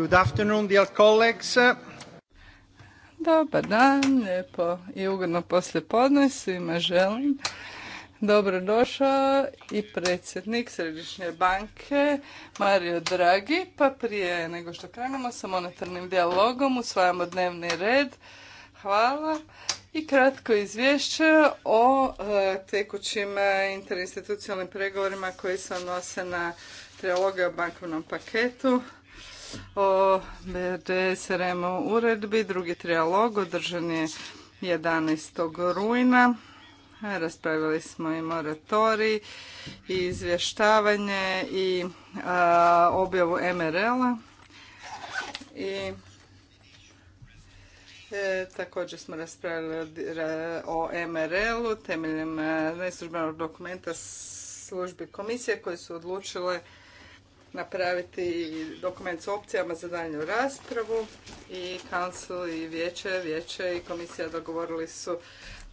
Good afternoon, dear colleagues. Dobar dan, lijepo i ugodno poslje podne svima želim. došao i predsjednik Središnje banke Mario Draghi. Pa prije nego što krenemo sa monetarnim dijalogom usvajamo dnevni red. Hvala. I kratko izvješće o e, tekućim e, interinstitucionalnim pregovorima koji se odnose na triloga o bankovnom paketu o remo uredbi. Drugi trijalog održan je 11. rujna. Raspravili smo i moratorij i izvještavanje i objavu MRL-a. I e, također smo raspravili o MRL-u temeljem e, neslužbenog dokumenta službi komisije koje su odlučile napraviti dokument s opcijama za daljnju raspravu i Council i vijeće, vijeće i komisija dogovorili su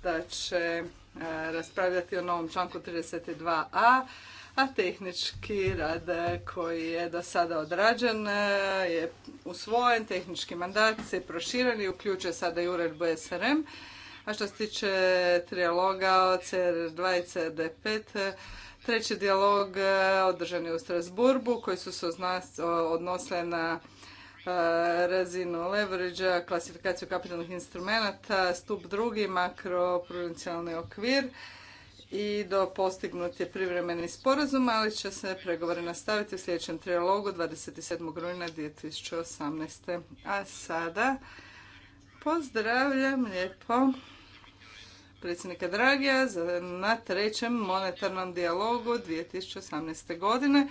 da će e, raspravljati o novom članku 32a, a tehnički rad koji je do sada odrađen e, je usvojen, tehnički mandat se proširen i uključuje sada i uredbu SRM. A što se tiče trijaloga CR2 i CRD5, Treći dijalog e, održan je u Strasburgu koji su se odnosile na e, razinu leverage klasifikaciju kapitalnih instrumenata, stup drugi, makroprudencijalni okvir i do postignut je privremeni sporazum, ali će se pregovore nastaviti u sljedećem trilogu 27. rujna 2018. A sada pozdravljam lijepo predsjednika Dragija na trećem monetarnom dijalogu 2018. godine.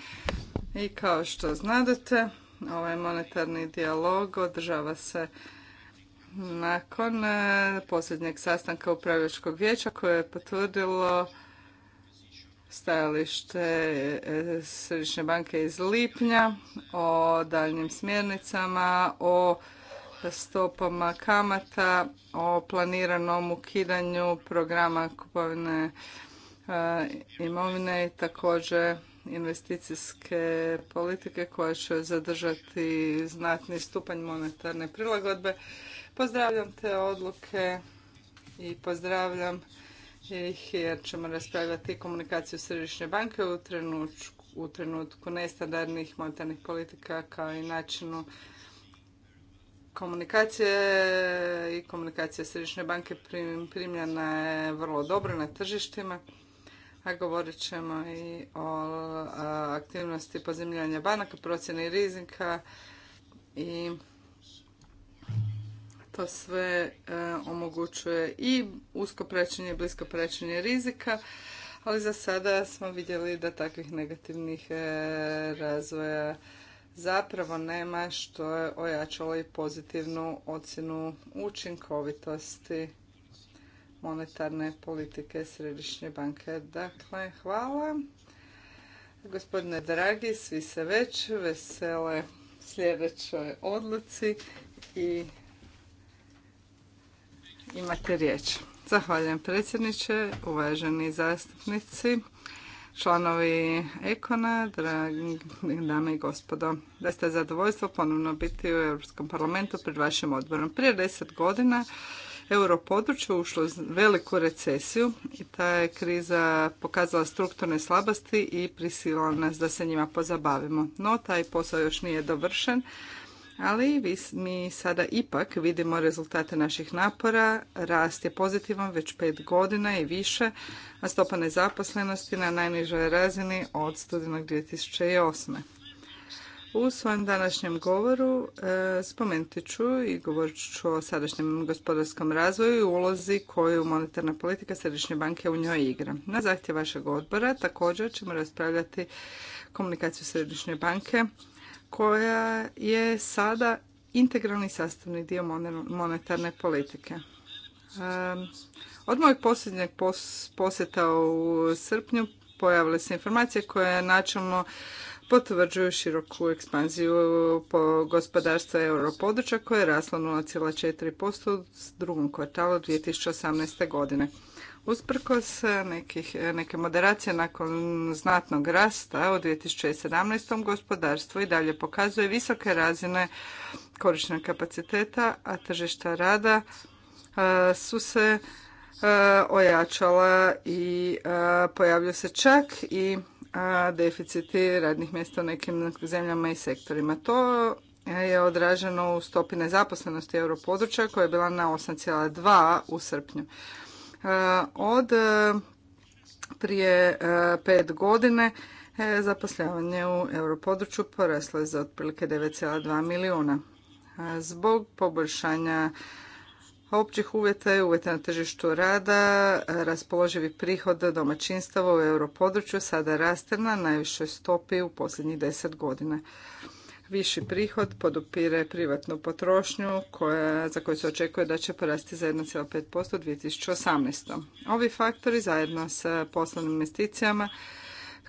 I kao što znadete, ovaj monetarni dijalog održava se nakon e, posljednjeg sastanka upravljačkog vijeća koje je potvrdilo stajalište e, Središnje banke iz lipnja o daljnjim smjernicama, o stopama kamata, o planiranom ukidanju programa kupovine e, imovine i također investicijske politike koje će zadržati znatni stupanj monetarne prilagodbe. Pozdravljam te odluke i pozdravljam ih jer ćemo raspravljati komunikaciju Središnje banke u trenutku, u trenutku nestandardnih monetarnih politika kao i načinu komunikacije i komunikacija Središnje banke primljena je vrlo dobro na tržištima, a govorit ćemo i o aktivnosti pozemljanja banaka, procjene rizika i to sve e, omogućuje i usko prečenje, i blisko prečenje rizika, ali za sada smo vidjeli da takvih negativnih e, razvoja zapravo nema što je ojačalo i pozitivnu ocjenu učinkovitosti monetarne politike Središnje banke. Dakle, hvala. Gospodine dragi, svi se već vesele sljedećoj odluci i imate riječ. Zahvaljujem predsjedniče, uvaženi zastupnici članovi Ekona, dragi dame i gospodo. Da ste zadovoljstvo ponovno biti u Europskom parlamentu pred vašim odborom. Prije deset godina europodručje ušlo u veliku recesiju i ta je kriza pokazala strukturne slabosti i prisilila nas da se njima pozabavimo. No, taj posao još nije dovršen, ali mi sada ipak vidimo rezultate naših napora. Rast je pozitivan već pet godina i više, a stopa nezaposlenosti na najnižoj razini od studenog 2008. U svojem današnjem govoru e, spomenuti ću i govorit ću o sadašnjem gospodarskom razvoju i ulozi koju monetarna politika Središnje banke u njoj igra. Na zahtjev vašeg odbora također ćemo raspravljati komunikaciju Središnje banke koja je sada integralni sastavni dio monetarne politike. Od mojeg posljednjeg posjeta u srpnju pojavile se informacije koje načelno potvrđuju široku ekspanziju po gospodarstva europodručja koje je raslo 0,4% u drugom kvartalu 2018. godine. Usprkos e, nekih, e, neke moderacije nakon znatnog rasta u 2017. gospodarstvo i dalje pokazuje visoke razine korištenja kapaciteta, a tržišta rada e, su se ojačala i pojavljuju se čak i deficiti radnih mjesta u nekim zemljama i sektorima. To je odraženo u stopi nezaposlenosti europodručja koja je bila na 8,2 u srpnju. E, od e, prije e, pet godine zaposljavanje u europodručju poraslo je za otprilike 9,2 milijuna. Zbog poboljšanja općih uvjeta i uvjeta na tržištu rada, raspoloživi prihod domaćinstava u europodručju sada raste na najvišoj stopi u posljednjih deset godina. Viši prihod podupire privatnu potrošnju koja, za koju se očekuje da će porasti za 1,5% u 2018. Ovi faktori zajedno sa poslovnim investicijama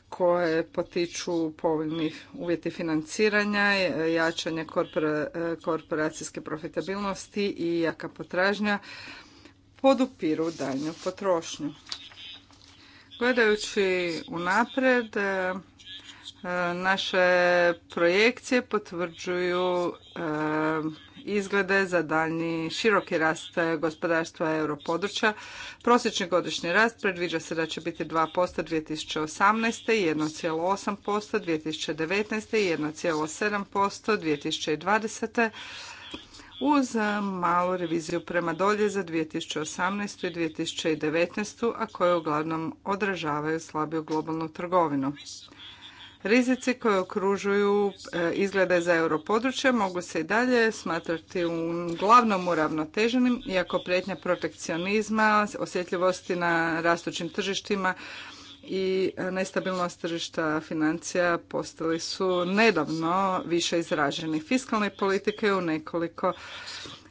koje potiču povoljni uvjeti financiranja, jačanje korpora, korporacijske profitabilnosti i jaka potražnja podupiru daljnju potrošnju. Gledajući unaprijed, E, naše projekcije potvrđuju e, izglede za daljnji široki rast gospodarstva europodručja. Prosječni godišnji rast predviđa se da će biti 2% 2018. 1,8% 2019. i 1,7% 2020 uz malu reviziju prema dolje za 2018. i 2019. a koje uglavnom odražavaju slabiju globalnu trgovinu. Rizici koji okružuju e, izglede za europodručje mogu se i dalje smatrati uglavnom uravnoteženim, iako prijetnja protekcionizma, osjetljivosti na rastućim tržištima i nestabilnost tržišta financija postali su nedavno više izraženi. Fiskalne politike u nekoliko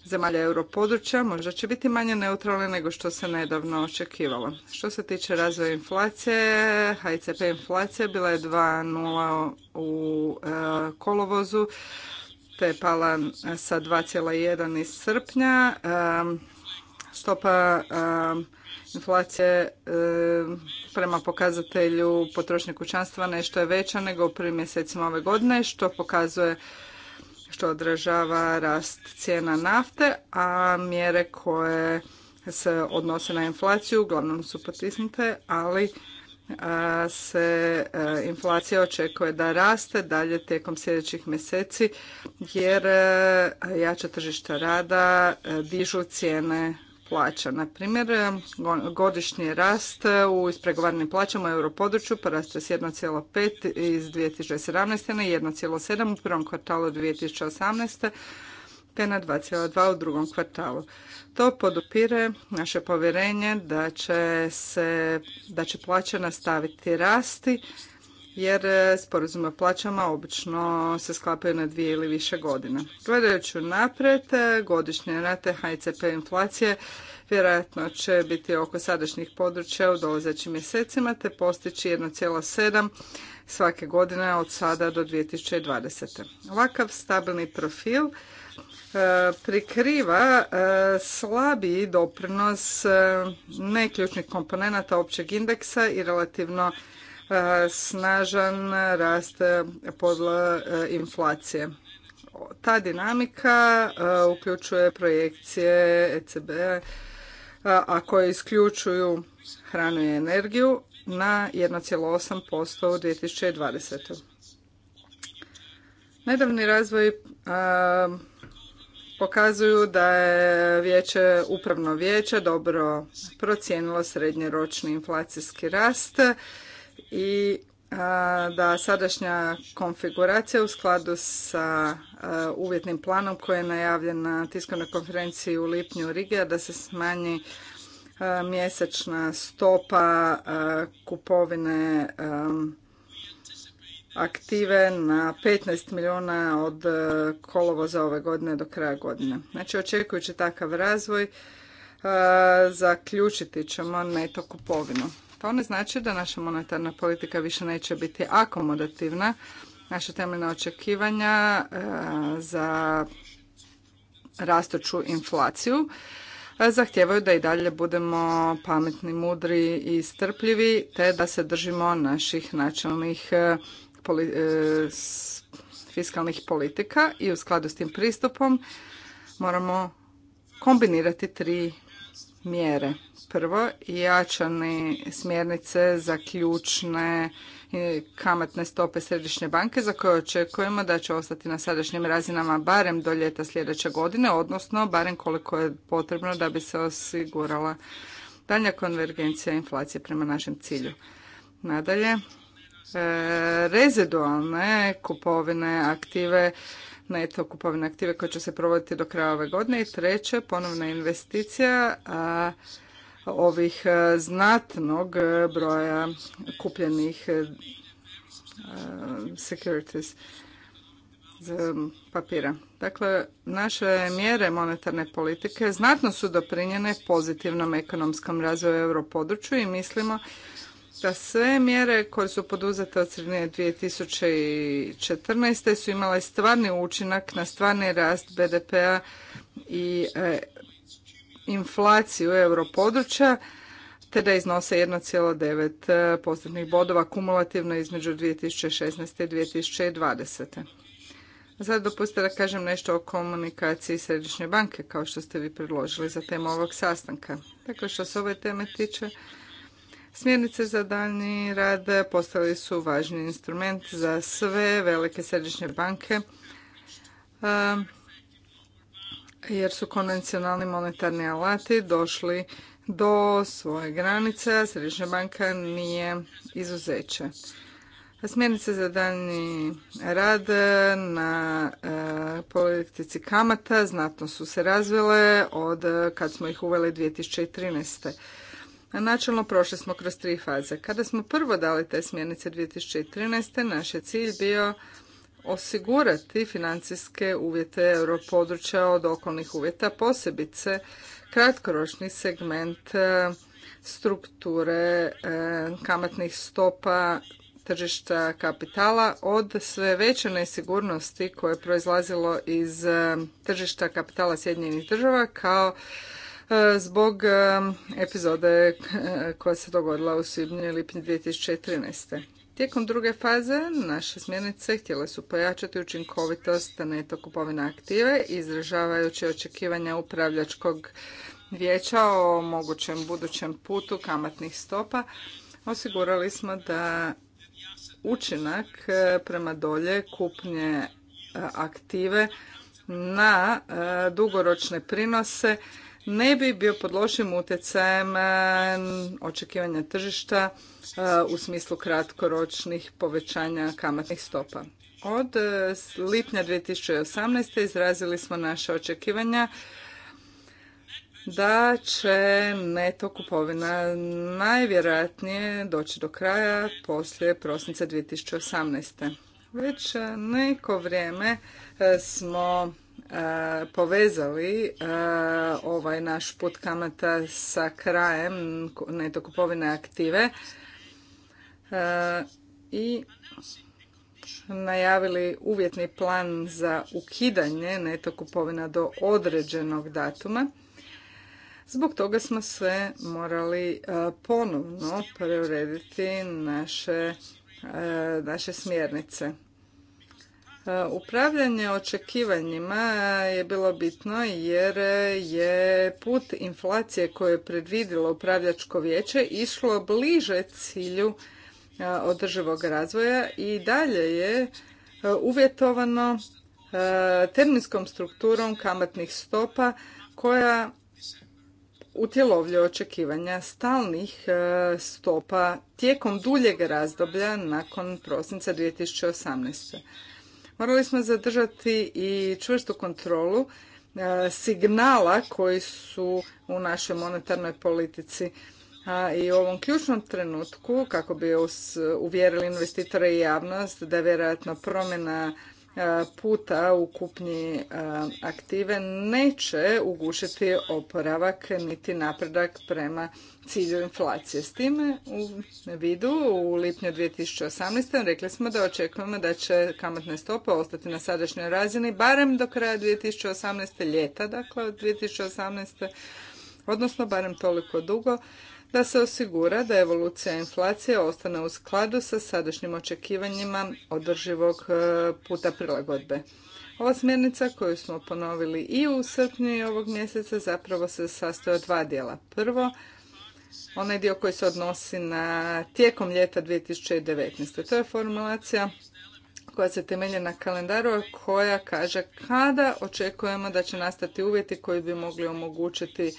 zemalja europodručja možda će biti manje neutralne nego što se nedavno očekivalo. Što se tiče razvoja inflacije, HICP inflacija bila je 2.0 u e, kolovozu, te je pala sa 2,1 iz srpnja. E, stopa e, inflacije prema pokazatelju potrošnje kućanstva nešto je veća nego u prvim mjesecima ove godine, što pokazuje što odražava rast cijena nafte, a mjere koje se odnose na inflaciju uglavnom su potisnute, ali e, se e, inflacija očekuje da raste dalje tijekom sljedećih mjeseci jer e, jača tržište rada dižu cijene plaća. Na primjer, godišnji rast u ispregovarnim plaćama u europodručju poraste s 1,5 iz 2017. na 1,7 u prvom kvartalu 2018 te na 2,2 u drugom kvartalu. To podupire naše povjerenje da će, se, da će nastaviti rasti jer e, sporazum o plaćama obično se sklapaju na dvije ili više godina. Gledajući napred, e, godišnje rate HCP inflacije vjerojatno će biti oko sadašnjih područja u dolazećim mjesecima te postići 1,7 svake godine od sada do 2020. Ovakav stabilni profil e, prikriva slabiji doprinos neključnih komponenata općeg indeksa i relativno E, snažan rast podla e, inflacije. Ta dinamika e, uključuje projekcije ECB-a koje isključuju hranu i energiju na 1,8% u 2020. Nedavni razvoj pokazuju da je vijeće, upravno vijeće dobro procijenilo srednjeročni inflacijski rast i da sadašnja konfiguracija u skladu sa uvjetnim planom koji je najavljen na tiskovnoj konferenciji u lipnju Rigi, da se smanji mjesečna stopa kupovine aktive na 15 milijuna od kolovoza ove godine do kraja godine. Znači očekujući takav razvoj zaključiti ćemo neto kupovinu. To pa ne znači da naša monetarna politika više neće biti akomodativna. Naša temeljna očekivanja e, za rastuću inflaciju e, zahtijevaju da i dalje budemo pametni, mudri i strpljivi, te da se držimo naših načelnih e, fiskalnih politika i u skladu s tim pristupom moramo kombinirati tri mjere. Prvo, jačani smjernice za ključne e, kamatne stope Središnje banke za koje očekujemo da će ostati na sadašnjim razinama barem do ljeta sljedeće godine, odnosno barem koliko je potrebno da bi se osigurala dalja konvergencija inflacije prema našem cilju. Nadalje, e, rezidualne kupovine aktive neto kupovine aktive koje će se provoditi do kraja ove godine i treće ponovna investicija a, ovih e, znatnog e, broja kupljenih e, securities papira. Dakle, naše mjere monetarne politike znatno su doprinjene pozitivnom ekonomskom razvoju europodručju i mislimo da sve mjere koje su poduzete od sredine 2014. su imale stvarni učinak na stvarni rast BDP-a i inflaciju europodručja te da iznose 1,9 eh, postotnih bodova kumulativno između 2016. i 2020. Sad dopustite da kažem nešto o komunikaciji Središnje banke, kao što ste vi predložili za temu ovog sastanka. Dakle, što se ove teme tiče, Smjernice za daljnji rad postali su važni instrument za sve velike središnje banke eh, jer su konvencionalni monetarni alati došli do svoje granice, Središnja banka nije izuzeće. Smjernice za daljnji rad na e, politici kamata znatno su se razvile od kad smo ih uveli 2013. Načelno prošli smo kroz tri faze. Kada smo prvo dali te smjernice 2013. naš je cilj bio osigurati financijske uvjete europodručja od okolnih uvjeta, posebice kratkoročni segment e, strukture e, kamatnih stopa tržišta kapitala od sve veće nesigurnosti koje je proizlazilo iz e, tržišta kapitala Sjedinjenih država kao zbog epizode koja se dogodila u svibnju i lipnju 2013. Tijekom druge faze naše smjernice htjele su pojačati učinkovitost neto kupovine aktive, izražavajući očekivanja upravljačkog vijeća o mogućem budućem putu kamatnih stopa, osigurali smo da učinak e, prema dolje kupnje e, aktive na e, dugoročne prinose ne bi bio pod lošim utjecajem očekivanja tržišta E, u smislu kratkoročnih povećanja kamatnih stopa. Od e, lipnja 2018. izrazili smo naše očekivanja da će neto kupovina najvjerojatnije doći do kraja poslije prosinca 2018. Već neko vrijeme e, smo povezali ovaj naš put kamata sa krajem neto kupovine aktive E, i najavili uvjetni plan za ukidanje neto kupovina do određenog datuma. Zbog toga smo se morali e, ponovno preurediti naše, e, naše smjernice. Upravljanje očekivanjima je bilo bitno jer je put inflacije koje je predvidilo upravljačko vijeće išlo bliže cilju održivog razvoja i dalje je uvjetovano terminskom strukturom kamatnih stopa koja utjelovlja očekivanja stalnih stopa tijekom duljeg razdoblja nakon prosinca 2018. Morali smo zadržati i čvrstu kontrolu signala koji su u našoj monetarnoj politici i u ovom ključnom trenutku, kako bi uvjerili investitore i javnost da vjerojatno promjena e, puta u kupnji e, aktive neće ugušiti oporavak niti napredak prema cilju inflacije. S time u vidu u lipnju 2018. rekli smo da očekujemo da će kamatne stope ostati na sadašnjoj razini barem do kraja 2018. ljeta, dakle od 2018. odnosno barem toliko dugo da se osigura da evolucija inflacije ostane u skladu sa sadašnjim očekivanjima održivog e, puta prilagodbe. Ova smjernica koju smo ponovili i u srpnju i ovog mjeseca zapravo se sastoji od dva dijela. Prvo, onaj dio koji se odnosi na tijekom ljeta 2019. To je formulacija koja se temelje na kalendaru koja kaže kada očekujemo da će nastati uvjeti koji bi mogli omogućiti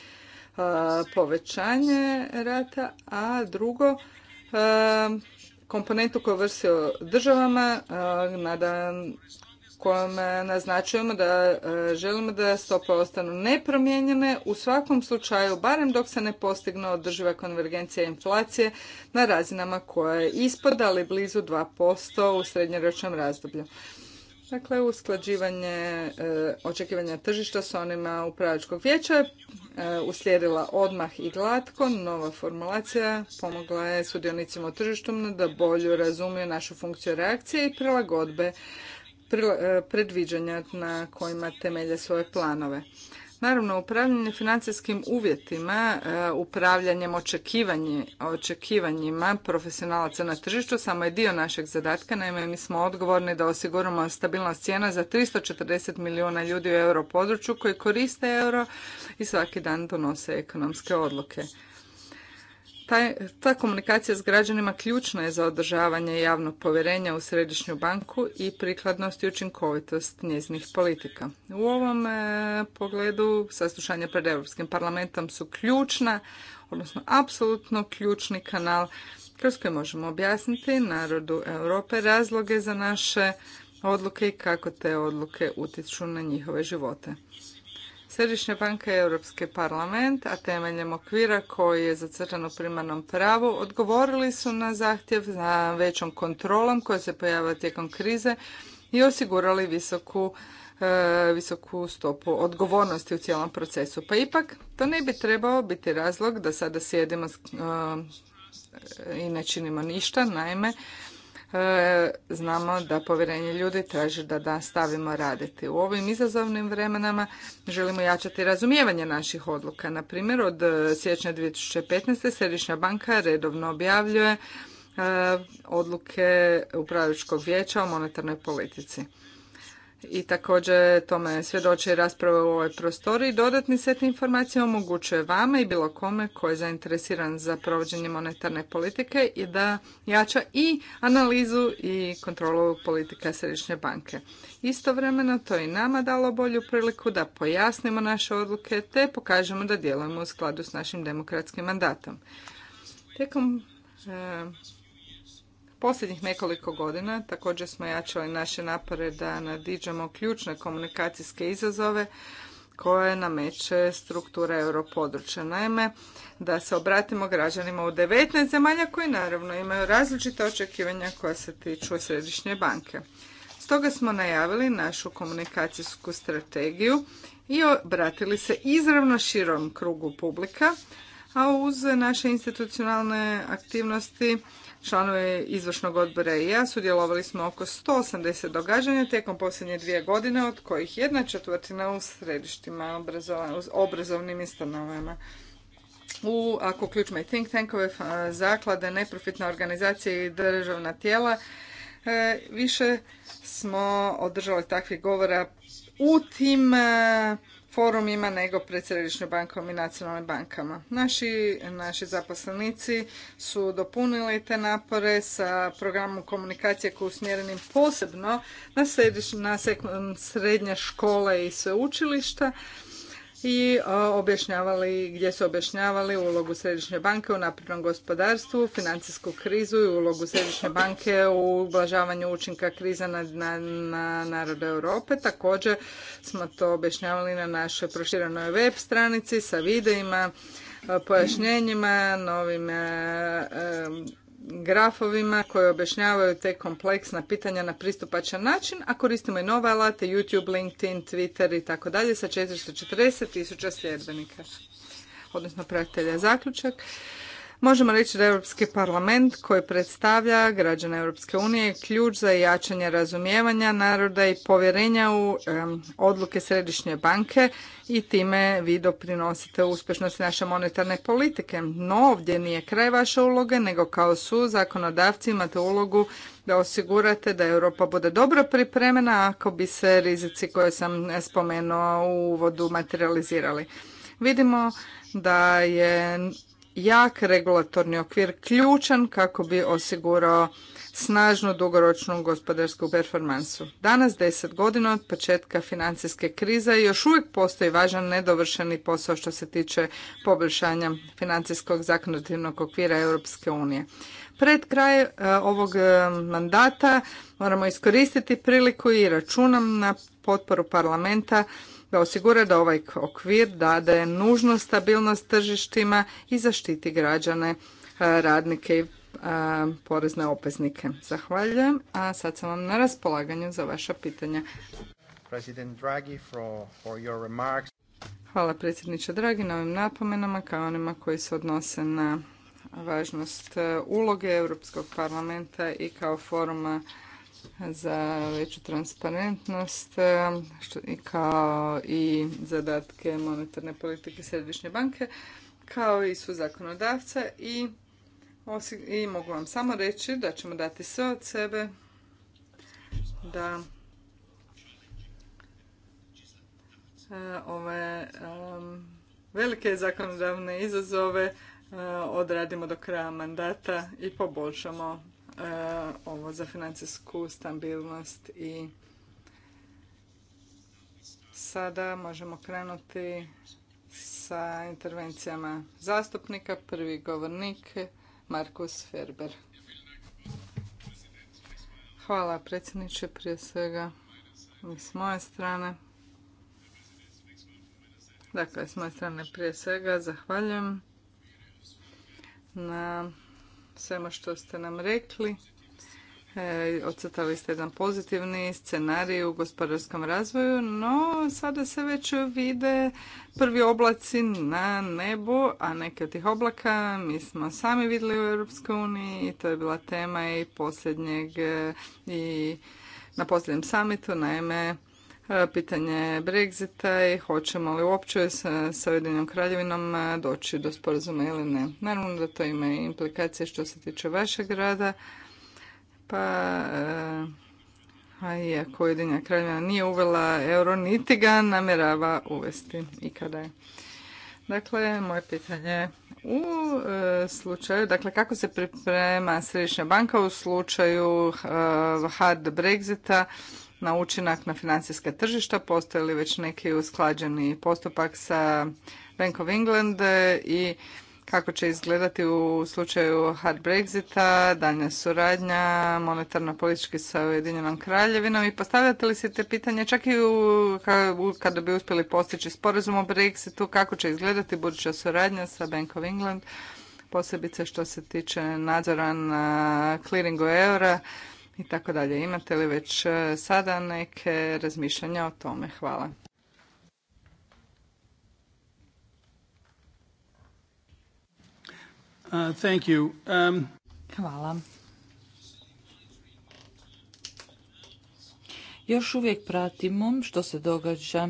E, povećanje rata, a drugo e, komponentu koju o državama nada e, kojom naznačujemo da želimo da stope ostanu nepromijenjene u svakom slučaju, barem dok se ne postigne održiva konvergencija inflacije na razinama koja je ispod, ali blizu 2% u srednjoročnom razdoblju. Dakle, usklađivanje e, očekivanja tržišta s onima upravljačkog vijeća je uslijedila odmah i glatko. Nova formulacija pomogla je sudionicima u tržištu da bolje razumiju našu funkciju reakcije i prilagodbe e, predviđanja na kojima temelje svoje planove. Naravno, upravljanje financijskim uvjetima, e, upravljanjem očekivanjima profesionalaca na tržištu samo je dio našeg zadatka. Naime, mi smo odgovorni da osiguramo stabilnost cijena za 340 milijuna ljudi u europodručju koji koriste euro i svaki dan donose ekonomske odluke ta komunikacija s građanima ključna je za održavanje javnog povjerenja u središnju banku i prikladnost i učinkovitost njezinih politika. U ovom e, pogledu saslušanja pred Europskim parlamentom su ključna, odnosno apsolutno ključni kanal kroz koji možemo objasniti narodu Europe razloge za naše odluke i kako te odluke utječu na njihove živote. Središnja banka i Europski parlament, a temeljem okvira koji je zacrtan u primarnom pravu, odgovorili su na zahtjev za većom kontrolom koja se pojavila tijekom krize i osigurali visoku, e, visoku stopu odgovornosti u cijelom procesu. Pa ipak, to ne bi trebao biti razlog da sada sjedimo e, i ne činimo ništa. Naime, E, znamo da povjerenje ljudi traži da nastavimo raditi. U ovim izazovnim vremenama želimo jačati razumijevanje naših odluka. Na primjer, od e, siječnja 2015. Središnja banka redovno objavljuje e, odluke upravljačkog vijeća o monetarnoj politici i također tome svjedoče rasprave u ovoj prostoriji. Dodatni set informacija omogućuje vama i bilo kome koji je zainteresiran za provođenje monetarne politike i da jača i analizu i kontrolu politika Središnje banke. Istovremeno to i nama dalo bolju priliku da pojasnimo naše odluke te pokažemo da djelujemo u skladu s našim demokratskim mandatom. Tijekom Posljednjih nekoliko godina također smo jačali naše napore da nadiđemo ključne komunikacijske izazove koje nameće struktura europodručja. Naime, da se obratimo građanima u 19 zemalja koji naravno imaju različite očekivanja koja se tiču središnje banke. Stoga smo najavili našu komunikacijsku strategiju i obratili se izravno širom krugu publika, a uz naše institucionalne aktivnosti članovi izvršnog odbora i ja sudjelovali smo oko 180 događanja tijekom posljednje dvije godine, od kojih jedna četvrtina u središtima obrazovnim ustanovama. U, ako uključimo i think tankove, zaklade, neprofitne organizacije i državna tijela, e, više smo održali takvih govora u tim e, forumima nego pred Središnjom bankom i nacionalnim bankama. Naši, naši zaposlenici su dopunili te napore sa programom komunikacije koji usmjerenim posebno na, središ, na srednje škole i sveučilišta i objašnjavali, gdje su objašnjavali ulogu Središnje banke u naprednom gospodarstvu, financijsku krizu i ulogu Središnje banke u ublažavanju učinka kriza na, na, Europe. Također smo to objašnjavali na našoj proširenoj web stranici sa videima, pojašnjenjima, novim grafovima koji objašnjavaju te kompleksna pitanja na pristupačan način, a koristimo i nove alate, YouTube, LinkedIn, Twitter i tako dalje sa 440 tisuća sljedbenika, odnosno pratitelja zaključak. Možemo reći da Europski parlament koji predstavlja građane Europske unije ključ za jačanje razumijevanja naroda i povjerenja u odluke Središnje banke i time vi doprinosite uspješnosti naše monetarne politike. No ovdje nije kraj vaše uloge, nego kao su zakonodavci imate ulogu da osigurate da Europa bude dobro pripremena ako bi se rizici koje sam spomenuo u uvodu materializirali. Vidimo da je jak regulatorni okvir ključan kako bi osigurao snažnu dugoročnu gospodarsku performansu. Danas, deset godina od početka financijske krize, još uvijek postoji važan nedovršeni posao što se tiče poboljšanja financijskog zakonodavnog okvira Europske unije. Pred kraj e, ovog e, mandata moramo iskoristiti priliku i računam na potporu parlamenta da osigura da ovaj okvir dade nužnu stabilnost tržištima i zaštiti građane, e, radnike i e, porezne obveznike. Zahvaljujem, a sad sam vam na raspolaganju za vaša pitanja. Hvala predsjedniče Dragi na ovim napomenama kao onima koji se odnose na važnost e, uloge Europskog parlamenta i kao foruma za veću transparentnost e, i kao i zadatke monetarne politike Središnje banke, kao i su zakonodavca i, i mogu vam samo reći da ćemo dati sve od sebe da e, ove velike zakonodavne izazove e, odradimo do kraja mandata i poboljšamo E, ovo za financijsku stabilnost i sada možemo krenuti sa intervencijama zastupnika. Prvi govornik Markus Ferber. Hvala predsjedniče prije svega i s moje strane. Dakle, s moje strane prije svega zahvaljujem na svema što ste nam rekli. E, ste jedan pozitivni scenarij u gospodarskom razvoju, no sada se već vide prvi oblaci na nebu, a neke od tih oblaka mi smo sami vidjeli u Europskoj uniji i to je bila tema i posljednjeg e, i na posljednjem samitu, naime E, pitanje Brexita i hoćemo li uopće sa, sa kraljevinom e, doći do sporazuma ili ne. Naravno da to ima implikacije što se tiče vašeg rada, pa e, a iako Ujedinjena kraljevina nije uvela euro, niti ga namjerava uvesti ikada je. Dakle, moje pitanje u slučaju, dakle kako se priprema Središnja banka u slučaju hard Brexita na učinak na financijska tržišta, postoje li već neki usklađeni postupak sa Bank of England i kako će izgledati u slučaju hard Brexita, daljnja suradnja, monetarna politički sa Ujedinjenom kraljevinom i postavljate li si te pitanje čak i u, kada bi uspjeli postići sporazum o Brexitu, kako će izgledati buduća suradnja sa Bank of England, posebice što se tiče nadzora na clearingu eura, i tako dalje. Imate li već e, sada neke razmišljanja o tome? Hvala. Uh, um, Hvala. Još uvijek pratimo što se događa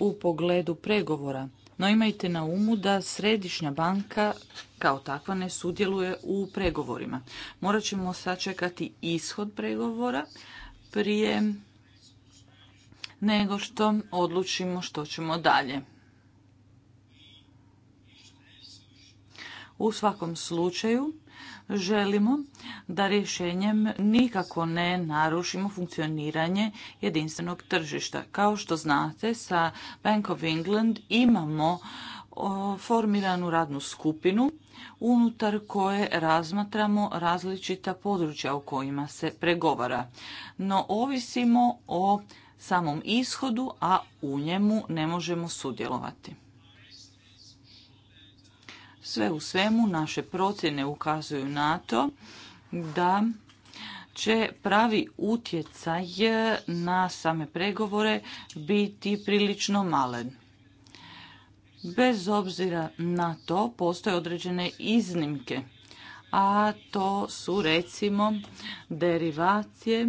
u pogledu pregovora no imajte na umu da središnja banka kao takva ne sudjeluje u pregovorima. Morat ćemo sačekati ishod pregovora prije nego što odlučimo što ćemo dalje. U svakom slučaju želimo da rješenjem nikako ne narušimo funkcioniranje jedinstvenog tržišta. Kao što znate, sa Bank of England imamo formiranu radnu skupinu unutar koje razmatramo različita područja u kojima se pregovara. No ovisimo o samom ishodu, a u njemu ne možemo sudjelovati. Sve u svemu naše procjene ukazuju na to da će pravi utjecaj na same pregovore biti prilično malen. Bez obzira na to postoje određene iznimke, a to su recimo derivacije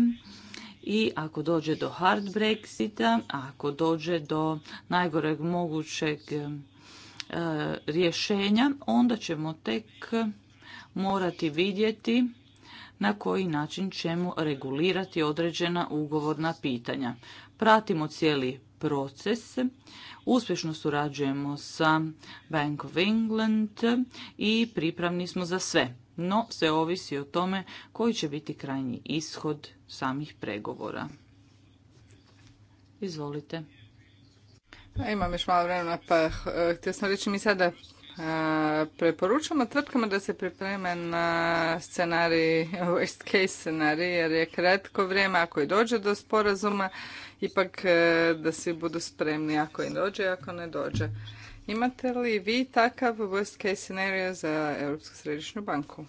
i ako dođe do hard Brexita, ako dođe do najgoreg mogućeg E, rješenja, onda ćemo tek morati vidjeti na koji način ćemo regulirati određena ugovorna pitanja. Pratimo cijeli proces, uspješno surađujemo sa Bank of England i pripravni smo za sve. No, sve ovisi o tome koji će biti krajnji ishod samih pregovora. Izvolite. Pa imam još malo vremena, pa eh, htio sam reći mi sada eh, preporučamo tvrtkama da se pripreme na scenarij, worst case scenarij, jer je kratko vrijeme ako i dođe do sporazuma, ipak eh, da svi budu spremni ako i dođe, ako ne dođe. Imate li vi takav worst case scenario za Europsku središnju banku?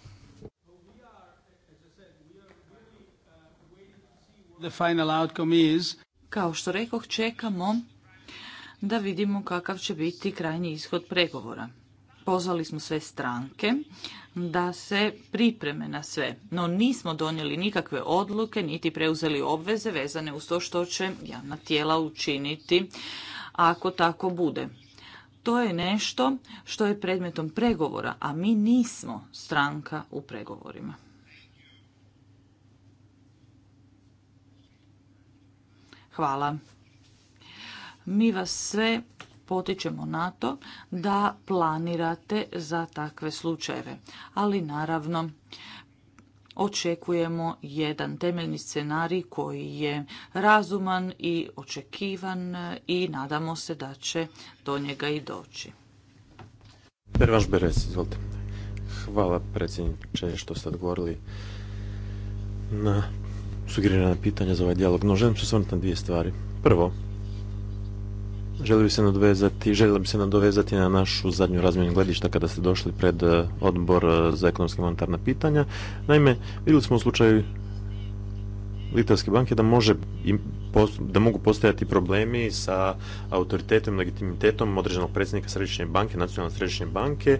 Kao što rekoh, čekamo da vidimo kakav će biti krajnji ishod pregovora. Pozvali smo sve stranke da se pripreme na sve, no nismo donijeli nikakve odluke niti preuzeli obveze vezane uz to što će javna tijela učiniti ako tako bude. To je nešto što je predmetom pregovora, a mi nismo stranka u pregovorima. Hvala. Mi vas sve potičemo na to da planirate za takve slučajeve. Ali naravno, očekujemo jedan temeljni scenarij koji je razuman i očekivan i nadamo se da će do njega i doći. Hvala predsjedniče što ste odgovorili na sugerirane pitanja za ovaj dijalog. No, želim se na dvije stvari. Prvo, bi se nadovezati, bi se nadovezati na našu zadnju razmjenu gledišta kada ste došli pred e, odbor e, za ekonomske monetarna pitanja. Naime, vidjeli smo u slučaju Litavske banke da može da mogu postojati problemi sa autoritetom, legitimitetom određenog predsjednika središnje banke, nacionalne središnje banke,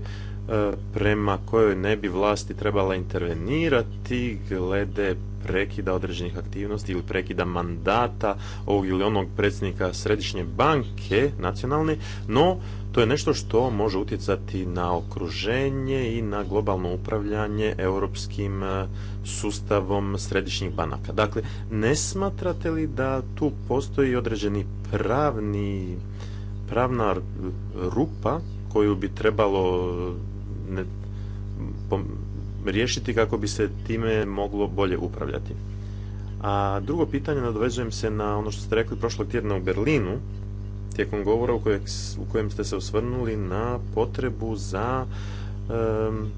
E, prema kojoj ne bi vlasti trebala intervenirati glede prekida određenih aktivnosti ili prekida mandata ovog ili onog predsjednika središnje banke nacionalne, no to je nešto što može utjecati na okruženje i na globalno upravljanje europskim e, sustavom središnjih banaka. Dakle, ne smatrate li da tu postoji određeni pravni pravna rupa koju bi trebalo ne, riješiti kako bi se time moglo bolje upravljati. A drugo pitanje nadovezujem se na ono što ste rekli prošlog tjedna u Berlinu tijekom govora u, u kojem ste se osvrnuli na potrebu za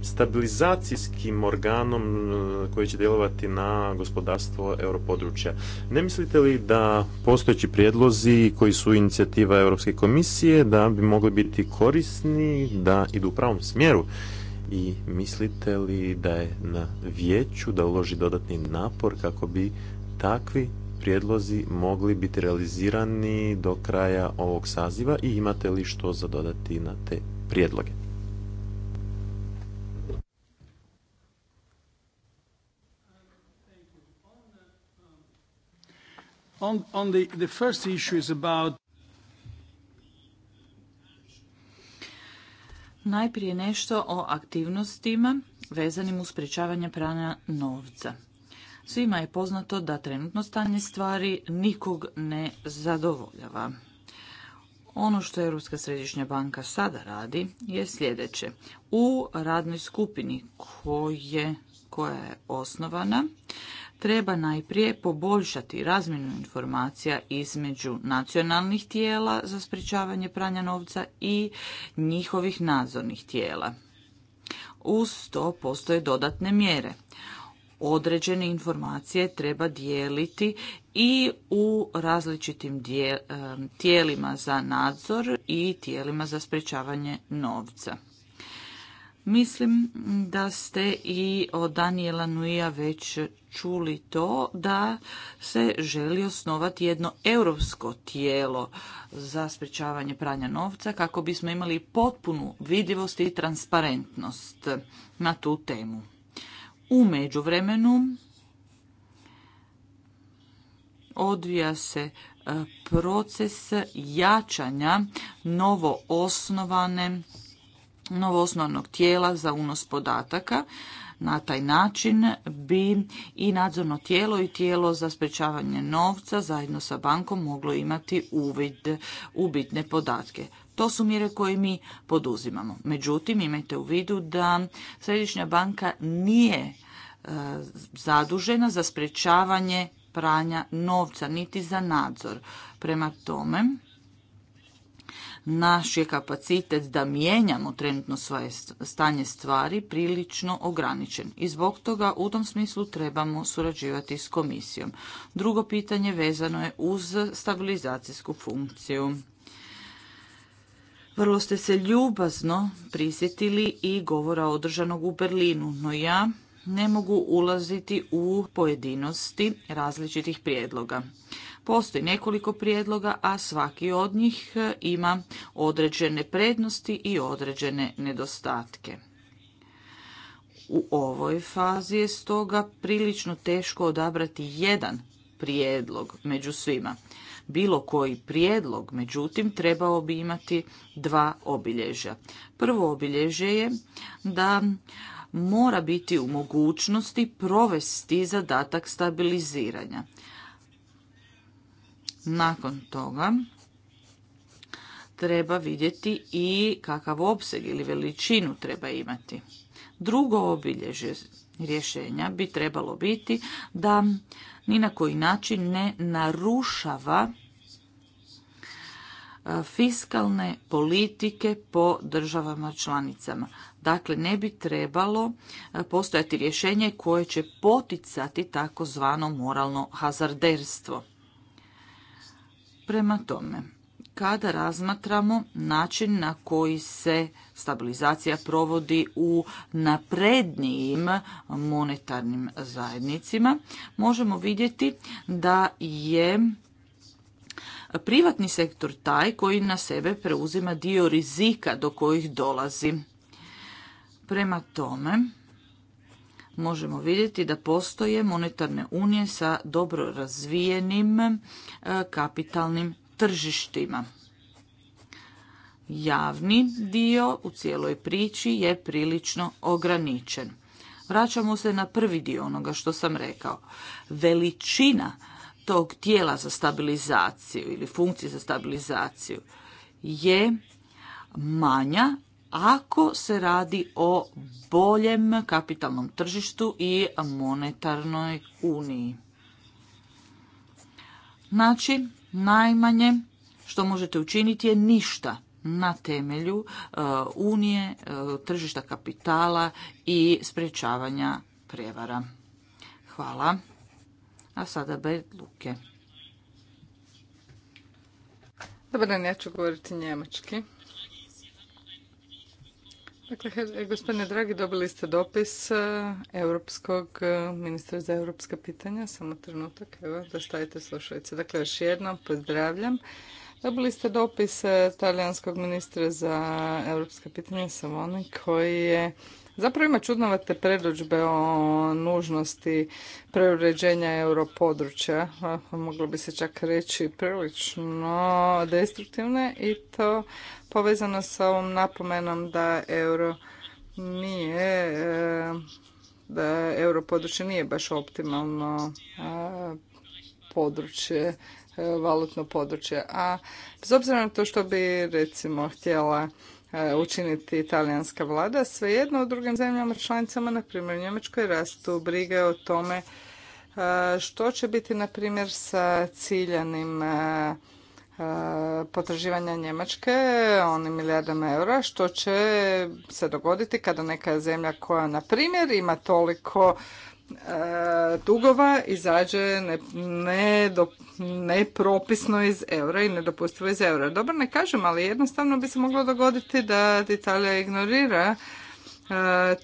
stabilizacijskim organom e, koji će djelovati na gospodarstvo europodručja. Ne mislite li da postojeći prijedlozi koji su inicijativa Europske komisije da bi mogli biti korisni, da idu u pravom smjeru? I mislite li da je na vijeću da uloži dodatni napor kako bi takvi prijedlozi mogli biti realizirani do kraja ovog saziva i imate li što za na te prijedloge? On, the, first issue is about... Najprije nešto o aktivnostima vezanim uz sprječavanje pranja novca. Svima je poznato da trenutno stanje stvari nikog ne zadovoljava. Ono što Europska središnja banka sada radi je sljedeće. U radnoj skupini koja je osnovana, treba najprije poboljšati razmjenu informacija između nacionalnih tijela za sprječavanje pranja novca i njihovih nadzornih tijela. Uz to postoje dodatne mjere. Određene informacije treba dijeliti i u različitim tijelima za nadzor i tijelima za sprječavanje novca. Mislim da ste i od Daniela Nuija već čuli to da se želi osnovati jedno europsko tijelo za sprečavanje pranja novca kako bismo imali potpunu vidljivost i transparentnost na tu temu. U međuvremenu odvija se e, proces jačanja novo osnovane novoosnovnog tijela za unos podataka. Na taj način bi i nadzorno tijelo i tijelo za sprečavanje novca zajedno sa bankom moglo imati uvid u bitne podatke. To su mjere koje mi poduzimamo. Međutim, imajte u vidu da Središnja banka nije e, zadužena za sprečavanje pranja novca, niti za nadzor. Prema tome, naš je kapacitet da mijenjamo trenutno svoje stanje stvari prilično ograničen i zbog toga u tom smislu trebamo surađivati s komisijom. Drugo pitanje vezano je uz stabilizacijsku funkciju. Vrlo ste se ljubazno prisjetili i govora održanog u Berlinu, no ja ne mogu ulaziti u pojedinosti različitih prijedloga. Postoji nekoliko prijedloga, a svaki od njih e, ima određene prednosti i određene nedostatke. U ovoj fazi je stoga prilično teško odabrati jedan prijedlog među svima. Bilo koji prijedlog, međutim, trebao bi imati dva obilježja. Prvo obilježje je da mora biti u mogućnosti provesti zadatak stabiliziranja. Nakon toga treba vidjeti i kakav opseg ili veličinu treba imati. Drugo obilježje rješenja bi trebalo biti da ni na koji način ne narušava e, fiskalne politike po državama članicama. Dakle, ne bi trebalo e, postojati rješenje koje će poticati takozvano moralno hazarderstvo. Prema tome, kada razmatramo način na koji se stabilizacija provodi u naprednijim monetarnim zajednicima, možemo vidjeti da je privatni sektor taj koji na sebe preuzima dio rizika do kojih dolazi. Prema tome, možemo vidjeti da postoje monetarne unije sa dobro razvijenim e, kapitalnim tržištima. Javni dio u cijeloj priči je prilično ograničen. Vraćamo se na prvi dio onoga što sam rekao. Veličina tog tijela za stabilizaciju ili funkcije za stabilizaciju je manja ako se radi o boljem kapitalnom tržištu i monetarnoj uniji. Znači, najmanje što možete učiniti je ništa na temelju e, unije, e, tržišta kapitala i sprječavanja prevara. Hvala. A sada be Luke. Dobar dan, ja ću govoriti njemački. Dakle, gospodine Dragi, dobili ste dopis e, Europskog e, ministra za europska pitanja. Samo trenutak, evo, da stavite slušalice. Dakle, još jednom pozdravljam. Dobili ste dopis e, talijanskog ministra za europska pitanja Savoni koji je Zapravo ima čudnovate predođbe o nužnosti preuređenja europodručja, moglo bi se čak reći prilično destruktivne i to povezano sa ovom napomenom da euro nije e, da europodručje nije baš optimalno područje, e, valutno područje. A bez obzira na to što bi recimo htjela E, učiniti italijanska vlada. Svejedno u drugim zemljama članicama, na primjer u Njemačkoj, rastu brige o tome e, što će biti, na primjer, sa ciljanim e, potraživanja Njemačke, onim milijardama eura, što će se dogoditi kada neka zemlja koja, na primjer, ima toliko dugova izađe nepropisno ne, iz eura i nedopustivo iz eura. Dobro, ne kažem, ali jednostavno bi se moglo dogoditi da Italija ignorira e,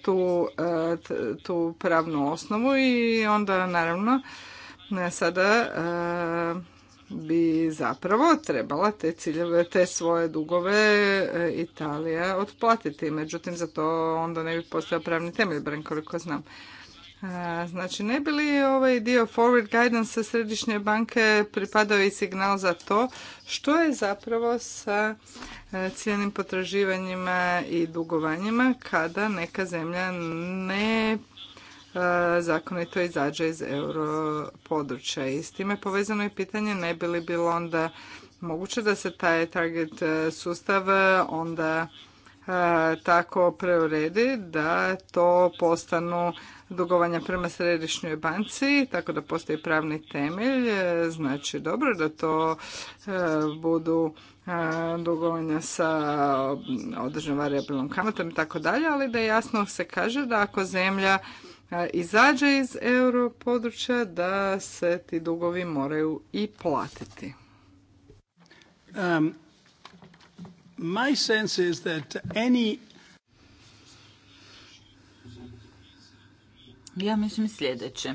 tu, e, tu pravnu osnovu i onda naravno e, sada bi zapravo trebala te ciljeve, te svoje dugove Italija otplatiti. Međutim, za to onda ne bi postao pravni temelj, barem koliko znam. Znači, ne bi li ovaj dio forward guidance središnje banke pripadao i signal za to što je zapravo sa e, cijenim potraživanjima i dugovanjima kada neka zemlja ne e, zakonito izađe iz euro područja. I s time povezano je pitanje ne bi li bilo onda moguće da se taj target e, sustav onda tako preuredi da to postanu dugovanja prema središnjoj banci, tako da postoji pravni temelj. Znači, dobro da to e, budu e, dugovanja sa određenom variabilnom kamatom i tako dalje, ali da jasno se kaže da ako zemlja e, izađe iz euro područja, da se ti dugovi moraju i platiti. Um, my sense is that any Ja mislim sljedeće.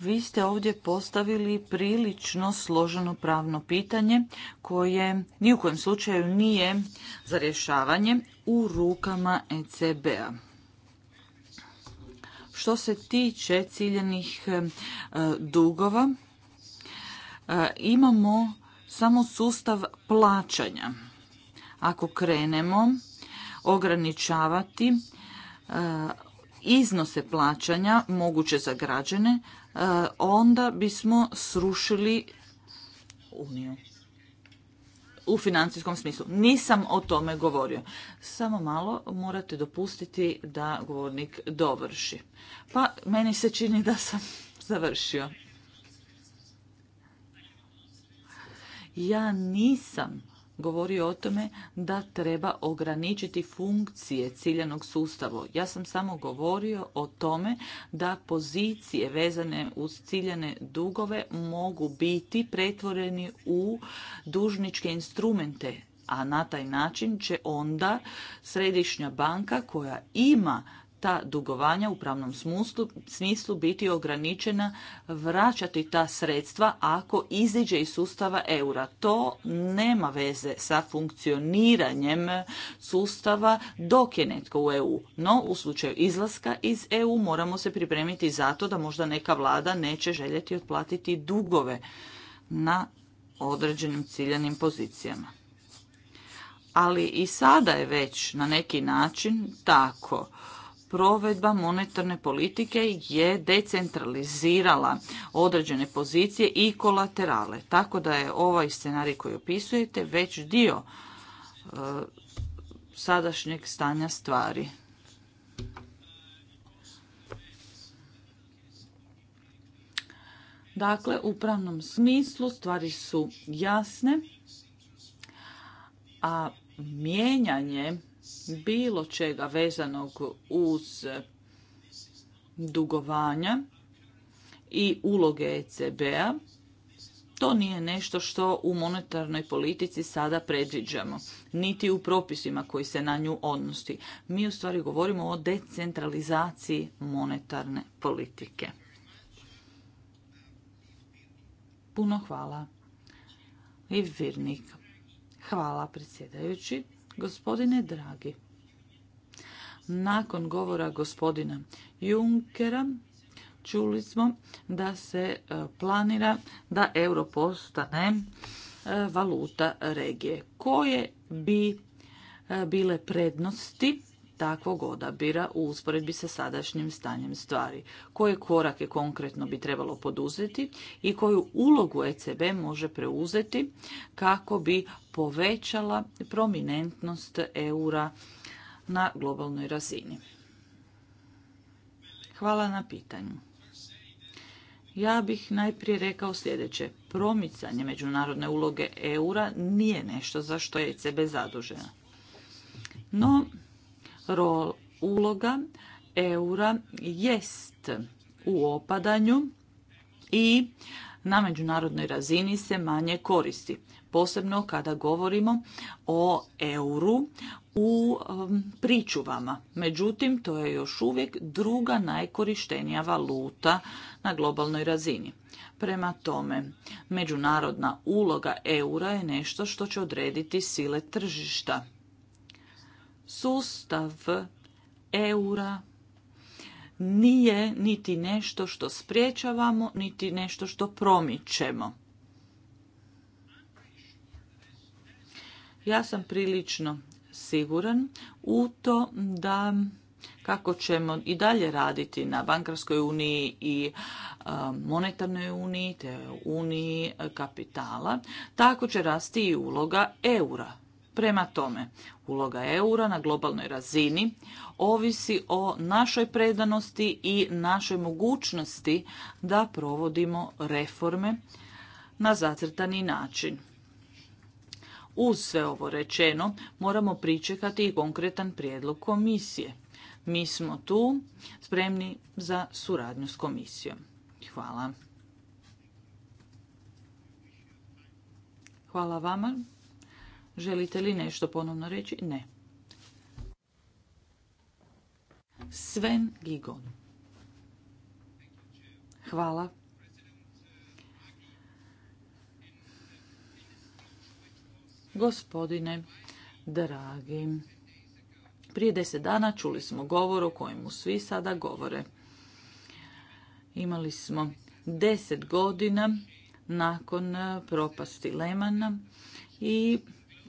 Vi ste ovdje postavili prilično složeno pravno pitanje koje ni u kojem slučaju nije za rješavanje u rukama ECB-a. Što se tiče ciljenih e, dugova, e, imamo samo sustav plaćanja. Ako krenemo ograničavati e, iznose plaćanja moguće za građane, e, onda bismo srušili Uniju. U financijskom smislu. Nisam o tome govorio. Samo malo morate dopustiti da govornik dovrši. Pa meni se čini da sam završio. Ja nisam govorio o tome da treba ograničiti funkcije ciljanog sustava. Ja sam samo govorio o tome da pozicije vezane uz ciljane dugove mogu biti pretvoreni u dužničke instrumente, a na taj način će onda središnja banka koja ima ta dugovanja u pravnom smislu, smislu biti ograničena vraćati ta sredstva ako iziđe iz sustava eura. To nema veze sa funkcioniranjem sustava dok je netko u EU. No, u slučaju izlaska iz EU moramo se pripremiti zato da možda neka vlada neće željeti otplatiti dugove na određenim ciljanim pozicijama. Ali i sada je već na neki način tako provedba monetarne politike je decentralizirala određene pozicije i kolaterale. Tako da je ovaj scenarij koji opisujete već dio e, sadašnjeg stanja stvari. Dakle, u pravnom smislu stvari su jasne, a mijenjanje bilo čega vezanog uz dugovanja i uloge ECB-a, to nije nešto što u monetarnoj politici sada predviđamo, niti u propisima koji se na nju odnosi. Mi u stvari govorimo o decentralizaciji monetarne politike. Puno hvala. i Virnik. Hvala predsjedajući. Gospodine dragi, nakon govora gospodina Junkera čuli smo da se e, planira da euro postane e, valuta regije. Koje bi e, bile prednosti takvog odabira u usporedbi sa sadašnjim stanjem stvari? Koje korake konkretno bi trebalo poduzeti i koju ulogu ECB može preuzeti kako bi povećala prominentnost eura na globalnoj razini. Hvala na pitanju. Ja bih najprije rekao sljedeće. Promicanje međunarodne uloge eura nije nešto za što je ECB zadužena. No, rol, uloga eura jest u opadanju i na međunarodnoj razini se manje koristi posebno kada govorimo o euru u um, pričuvama. Međutim, to je još uvijek druga najkorištenija valuta na globalnoj razini. Prema tome, međunarodna uloga eura je nešto što će odrediti sile tržišta. Sustav eura nije niti nešto što spriječavamo, niti nešto što promičemo. Ja sam prilično siguran u to da kako ćemo i dalje raditi na bankarskoj uniji i monetarnoj uniji, te uniji kapitala, tako će rasti i uloga eura. Prema tome, uloga eura na globalnoj razini ovisi o našoj predanosti i našoj mogućnosti da provodimo reforme na zacrtani način. Uz sve ovo rečeno moramo pričekati i konkretan prijedlog komisije. Mi smo tu spremni za suradnju s komisijom. Hvala. Hvala vama. Želite li nešto ponovno reći? Ne. Sven Gigon. Hvala Gospodine, dragi, prije deset dana čuli smo govor o kojemu svi sada govore. Imali smo deset godina nakon propasti Lemana i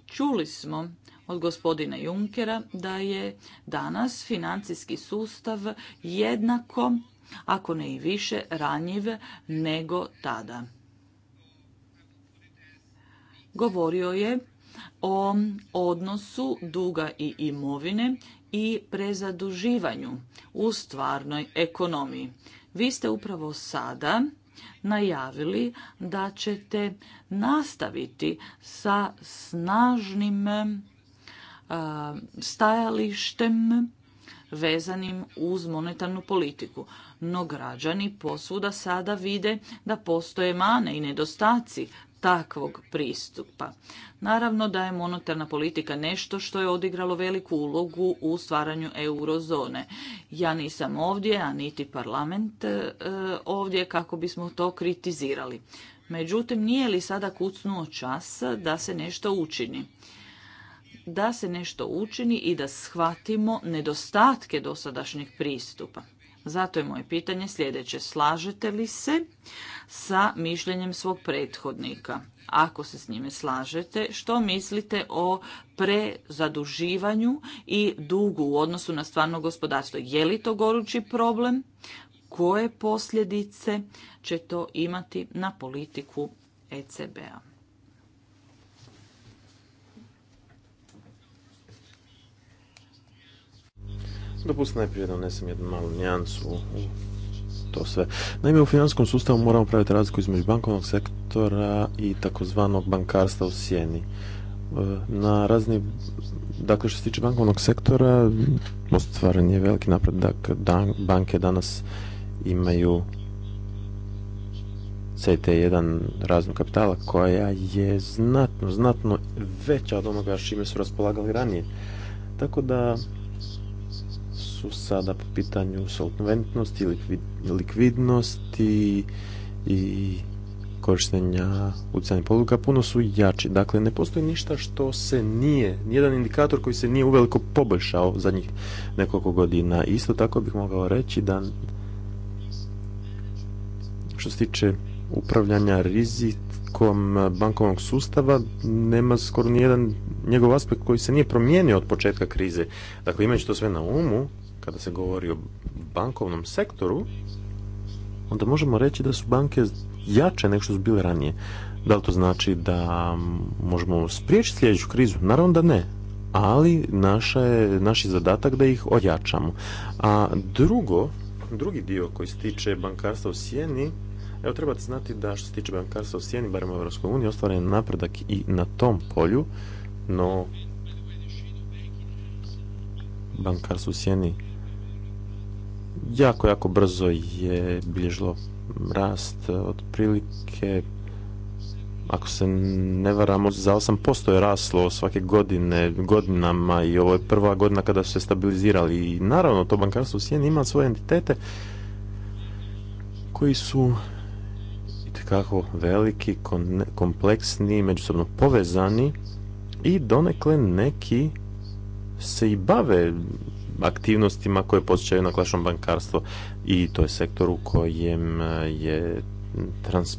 čuli smo od gospodina Junkera da je danas financijski sustav jednako, ako ne i više, ranjiv nego tada. Govorio je o odnosu duga i imovine i prezaduživanju u stvarnoj ekonomiji. Vi ste upravo sada najavili da ćete nastaviti sa snažnim stajalištem vezanim uz monetarnu politiku. No građani posvuda sada vide da postoje mane i nedostaci takvog pristupa. Naravno da je monetarna politika nešto što je odigralo veliku ulogu u stvaranju eurozone. Ja nisam ovdje, a niti parlament e, ovdje kako bismo to kritizirali. Međutim, nije li sada kucnuo čas da se nešto učini? Da se nešto učini i da shvatimo nedostatke dosadašnjeg pristupa. Zato je moje pitanje sljedeće. Slažete li se sa mišljenjem svog prethodnika? Ako se s njime slažete, što mislite o prezaduživanju i dugu u odnosu na stvarno gospodarstvo? Je li to gorući problem? Koje posljedice će to imati na politiku ECB-a? Dopustite najprije da unesem jednu malu nijancu u to sve. Naime, u financijskom sustavu moramo praviti razliku između bankovnog sektora i takozvanog bankarstva u sjeni. E, na razni, dakle što se tiče bankovnog sektora, ostvaren je veliki napredak. da dakle, banke danas imaju CT1 raznog kapitala koja je znatno, znatno veća od onoga čime su raspolagali ranije. Tako da su sada po pitanju solventnosti, likvidnosti i korištenja ucajnih poluga puno su jači. Dakle, ne postoji ništa što se nije, nijedan indikator koji se nije uveliko poboljšao zadnjih nekoliko godina. Isto tako bih mogao reći da što se tiče upravljanja rizikom bankovnog sustava nema skoro nijedan njegov aspekt koji se nije promijenio od početka krize. Dakle, imajući to sve na umu, kada se govori o bankovnom sektoru, onda možemo reći da su banke jače nego što su bile ranije. Da li to znači da možemo spriječiti sljedeću krizu? Naravno da ne, ali naša je, naš je zadatak da ih ojačamo. A drugo, drugi dio koji se tiče bankarstva u Sjeni, evo trebate znati da što se tiče bankarstva u Sjeni, barem u EU ostvaren je napredak i na tom polju, no bankarstvo u Sjeni jako, jako brzo je bilježilo rast e, otprilike ako se ne varamo, za 8% je raslo svake godine, godinama i ovo je prva godina kada su se stabilizirali i naravno to bankarstvo u Sijeni ima svoje entitete koji su kako veliki, kompleksni, međusobno povezani i donekle neki se i bave aktivnostima koje posjećaju na bankarstvo i to je sektor u kojem e, je trans,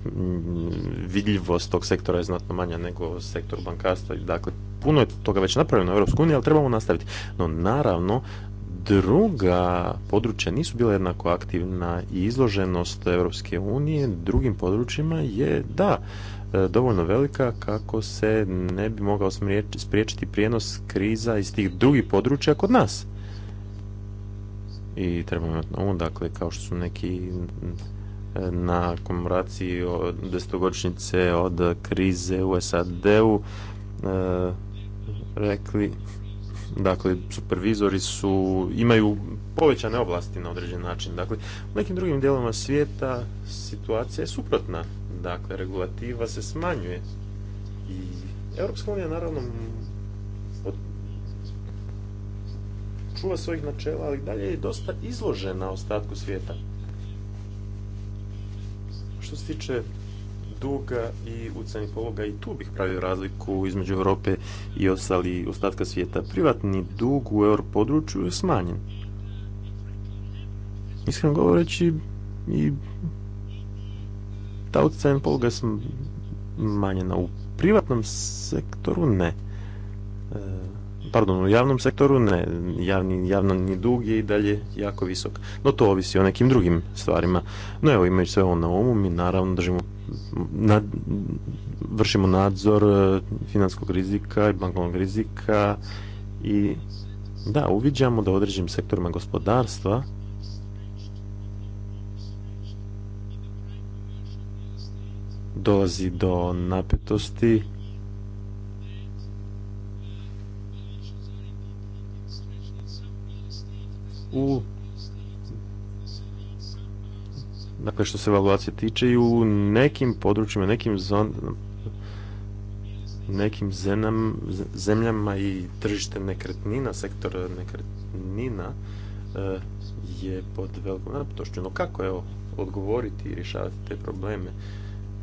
vidljivost tog sektora je znatno manja nego sektor bankarstva. Dakle, puno je toga već napravljeno u EU, ali trebamo nastaviti. No, naravno, druga područja nisu bila jednako aktivna i izloženost Europske unije drugim područjima je, da, e, dovoljno velika kako se ne bi mogao spriječiti prijenos kriza iz tih drugih područja kod nas i trebamo imati na dakle, kao što su neki e, na komemoraciji desetogodišnjice od krize u SAD-u e, rekli dakle supervizori su imaju povećane oblasti na određen način dakle u nekim drugim dijelovima svijeta situacija je suprotna dakle regulativa se smanjuje i Europska unija naravno od čuva svojih načela, ali dalje je dosta izložena ostatku svijeta. Što se tiče duga i ucajnih pologa, i tu bih pravio razliku između Europe i ostali ostatka svijeta. Privatni dug u području je smanjen. Iskreno govoreći, i ta utjecajna pologa je smanjena. U privatnom sektoru ne. E, pardon, u javnom sektoru ne, javni, ni dug je i dalje jako visok. No to ovisi o nekim drugim stvarima. No evo, imajući sve ovo na umu, mi naravno držimo, nad, vršimo nadzor e, finanskog rizika i bankovnog rizika i da, uviđamo da u određenim sektorima gospodarstva dolazi do napetosti u dakle što se evaluacije tiče i u nekim područjima, nekim nekim zemljama i tržište nekretnina, sektor nekretnina eh, je pod velikom napetošću. No kako je odgovoriti i rješavati te probleme?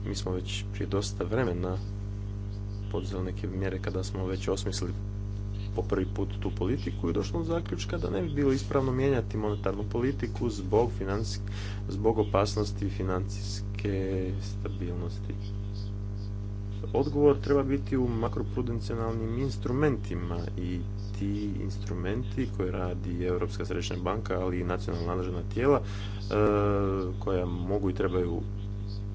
Mi smo već prije dosta vremena poduzeli neke mjere kada smo već osmislili po prvi put tu politiku i došlo do zaključka da ne bi bilo ispravno mijenjati monetarnu politiku zbog, zbog opasnosti financijske stabilnosti. Odgovor treba biti u makroprudencionalnim instrumentima i ti instrumenti koje radi Europska središnja banka, ali i nacionalna nadležna tijela e, koja mogu i trebaju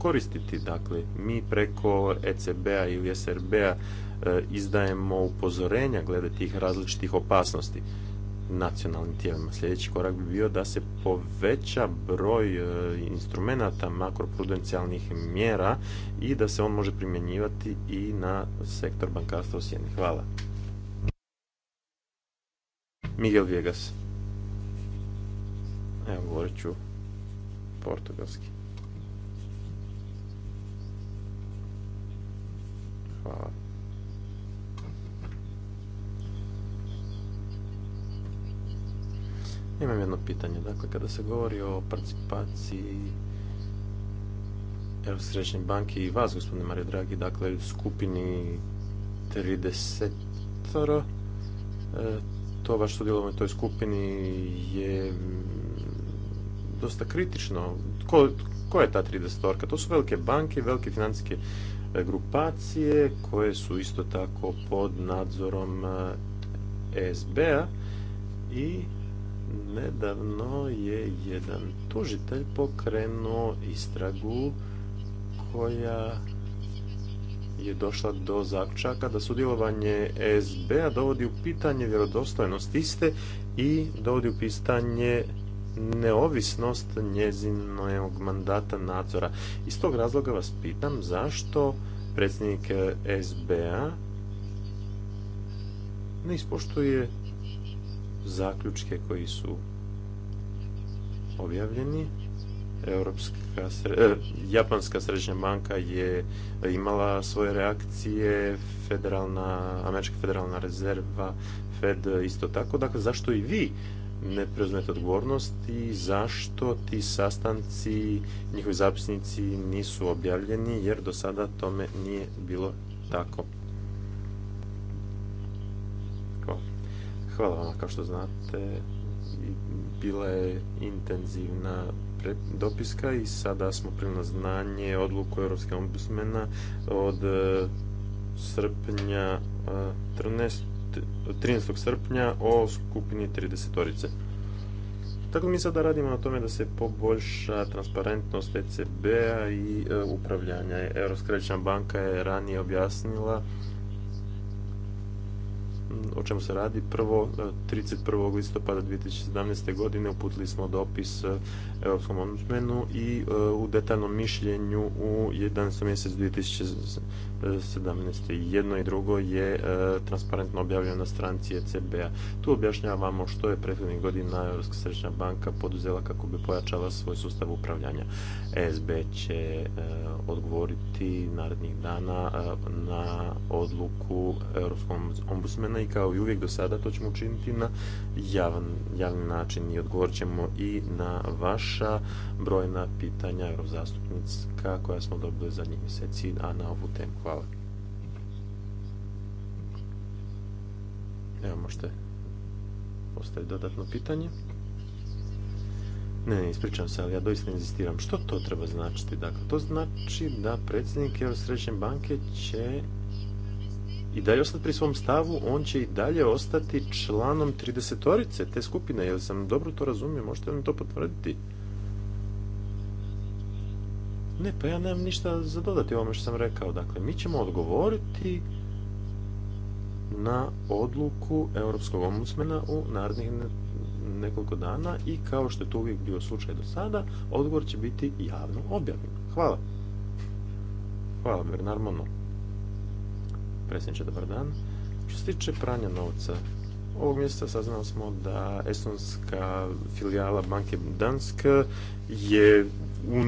koristiti. Dakle, mi preko ECB-a ili SRB-a e, izdajemo upozorenja glede tih različitih opasnosti nacionalnim tijelima. Sljedeći korak bi bio da se poveća broj e, instrumenata makroprudencijalnih mjera i da se on može primjenjivati i na sektor bankarstva u Sjeni. Hvala. Miguel Viegas. Evo, govorit ću portugalski. Hvala. Imam jedno pitanje. Dakle, kada se govori o participaciji Europske središnje banke i vas, gospodine Mario Dragi, dakle, u skupini 30 e, to baš sudjelovanje u toj skupini je dosta kritično. Ko, je ta 30 To su velike banke, velike financijske grupacije koje su isto tako pod nadzorom e, SBA i nedavno je jedan tužitelj pokrenuo istragu koja je došla do zaključaka da sudjelovanje SBA dovodi u pitanje vjerodostojnost iste i dovodi u pitanje neovisnost njezinog mandata nadzora. Iz tog razloga vas pitam zašto predsjednik SBA ne ispoštuje zaključke koji su objavljeni. Eh, Japanska središnja banka je imala svoje reakcije, federalna, Američka federalna rezerva, Fed isto tako. Dakle, zašto i vi ne preuzmete odgovornost i zašto ti sastanci, njihovi zapisnici nisu objavljeni jer do sada tome nije bilo tako. Hvala, vam, kao što znate, bila je intenzivna dopiska i sada smo primili na znanje odluku Europske ombudsmena od e, srpnja 13. E, 13. srpnja o skupini 30-orice. Tako mi sada radimo na tome da se poboljša transparentnost ECB-a i e, upravljanja. Europska banka je ranije objasnila Mm, o čemu se radi. Prvo, 31. E, listopada 2017. godine uputili smo dopis e, Europskom ombudsmenu i e, u detaljnom mišljenju u 11. mjesec 2017. Jedno i drugo je transparentno objavljeno na stranici ECB-a. Tu objašnjavamo što je prethodnih godina Europska središnja banka poduzela kako bi pojačala svoj sustav upravljanja. ESB će odgovoriti narednih dana na odluku Europskom ombudsmena i kao i uvijek do sada to ćemo učiniti na javan, način i odgovorit ćemo i na vaša brojna pitanja Eurozastupnicka koja smo dobili zadnjih mjeseci, a na ovu temu. Hvala. Evo možete postaviti dodatno pitanje. Ne, ne, ispričam se, ali ja doista inzistiram. Što to treba značiti? Dakle, to znači da predsjednik Eurosredišnje banke će i dalje ostati pri svom stavu, on će i dalje ostati članom 30-orice te skupine. Jel sam dobro to razumio? Možete li mi to potvrditi? Ne, pa ja nemam ništa za dodati ovome što sam rekao. Dakle, mi ćemo odgovoriti na odluku Europskog ombudsmena u narednih nekoliko dana i kao što je to uvijek bio slučaj do sada, odgovor će biti javno objavljen. Hvala. Hvala, Bernard predsjedniče, dobar dan. Što se tiče pranja novca, ovog mjesta saznali smo da estonska filijala banke Danska je u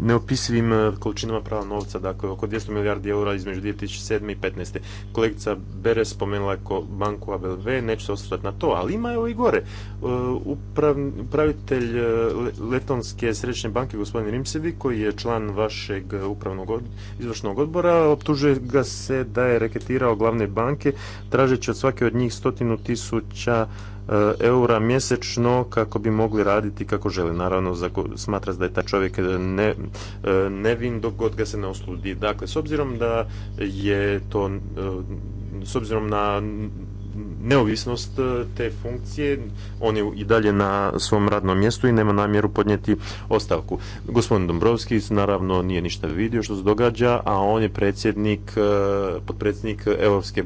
neopisivim e, količinama prava novca, dakle oko 200 milijardi eura između 2007. i 2015. Kolegica Bere spomenula je banku ABLV, neću se osvrtati na to, ali ima i gore. E, upravitelj e, Letonske središnje banke, gospodin Rimsevi, koji je član vašeg upravnog izvršnog odbora, optužuje ga se da je reketirao glavne banke, tražeći od svake od njih stotinu tisuća E, eura mjesečno kako bi mogli raditi kako žele. Naravno, smatra se da je taj čovjek e, ne, e, nevin dok god ga se ne osludi. Dakle, s obzirom da je to, s obzirom na neovisnost te funkcije, on je i dalje na svom radnom mjestu i nema namjeru podnijeti ostavku. Gospodin Dombrovski naravno nije ništa vidio što se događa, a on je predsjednik, potpredsjednik Europske,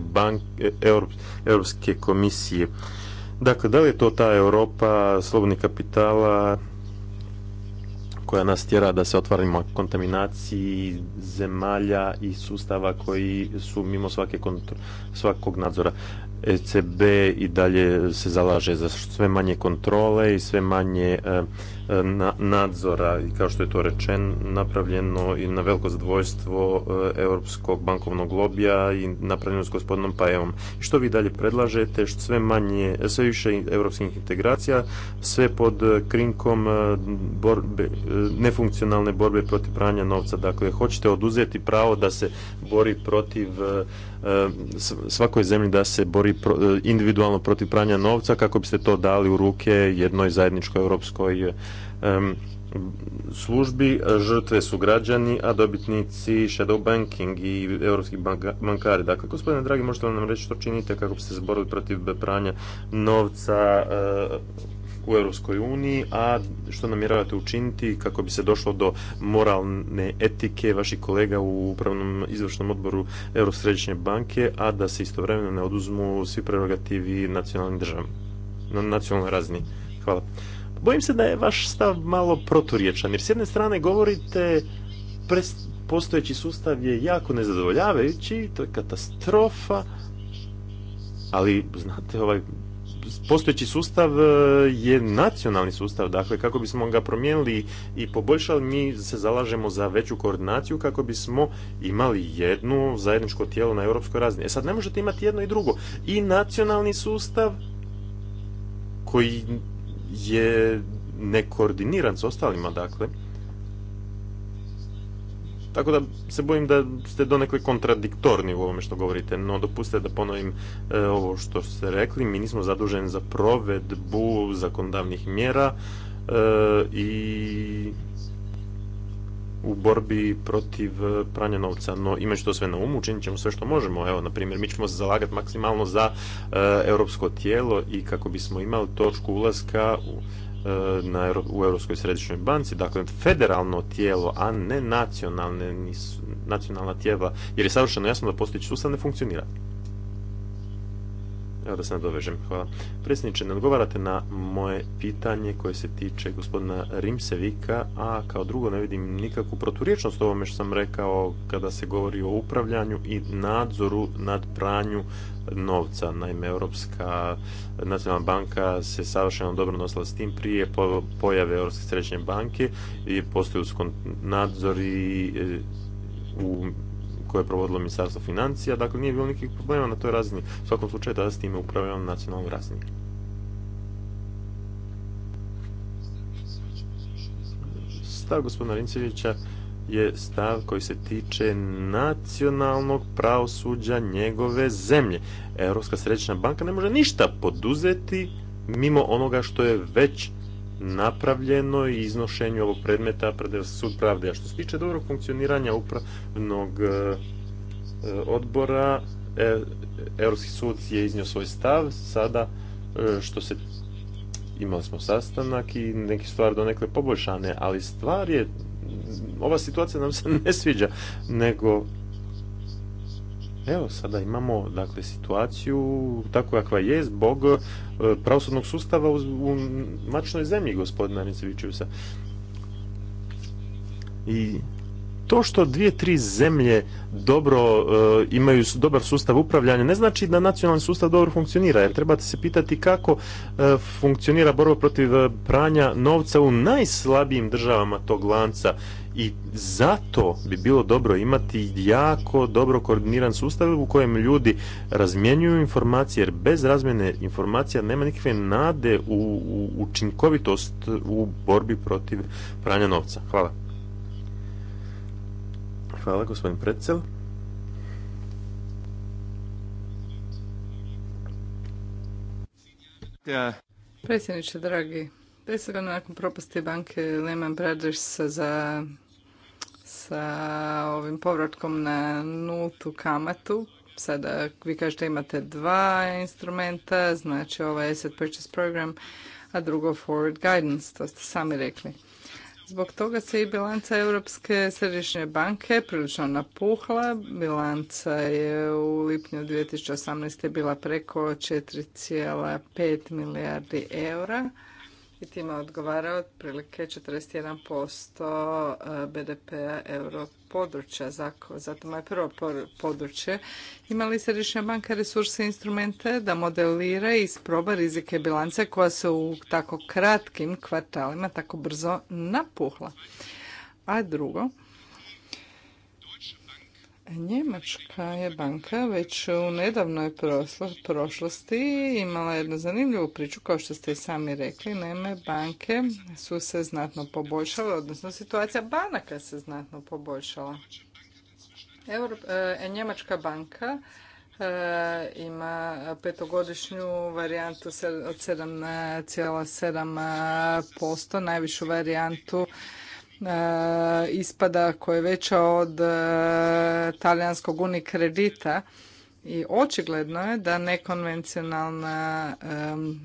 Europske komisije Dakle, da li je to ta Europa slobodnih kapitala koja nas tjera da se otvarimo kontaminaciji zemalja i sustava koji su mimo svake svakog nadzora. ECB i dalje se zalaže za sve manje kontrole i sve manje e, E, nadzora i kao što je to rečeno napravljeno i na veliko zadvojstvo e, europskog bankovnog lobija i napravljeno s gospodinom Pajevom. Što vi dalje predlažete? Sve manje, sve više europskih integracija, sve pod e, krinkom borbe, nefunkcionalne borbe protiv pranja novca. Dakle, hoćete oduzeti pravo da se bori protiv svakoj zemlji da se bori individualno protiv pranja novca kako biste to dali u ruke jednoj zajedničkoj europskoj službi, e, žrtve su građani, a dobitnici shadow banking i europski bankari. Dakle, gospodine dragi, možete li nam reći što činite kako biste se borili protiv pranja novca e, u Europskoj uniji, a što namjeravate učiniti kako bi se došlo do moralne etike vaših kolega u upravnom izvršnom odboru središnje banke, a da se istovremeno ne oduzmu svi prerogativi nacionalnim država. na nacionalnoj razini. Hvala. Bojim se da je vaš stav malo proturječan, jer s jedne strane govorite postojeći sustav je jako nezadovoljavajući, to je katastrofa, ali znate, ovaj postojeći sustav e, je nacionalni sustav, dakle kako bismo ga promijenili i poboljšali, mi se zalažemo za veću koordinaciju kako bismo imali jednu zajedničko tijelo na europskoj razini. E sad ne možete imati jedno i drugo. I nacionalni sustav koji je nekoordiniran s ostalima, dakle. Tako da se bojim da ste donekle kontradiktorni u ovome što govorite, no dopustite da ponovim e, ovo što ste rekli, mi nismo zaduženi za provedbu zakonodavnih mjera e, i u borbi protiv e, pranja novca. No, imajući to sve na umu, učinit ćemo sve što možemo. Evo, na primjer, mi ćemo se zalagati maksimalno za e, europsko tijelo i kako bismo imali točku ulaska u, e, u Europskoj središnjoj banci, dakle federalno tijelo, a ne nacionalne, nisu, nacionalna tijela, jer je savršeno jasno da postojeći sustav ne funkcionira. Evo da se nadovežem. Hvala. Predsjedniče, ne odgovarate na moje pitanje koje se tiče gospodina Rimsevika, a kao drugo ne vidim nikakvu proturječnost ovome što sam rekao kada se govori o upravljanju i nadzoru nad pranju novca. Naime, Europska nacionalna banka se savršeno dobro nosila s tim prije pojave Europske središnje banke i postoji nadzori e, u koje je provodilo ministarstvo financija, dakle nije bilo nikakvih problema na toj razini. U svakom slučaju tada s time upravljamo na nacionalnoj razini. Stav gospodina Rincevića je stav koji se tiče nacionalnog pravosuđa njegove zemlje. Europska središnja banka ne može ništa poduzeti mimo onoga što je već napravljeno i iznošenju ovog predmeta pred sud pravde. A što se tiče dobro funkcioniranja upravnog e, odbora, e, Europski sud je iznio svoj stav, sada e, što se imali smo sastanak i neke stvari donekle poboljšane, ali stvar je, ova situacija nam se ne sviđa, nego Evo, sada imamo dakle, situaciju tako kakva je zbog e, pravosudnog sustava u, u mačnoj zemlji, gospodina Rincevićevsa. I to što dvije, tri zemlje dobro e, imaju dobar sustav upravljanja, ne znači da nacionalni sustav dobro funkcionira, jer trebate se pitati kako e, funkcionira borba protiv pranja novca u najslabijim državama tog lanca i zato bi bilo dobro imati jako dobro koordiniran sustav u kojem ljudi razmjenjuju informacije, jer bez razmjene informacija nema nikakve nade u, učinkovitost u borbi protiv pranja novca. Hvala. Hvala, gospodin Predsel. Predsjedniče, dragi, deset nakon propasti banke Lehman Brothers za sa ovim povratkom na nultu kamatu. Sada vi kažete imate dva instrumenta, znači ovaj asset purchase program, a drugo forward guidance, to ste sami rekli. Zbog toga se i bilanca Europske središnje banke prilično napuhla. Bilanca je u lipnju 2018. bila preko 4,5 milijardi eura i odgovara otprilike 41% eh, BDP-a euro područja. Zato moje prvo područje. Ima li središnja banka resurse i instrumente da modelira i isproba rizike bilance koja se u tako kratkim kvartalima tako brzo napuhla? A drugo, Njemačka je banka već u nedavnoj prošlosti imala jednu zanimljivu priču, kao što ste i sami rekli. Naime, banke su se znatno poboljšale, odnosno situacija banaka se znatno poboljšala. E, Njemačka banka e, ima petogodišnju varijantu od 7,7%, e, najvišu varijantu E, ispada koja je veća od e, talijanskog unikredita i očigledno je da nekonvencionalna e,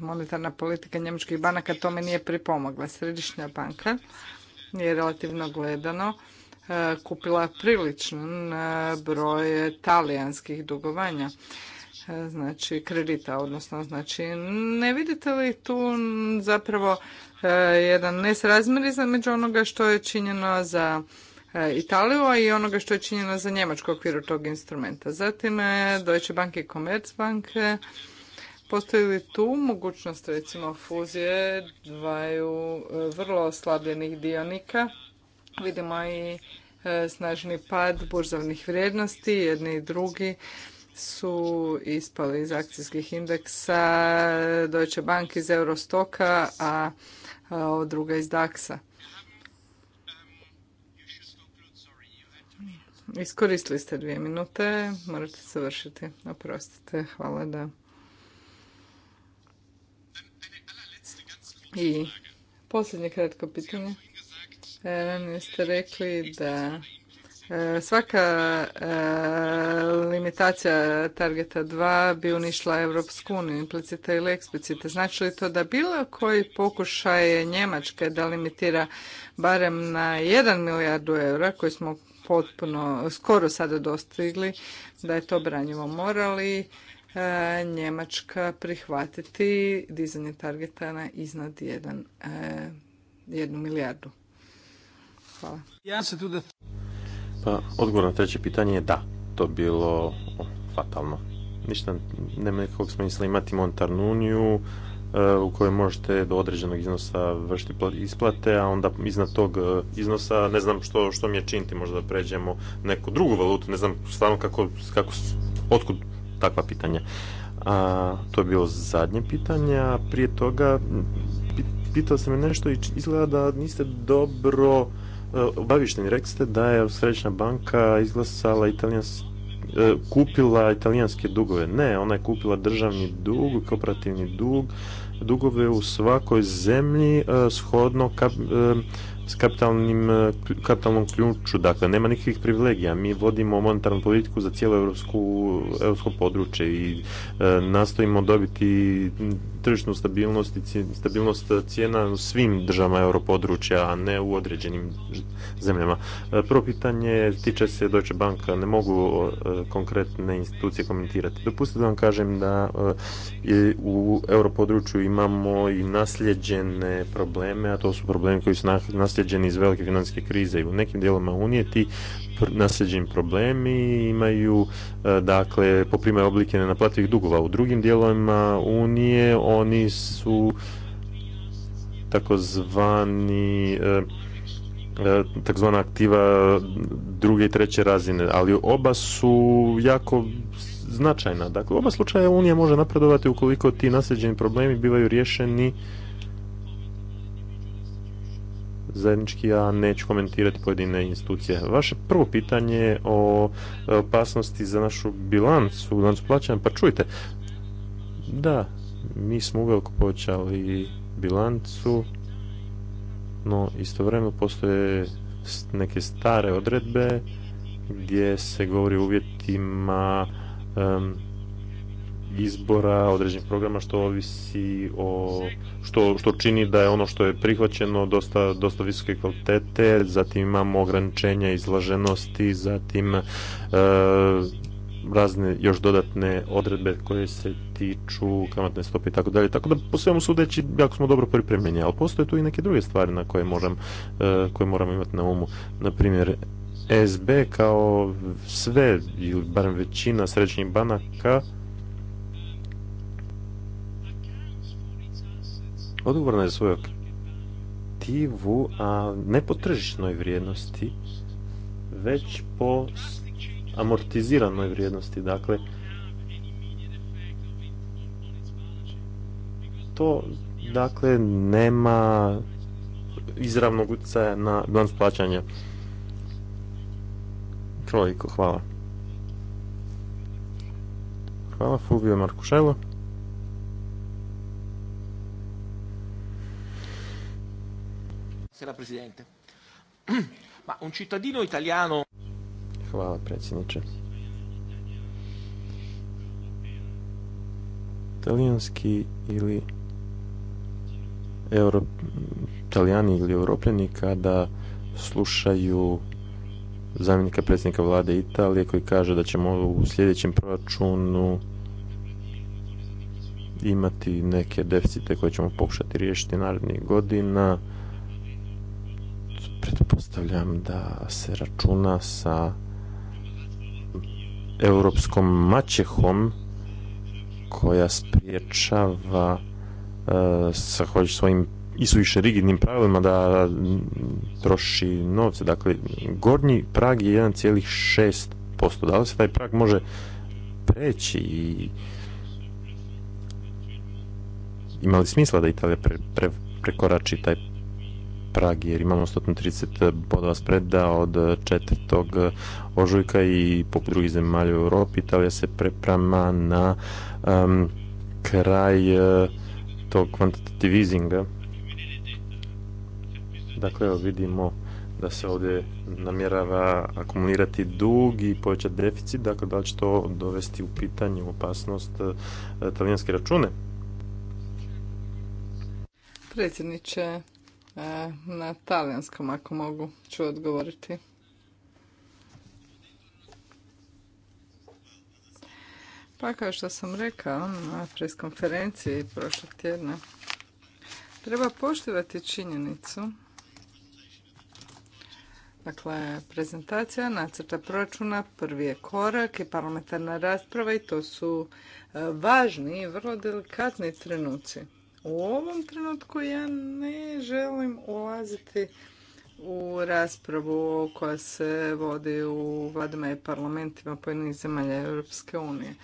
monetarna politika njemačkih banaka tome nije pripomogla. Središnja banka je relativno gledano kupila prilično broj talijanskih dugovanja znači kredita, odnosno znači ne vidite li tu zapravo E, jedan nesrazmjer između onoga što je činjeno za e, Italiju, a i onoga što je činjeno za Njemačku okviru tog instrumenta. Zatim e, Deutsche Bank i Commerzbank Postoji li tu mogućnost recimo fuzije dvaju vrlo oslabljenih dionika? Vidimo i snažni pad burzovnih vrijednosti, jedni i drugi su ispali iz akcijskih indeksa Deutsche Bank iz Eurostoka, a ova druga iz DAX-a. Iskoristili ste dvije minute, morate vršiti. Oprostite, hvala da. I posljednje kratko pitanje. Ranije ste rekli da E, svaka e, limitacija targeta 2 bi uništila Europsku uniju, implicite ili eksplicite. Znači li to da bilo koji pokušaj Njemačke da limitira barem na 1 milijardu eura, koji smo potpuno skoro sada dostigli, da je to branjivo morali, e, Njemačka prihvatiti dizanje targeta na iznad 1 milijardu. Hvala. Ja se tu da... Pa, odgovor na treće pitanje je da. To bilo fatalno. Ništa, nema nikakvog smisla imati monetarnu uniju e, u kojoj možete do određenog iznosa vršiti isplate, a onda iznad tog e, iznosa ne znam što, što mi je činiti, možda da pređemo neku drugu valutu, ne znam stvarno kako, kako otkud takva pitanja. to je bilo zadnje pitanje, a prije toga pitao sam me nešto i izgleda da niste dobro E, obavišteni. Rekli ste da je Središnja banka izglasala italijanski e, kupila italijanske dugove. Ne, ona je kupila državni dug, kooperativni dug, dugove u svakoj zemlji e, shodno kap, s kapitalnim, e, kapitalnom ključu, dakle nema nikakvih privilegija. Mi vodimo monetarnu politiku za cijelo europsku, europsko područje i e, nastojimo dobiti tržišnu stabilnost i stabilnost cijena u svim državama europodručja, a ne u određenim zemljama. E, prvo pitanje tiče se Deutsche Banka, ne mogu e, konkretne institucije komentirati. Dopustite da vam kažem da u europodručju imamo i nasljeđene probleme, a to su problemi koji su nasljeđeni iz velike financijske krize i u nekim dijelovima Unije ti naslijeđeni problemi imaju, e, dakle, poprimaju oblike nenaplativih dugova. U drugim dijelovima Unije oni su takozvani e, e, takozvana aktiva druge i treće razine, ali oba su jako značajna. Dakle, u oba slučaja Unija može napredovati ukoliko ti nasljeđeni problemi bivaju riješeni zajednički, ja neću komentirati pojedine institucije. Vaše prvo pitanje o opasnosti za našu bilancu, bilancu plaćanja, pa čujte, da, mi smo uveliko povećali bilancu, no istovremeno postoje neke stare odredbe gdje se govori o uvjetima izbora, određenih programa što ovisi o što, što čini da je ono što je prihvaćeno dosta, dosta visoke kvalitete, zatim imamo ograničenja izlaženosti, zatim e, razne još dodatne odredbe koje se tiču kamatne stope i tako dalje. Tako da po svemu sudeći jako smo dobro pripremljeni, ali postoje tu i neke druge stvari na koje moram, e, koje moramo imati na umu. Na primjer, SB kao sve ili barem većina srećnih banaka odgovorna je svoju aktivu, a ne po tržišnoj vrijednosti, već po amortiziranoj vrijednosti. Dakle, to dakle nema izravnog utjecaja na bilans plaćanja. Krojko, hvala. Hvala Fulvio Markušajlo. Hvala Presidente. Ma un cittadino italiano... Hvala predsjedniče. Italijanski ili Euro, Italijani ili Europljani kada slušaju zamjenika predsjednika vlade Italije koji kaže da ćemo u sljedećem proračunu imati neke deficite koje ćemo pokušati riješiti narednih godina pretpostavljam da se računa sa europskom maćehom koja spriječava sa e, svojim i rigidnim pravilima da e, troši novce. Dakle, gornji prag je 1,6%. Da li se taj prag može preći i ima li smisla da Italija prekorači taj Pragi, jer imamo 130 bodova spreda od 4. ožujka i poput drugih zemalja u Europi Italija se preprama na kraj uh, tog kvantitativizinga dakle vidimo da se ovdje namjerava akumulirati dug i povećati deficit, dakle da li će to dovesti u pitanje u opasnost eh, talijanske račune? Predsjedniče, E, na talijanskom ako mogu ću odgovoriti. Pa kao što sam rekao na preskonferenciji prošlog tjedna, treba poštivati činjenicu Dakle, prezentacija nacrta proračuna, prvi je korak i parlamentarna rasprava i to su e, važni i vrlo delikatni trenuci. U ovom trenutku ja ne želim ulaziti u raspravu koja se vodi u vladama i parlamentima pojedinih zemalja Europske unije.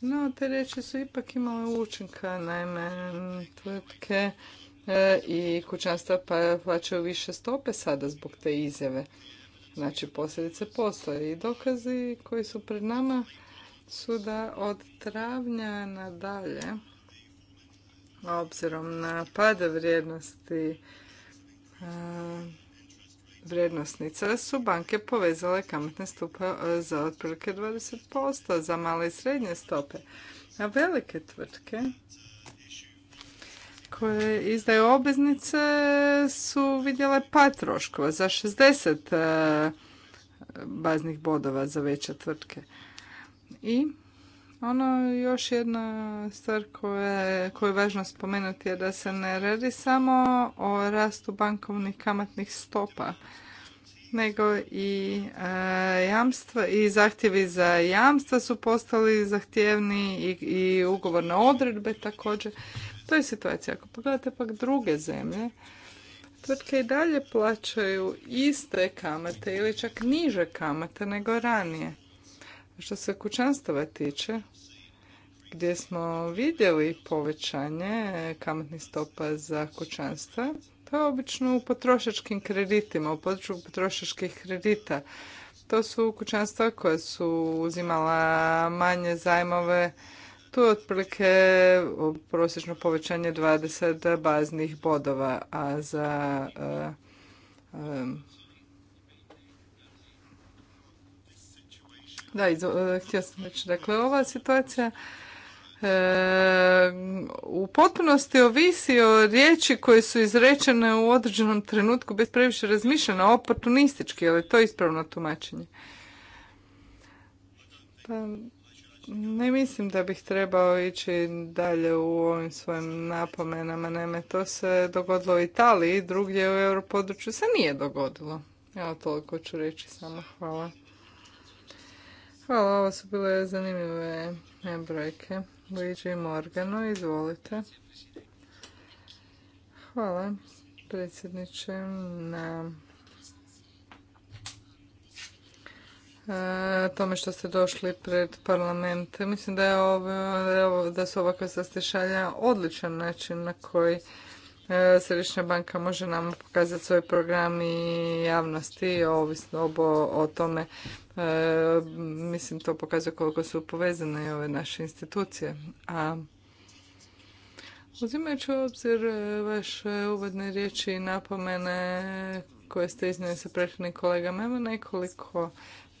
No, te reči su ipak imale učinka, naime, tvrtke e, i kućanstva pa plaćaju više stope sada zbog te izjave. Znači, posljedice postoje i dokazi koji su pred nama su da od travnja nadalje obzirom na pada vrijednosti e, vrijednosnica su banke povezale kamatne stupe e, za otprilike 20% za male i srednje stope. A velike tvrtke koje izdaju obveznice su vidjele pad troškova za 60 e, baznih bodova za veće tvrtke. I ono još jedna stvar koju je važno spomenuti je da se ne radi samo o rastu bankovnih kamatnih stopa, nego i e, jamstva i zahtjevi za jamstva su postali zahtjevni i, i ugovorne odredbe također. To je situacija. Ako pogledate pak druge zemlje, tvrtke i dalje plaćaju iste kamate ili čak niže kamate nego ranije. Što se kućanstava tiče, gdje smo vidjeli povećanje kamatnih stopa za kućanstva, to je obično u potrošačkim kreditima, u području potrošačkih kredita. To su kućanstva koja su uzimala manje zajmove, tu je otprilike prosječno povećanje 20 baznih bodova, a za e, e, Da, e, htio sam reći, dakle, ova situacija e, u potpunosti ovisi o riječi koje su izrečene u određenom trenutku bez previše razmišljena, oportunistički, ali to je ispravno tumačenje. Pa, ne mislim da bih trebao ići dalje u ovim svojim napomenama. Naime, to se dogodilo u Italiji, drugdje u europodručju se nije dogodilo. Ja toliko ću reći samo. Hvala. Hvala, ovo su bile zanimljive brojke. Luigi Morgano, izvolite. Hvala predsjedniče na e, tome što ste došli pred parlament. Mislim da, je da su ovakve sastišalja odličan način na koji E, Središnja banka može nam pokazati svoj program i javnosti, ovisno obo o tome. E, mislim, to pokazuje koliko su povezane i ove naše institucije. A Uzimajući u obzir e, vaše uvodne riječi i napomene koje ste iznijeli sa prethodnim kolegama, imamo nekoliko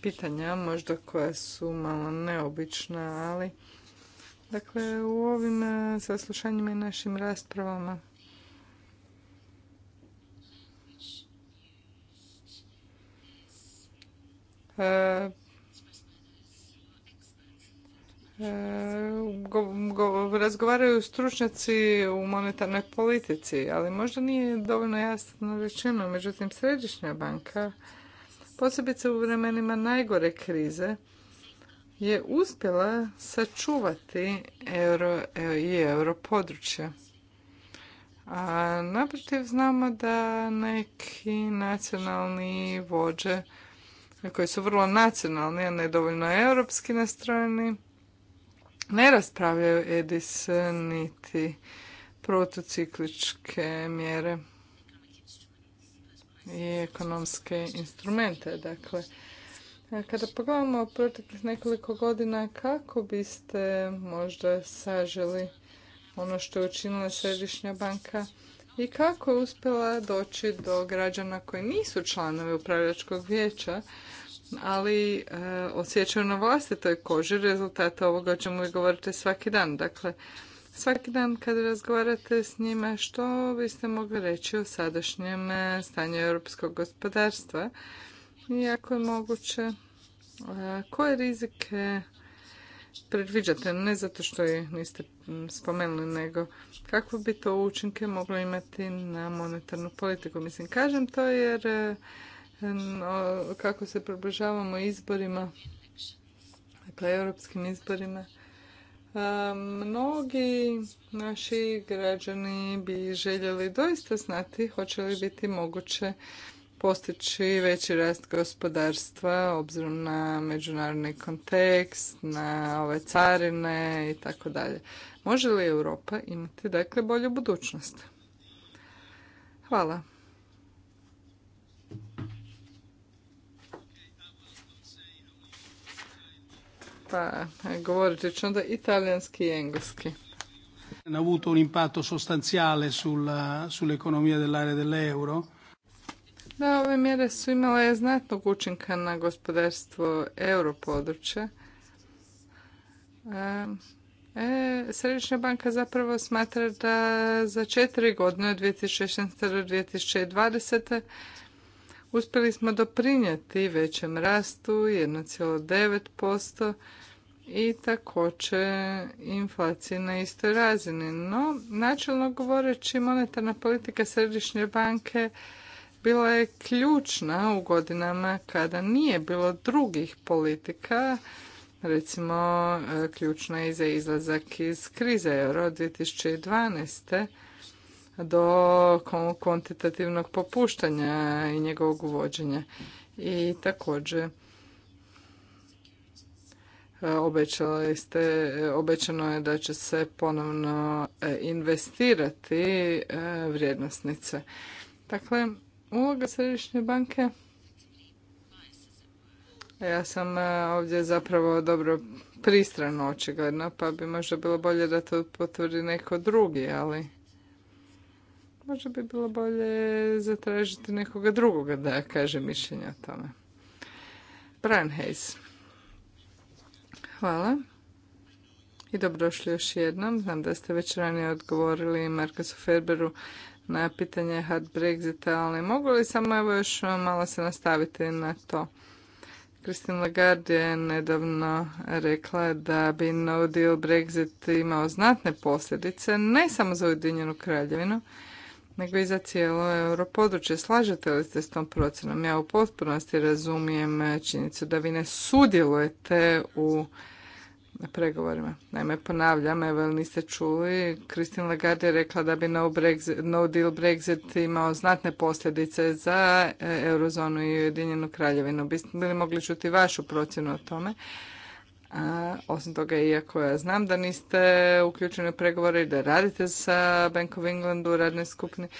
pitanja, možda koja su malo neobična, ali dakle u ovim saslušanjima i našim raspravama E, e, razgovaraju stručnjaci u monetarnoj politici, ali možda nije dovoljno jasno rečeno. Međutim, Središnja banka, posebice u vremenima najgore krize, je uspjela sačuvati euro i euro područje. A naprotiv znamo da neki nacionalni vođe koji su vrlo nacionalni, a nedovoljno europski nastrojeni, ne raspravljaju EDIS niti protocikličke mjere i ekonomske instrumente. Dakle, kada pogledamo proteklih nekoliko godina, kako biste možda saželi ono što je učinila Središnja banka i kako je uspjela doći do građana koji nisu članovi upravljačkog vijeća, ali e, osjećaju na vlastitoj koži rezultate ovoga o čemu vi govorite svaki dan. Dakle, svaki dan kada razgovarate s njima, što biste mogli reći o sadašnjem e, stanju europskog gospodarstva Iako je moguće, e, koje rizike predviđate, ne zato što ih niste spomenuli, nego kakve bi to učinke moglo imati na monetarnu politiku. Mislim, kažem to jer kako se približavamo izborima, dakle europskim izborima, mnogi naši građani bi željeli doista znati hoće li biti moguće postići veći rast gospodarstva obzirom na međunarodni kontekst, na ove carine i tako dalje. Može li Europa imati dakle bolju budućnost? Hvala. pa e, govoriti ću onda italijanski i engleski. Ha avuto un impatto sostanziale sulla, sull'economia dell'area dell'euro. Da, ove mjere su imale znatnog učinka na gospodarstvo europodručja. E, e Središnja banka zapravo smatra da za četiri godine od 2016. do 2020 uspjeli smo doprinijeti većem rastu 1,9% i također inflaciji na istoj razini. No, načelno govoreći, monetarna politika središnje banke bila je ključna u godinama kada nije bilo drugih politika, recimo e, ključna je i za izlazak iz krize euro 2012 do kvantitativnog popuštanja i njegovog uvođenja. I također e, ste, e, obećano je da će se ponovno e, investirati vrijednosnice. Dakle, uloga Središnje banke ja sam ovdje zapravo dobro pristrano očigledno, pa bi možda bilo bolje da to potvrdi neko drugi, ali možda bi bilo bolje zatražiti nekoga drugoga da kaže mišljenje o tome. Brian Hayes. Hvala. I dobrošli još jednom. Znam da ste već ranije odgovorili Markasu Ferberu na pitanje hard Brexita, ali mogu li samo evo još malo se nastaviti na to? Christine Lagarde je nedavno rekla da bi no deal Brexit imao znatne posljedice, ne samo za Ujedinjenu kraljevinu, nego i za cijelo europodručje. Slažete li se s tom procenom? Ja u potpunosti razumijem činjenicu da vi ne sudjelujete u pregovorima. Naime, ponavljam, evo niste čuli, Christine Lagarde je rekla da bi no, deal Brexit imao znatne posljedice za e, eurozonu i Ujedinjenu kraljevinu. Biste li mogli čuti vašu procjenu o tome? A, osim toga, iako ja znam da niste uključeni u pregovore i da radite sa Bank of Englandu u radnoj skupini, e,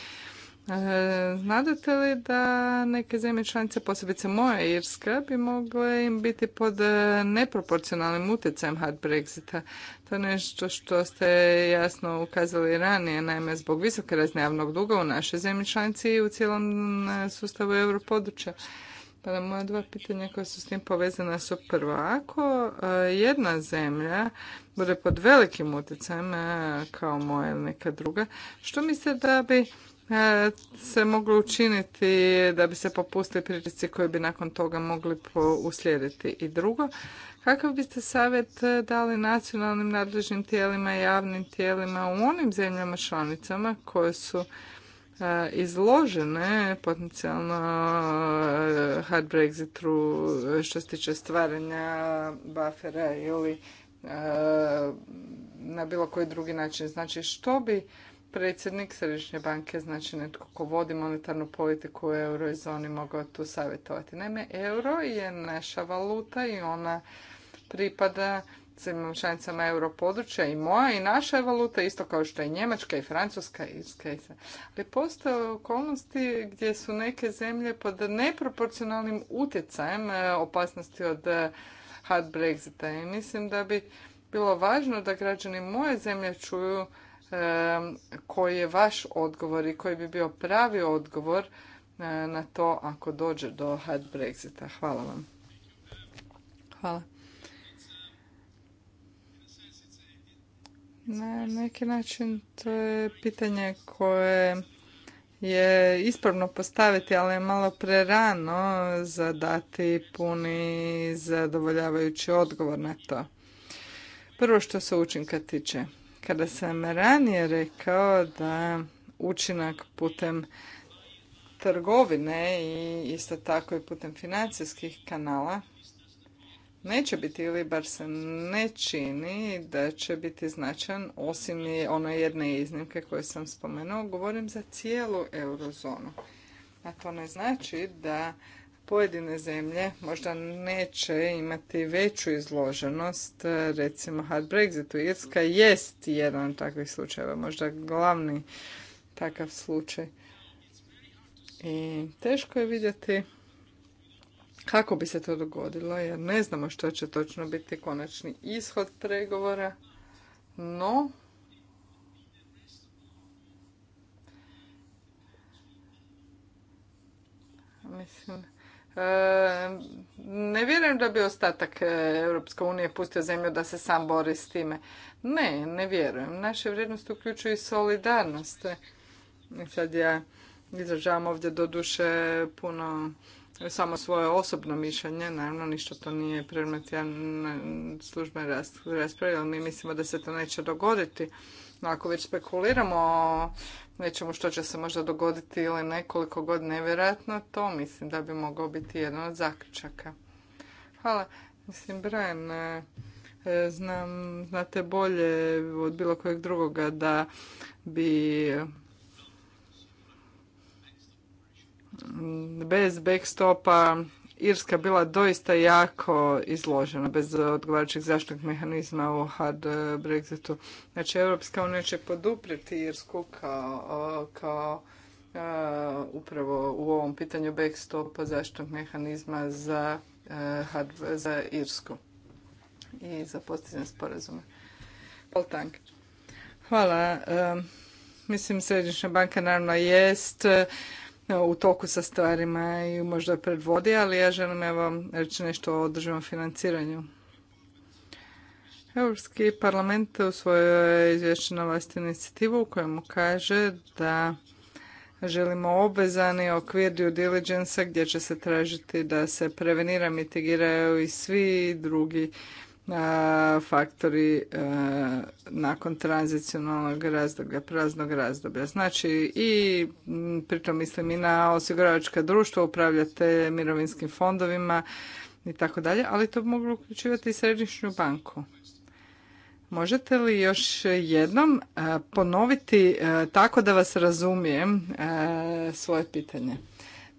Znadete li da neke zemlje članice, posebice moja Irska, bi mogle im biti pod neproporcionalnim utjecajem hard Brexita? To je nešto što ste jasno ukazali ranije, naime zbog visoke razne javnog duga u našoj zemlji članici i u cijelom e, sustavu europodručja. Pa moja dva pitanja koja su s tim povezana su prvo. Ako e, jedna zemlja bude pod velikim utjecajem e, kao moja ili neka druga, što mislite da bi e, se moglo učiniti da bi se popustili pritisci koji bi nakon toga mogli uslijediti? I drugo, kakav biste savjet dali nacionalnim nadležnim tijelima i javnim tijelima u onim zemljama članicama koje su E, izložene potencijalno e, hard Brexitu e, što se tiče stvaranja buffera ili na bilo koji drugi način. Znači što bi predsjednik Središnje banke, znači netko ko vodi monetarnu politiku u eurozoni mogao tu savjetovati. Naime, euro je naša valuta i ona pripada članicama europodručja i moja i naša je valuta, isto kao što je Njemačka i Francuska i Irska. Ali postoje okolnosti gdje su neke zemlje pod neproporcionalnim utjecajem e, opasnosti od e, hard Brexita i mislim da bi bilo važno da građani moje zemlje čuju e, koji je vaš odgovor i koji bi bio pravi odgovor na to ako dođe do hard Brexita. Hvala vam. Hvala. Na neki način to je pitanje koje je ispravno postaviti, ali je malo prerano za dati puni zadovoljavajući odgovor na to. Prvo što se učinka tiče. Kada sam ranije rekao da učinak putem trgovine i isto tako i putem financijskih kanala neće biti ili bar se ne čini da će biti značajan osim one jedne iznimke koje sam spomenuo, govorim za cijelu eurozonu. A to ne znači da pojedine zemlje možda neće imati veću izloženost, recimo hard Brexitu. Irska jest jedan od takvih slučajeva, možda glavni takav slučaj. I teško je vidjeti kako bi se to dogodilo, jer ne znamo što će točno biti konačni ishod pregovora, no mislim e, ne vjerujem da bi ostatak e, Europske unije pustio zemlju da se sam bori s time. Ne, ne vjerujem. Naše vrijednosti uključuju i solidarnost. E, sad ja izražavam ovdje doduše puno samo svoje osobno mišljenje, naravno ništa to nije predmet službe rasprave, ali mi mislimo da se to neće dogoditi. No ako već spekuliramo o nečemu što će se možda dogoditi ili nekoliko god nevjerojatno, to mislim da bi mogao biti jedan od zaključaka. Hvala. Mislim, Brian, e, znam, znate bolje od bilo kojeg drugoga da bi bez backstopa Irska bila doista jako izložena bez odgovarajućeg zaštitnog mehanizma u hard e, Brexitu. Znači, Europska unija će poduprijeti Irsku kao, kao e, upravo u ovom pitanju backstopa zaštitnog mehanizma za, e, za Irsku i za postizanje sporazume. Paul Hvala. mislim, Središnja banka naravno jest u toku sa stvarima i možda predvodi, ali ja želim evo reći nešto o održivom financiranju. Europski parlament usvojio je izvješće na inicijativu u kojemu kaže da želimo obvezani okvir due diligence gdje će se tražiti da se prevenira, mitigiraju i svi drugi faktori e, nakon tranzicionalnog razdoblja, praznog razdoblja. Znači i pritom mislim i na osiguravačka društva, upravljate mirovinskim fondovima i tako dalje, ali to mogu uključivati i središnju banku. Možete li još jednom e, ponoviti e, tako da vas razumijem svoje pitanje?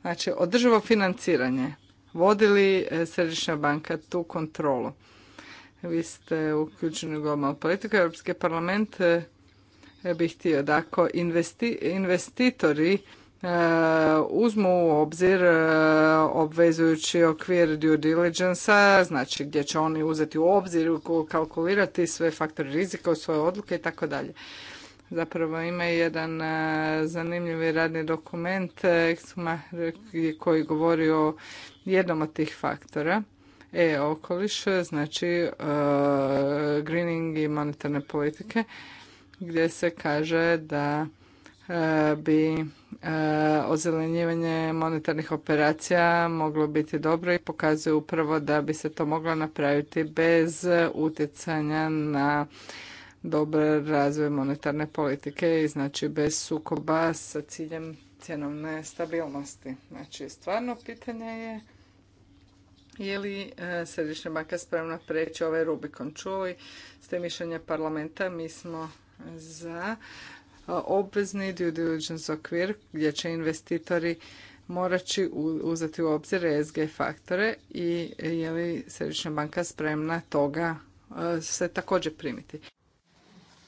Znači, održivo financiranje. Vodi li Središnja banka tu kontrolu? vi ste uključeni u globalnu politiku. Europski parlament e, bi htio da ako investitori e, uzmu u obzir e, obvezujući okvir due diligence znači gdje će oni uzeti u obzir, kalkulirati sve faktore rizika u svoje odluke i tako dalje. Zapravo ima jedan zanimljivi radni dokument koji govori o jednom od tih faktora e-okoliš, znači e, greening i monetarne politike, gdje se kaže da e, bi e, ozelenjivanje monetarnih operacija moglo biti dobro i pokazuje upravo da bi se to moglo napraviti bez utjecanja na dobar razvoj monetarne politike i znači bez sukoba sa ciljem cjenovne stabilnosti. Znači stvarno pitanje je je li e, Središnja banka spremna preći ovaj Rubikon? Čuli ste mišljenje parlamenta, mi smo za e, obvezni due diligence okvir gdje će investitori morati uzeti u obzir e SG faktore i je li Središnja banka spremna toga se također primiti?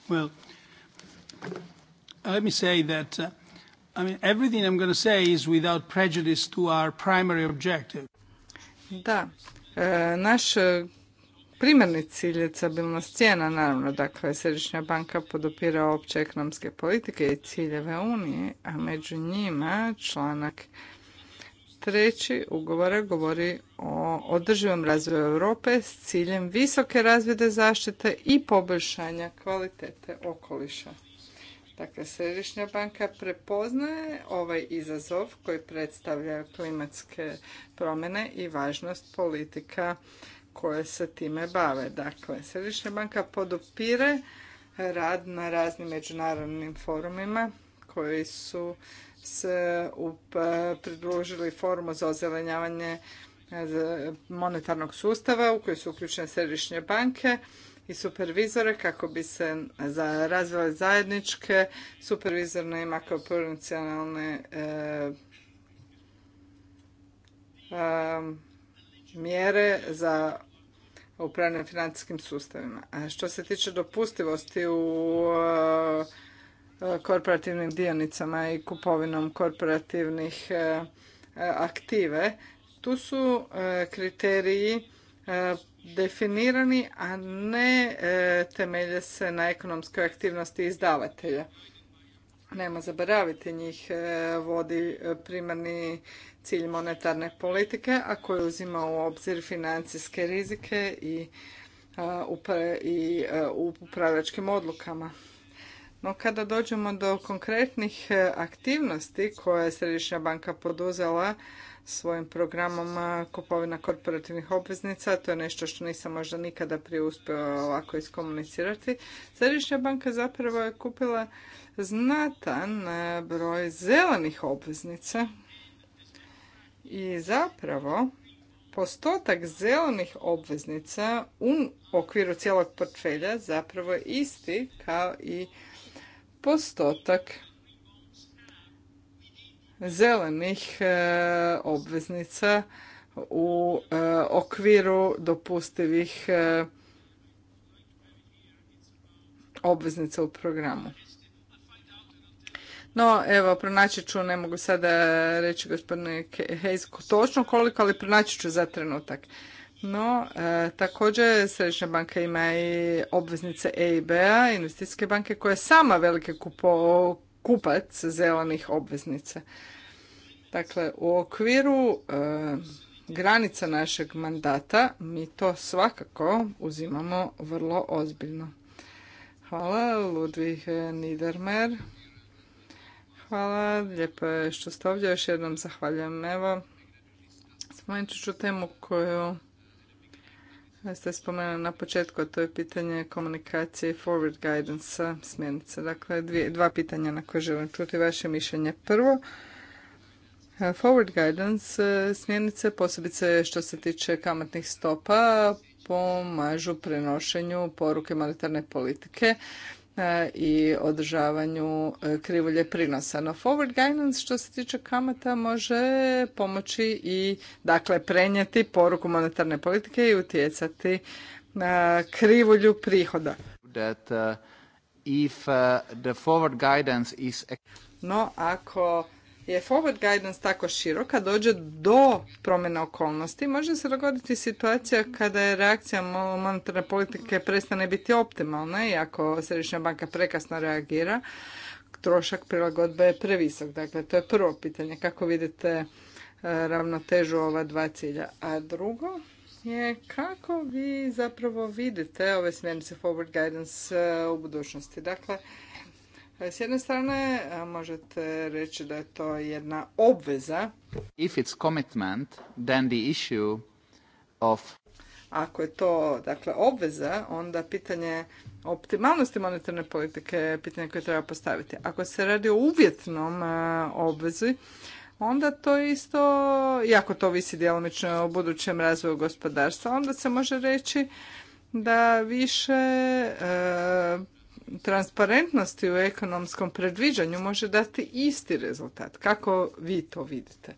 Well, let me say that, uh, I mean, everything I'm going to say is without prejudice to our primary da, e, naš e, primarni cilj je stabilnost cijena, naravno, dakle, Središnja banka podopira opće ekonomske politike i ciljeve Unije, a među njima članak treći ugovora govori o održivom razvoju Europe s ciljem visoke razvide zaštite i poboljšanja kvalitete okoliša. Dakle, Središnja banka prepoznaje ovaj izazov koji predstavlja klimatske promjene i važnost politika koje se time bave. Dakle, Središnja banka podupire rad na raznim međunarodnim forumima koji su se pridružili forumu za ozelenjavanje monetarnog sustava u koji su uključene središnje banke i supervizore kako bi se za razvile zajedničke supervizorne i makroprudencijalne eh, eh, mjere za upravljanje financijskim sustavima. što se tiče dopustivosti u eh, korporativnim dionicama i kupovinom korporativnih aktive, tu su kriteriji definirani, a ne e, temelje se na ekonomskoj aktivnosti izdavatelja. Nema zaboraviti njih e, vodi e, primarni cilj monetarne politike, a koji uzima u obzir financijske rizike i i u upravljačkim odlukama. No kada dođemo do konkretnih aktivnosti koje je Središnja banka poduzela svojim programom kupovina korporativnih obveznica. To je nešto što nisam možda nikada prije uspio ovako iskomunicirati. Središnja banka zapravo je kupila znatan broj zelenih obveznica i zapravo postotak zelenih obveznica u okviru cijelog portfelja zapravo je isti kao i postotak zelenih e, obveznica u e, okviru dopustivih e, obveznica u programu. No, evo, pronaći ću, ne mogu sada reći gospodine Hejsko točno koliko, ali pronaći ću za trenutak. No, također Središnja banka ima i obveznice EIB-a, investicijske banke koje sama velike kupo, kupac zelenih obveznica. Dakle, u okviru e, granica našeg mandata mi to svakako uzimamo vrlo ozbiljno. Hvala, Ludvig Nidermer. Hvala, lijepo je što ste ovdje. Još jednom zahvaljujem. Evo, spomenut ću temu koju ste spomenuli na početku, to je pitanje komunikacije i forward guidance smjernice. Dakle, dvije, dva pitanja na koje želim čuti vaše mišljenje. Prvo, e, forward guidance e, smjernice, posebice što se tiče kamatnih stopa, pomažu prenošenju poruke monetarne politike E, i održavanju e, krivulje prinosa. No forward guidance što se tiče kamata može pomoći i dakle prenijeti poruku monetarne politike i utjecati na krivulju prihoda. Uh, uh, no ako je forward guidance tako široka, dođe do promjena okolnosti, može se dogoditi situacija kada je reakcija monetarne politike prestane biti optimalna i ako Središnja banka prekasno reagira, trošak prilagodbe je previsok. Dakle, to je prvo pitanje. Kako vidite e, ravnotežu ova dva cilja? A drugo je kako vi zapravo vidite ove smjernice forward guidance e, u budućnosti? Dakle, E, s jedne strane možete reći da je to jedna obveza. If it's commitment, then the issue of ako je to dakle obveza, onda pitanje optimalnosti monetarne politike je pitanje koje treba postaviti. Ako se radi o uvjetnom e, obvezi, onda to isto, iako to visi djelomično o budućem razvoju gospodarstva, onda se može reći da više e, transparentnosti u ekonomskom predviđanju može dati isti rezultat. Kako vi to vidite?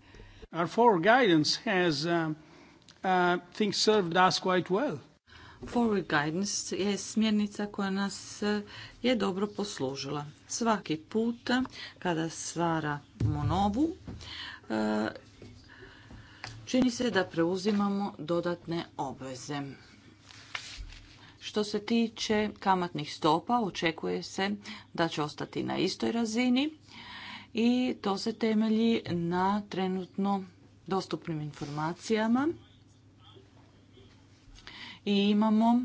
Our forward guidance has uh, uh, served us quite well. Forward guidance je smjernica koja nas uh, je dobro poslužila. Svaki puta uh, kada stvaramo novu, uh, čini se da preuzimamo dodatne obveze. Što se tiče kamatnih stopa, očekuje se da će ostati na istoj razini i to se temelji na trenutno dostupnim informacijama. I imamo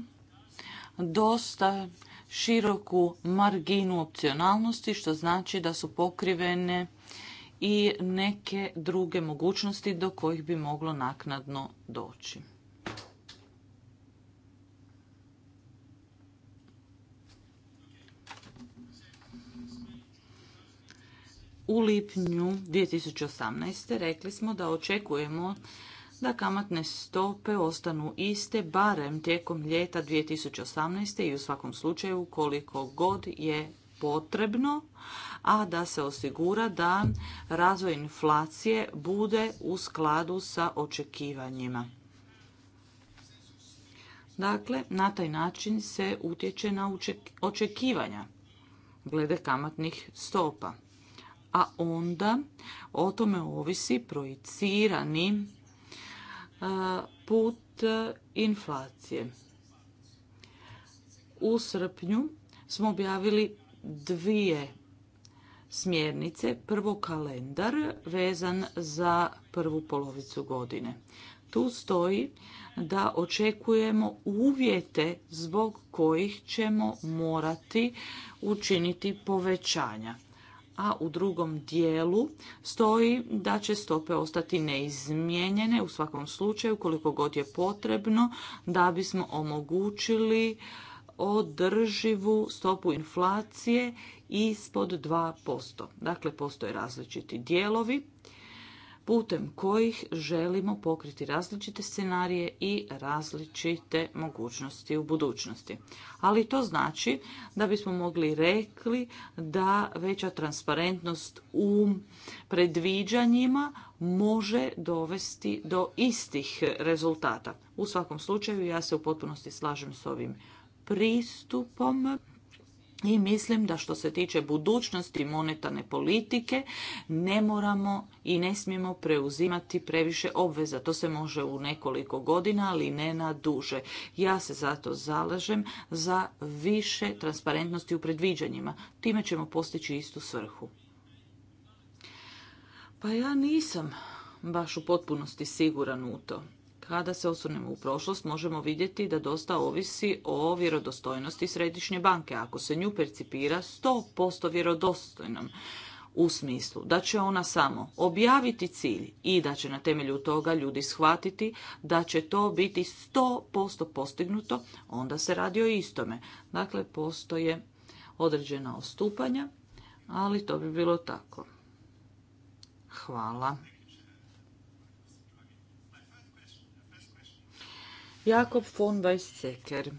dosta široku marginu opcionalnosti, što znači da su pokrivene i neke druge mogućnosti do kojih bi moglo naknadno doći. u lipnju 2018. rekli smo da očekujemo da kamatne stope ostanu iste barem tijekom ljeta 2018. i u svakom slučaju koliko god je potrebno, a da se osigura da razvoj inflacije bude u skladu sa očekivanjima. Dakle, na taj način se utječe na očekivanja glede kamatnih stopa a onda o tome ovisi projicirani e, put inflacije. U srpnju smo objavili dvije smjernice. Prvo kalendar vezan za prvu polovicu godine. Tu stoji da očekujemo uvjete zbog kojih ćemo morati učiniti povećanja a u drugom dijelu stoji da će stope ostati neizmijenjene u svakom slučaju koliko god je potrebno da bismo omogućili održivu stopu inflacije ispod 2%. Dakle, postoje različiti dijelovi putem kojih želimo pokriti različite scenarije i različite mogućnosti u budućnosti. Ali to znači da bismo mogli rekli da veća transparentnost u predviđanjima može dovesti do istih rezultata. U svakom slučaju ja se u potpunosti slažem s ovim pristupom i mislim da što se tiče budućnosti monetarne politike ne moramo i ne smijemo preuzimati previše obveza. To se može u nekoliko godina, ali ne na duže. Ja se zato zalažem za više transparentnosti u predviđanjima. Time ćemo postići istu svrhu. Pa ja nisam baš u potpunosti siguran u to. Kada se osvrnemo u prošlost, možemo vidjeti da dosta ovisi o vjerodostojnosti središnje banke. Ako se nju percipira 100% vjerodostojnom, u smislu da će ona samo objaviti cilj i da će na temelju toga ljudi shvatiti da će to biti 100% postignuto, onda se radi o istome. Dakle, postoje određena ostupanja, ali to bi bilo tako. Hvala. Jakob von Weisseker.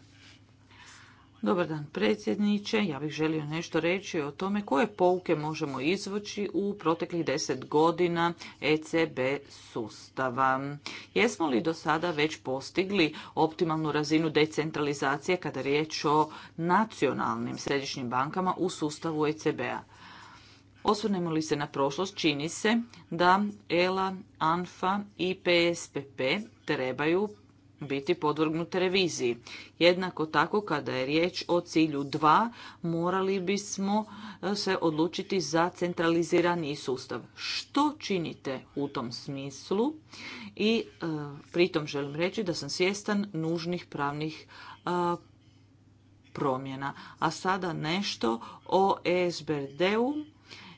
Dobar dan predsjedniče, ja bih želio nešto reći o tome koje pouke možemo izvući u proteklih deset godina ECB sustava. Jesmo li do sada već postigli optimalnu razinu decentralizacije kada je riječ o nacionalnim središnjim bankama u sustavu ECB-a? Osvrnemo li se na prošlost, čini se da ELA, ANFA i PSPP trebaju biti podvrgnute reviziji. Jednako tako kada je riječ o cilju 2 morali bismo e, se odlučiti za centralizirani sustav. Što činite u tom smislu? I e, pritom želim reći da sam svjestan nužnih pravnih e, promjena. A sada nešto o ESBRD-u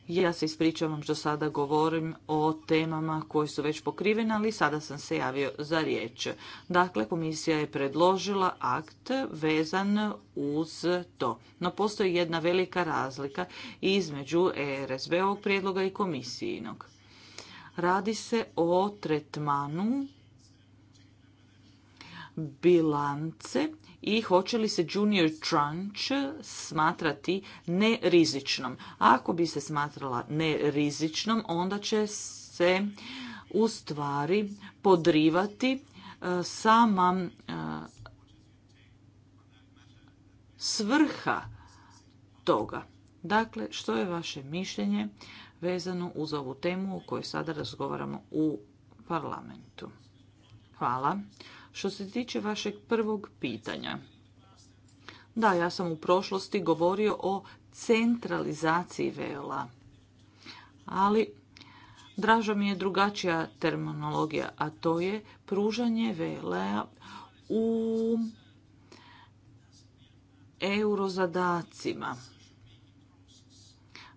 ja se ispričavam što sada govorim o temama koje su već pokrivene, ali sada sam se javio za riječ. Dakle, komisija je predložila akt vezan uz to. No postoji jedna velika razlika između RSB-ovog prijedloga i komisijinog. Radi se o tretmanu bilance i hoće li se junior tranche smatrati nerizičnom. Ako bi se smatrala nerizičnom, onda će se u stvari podrivati e, sama e, svrha toga. Dakle, što je vaše mišljenje vezano uz ovu temu o kojoj sada razgovaramo u parlamentu? Hvala. Što se tiče vašeg prvog pitanja, da, ja sam u prošlosti govorio o centralizaciji vela, ali draža mi je drugačija terminologija, a to je pružanje vela u eurozadacima.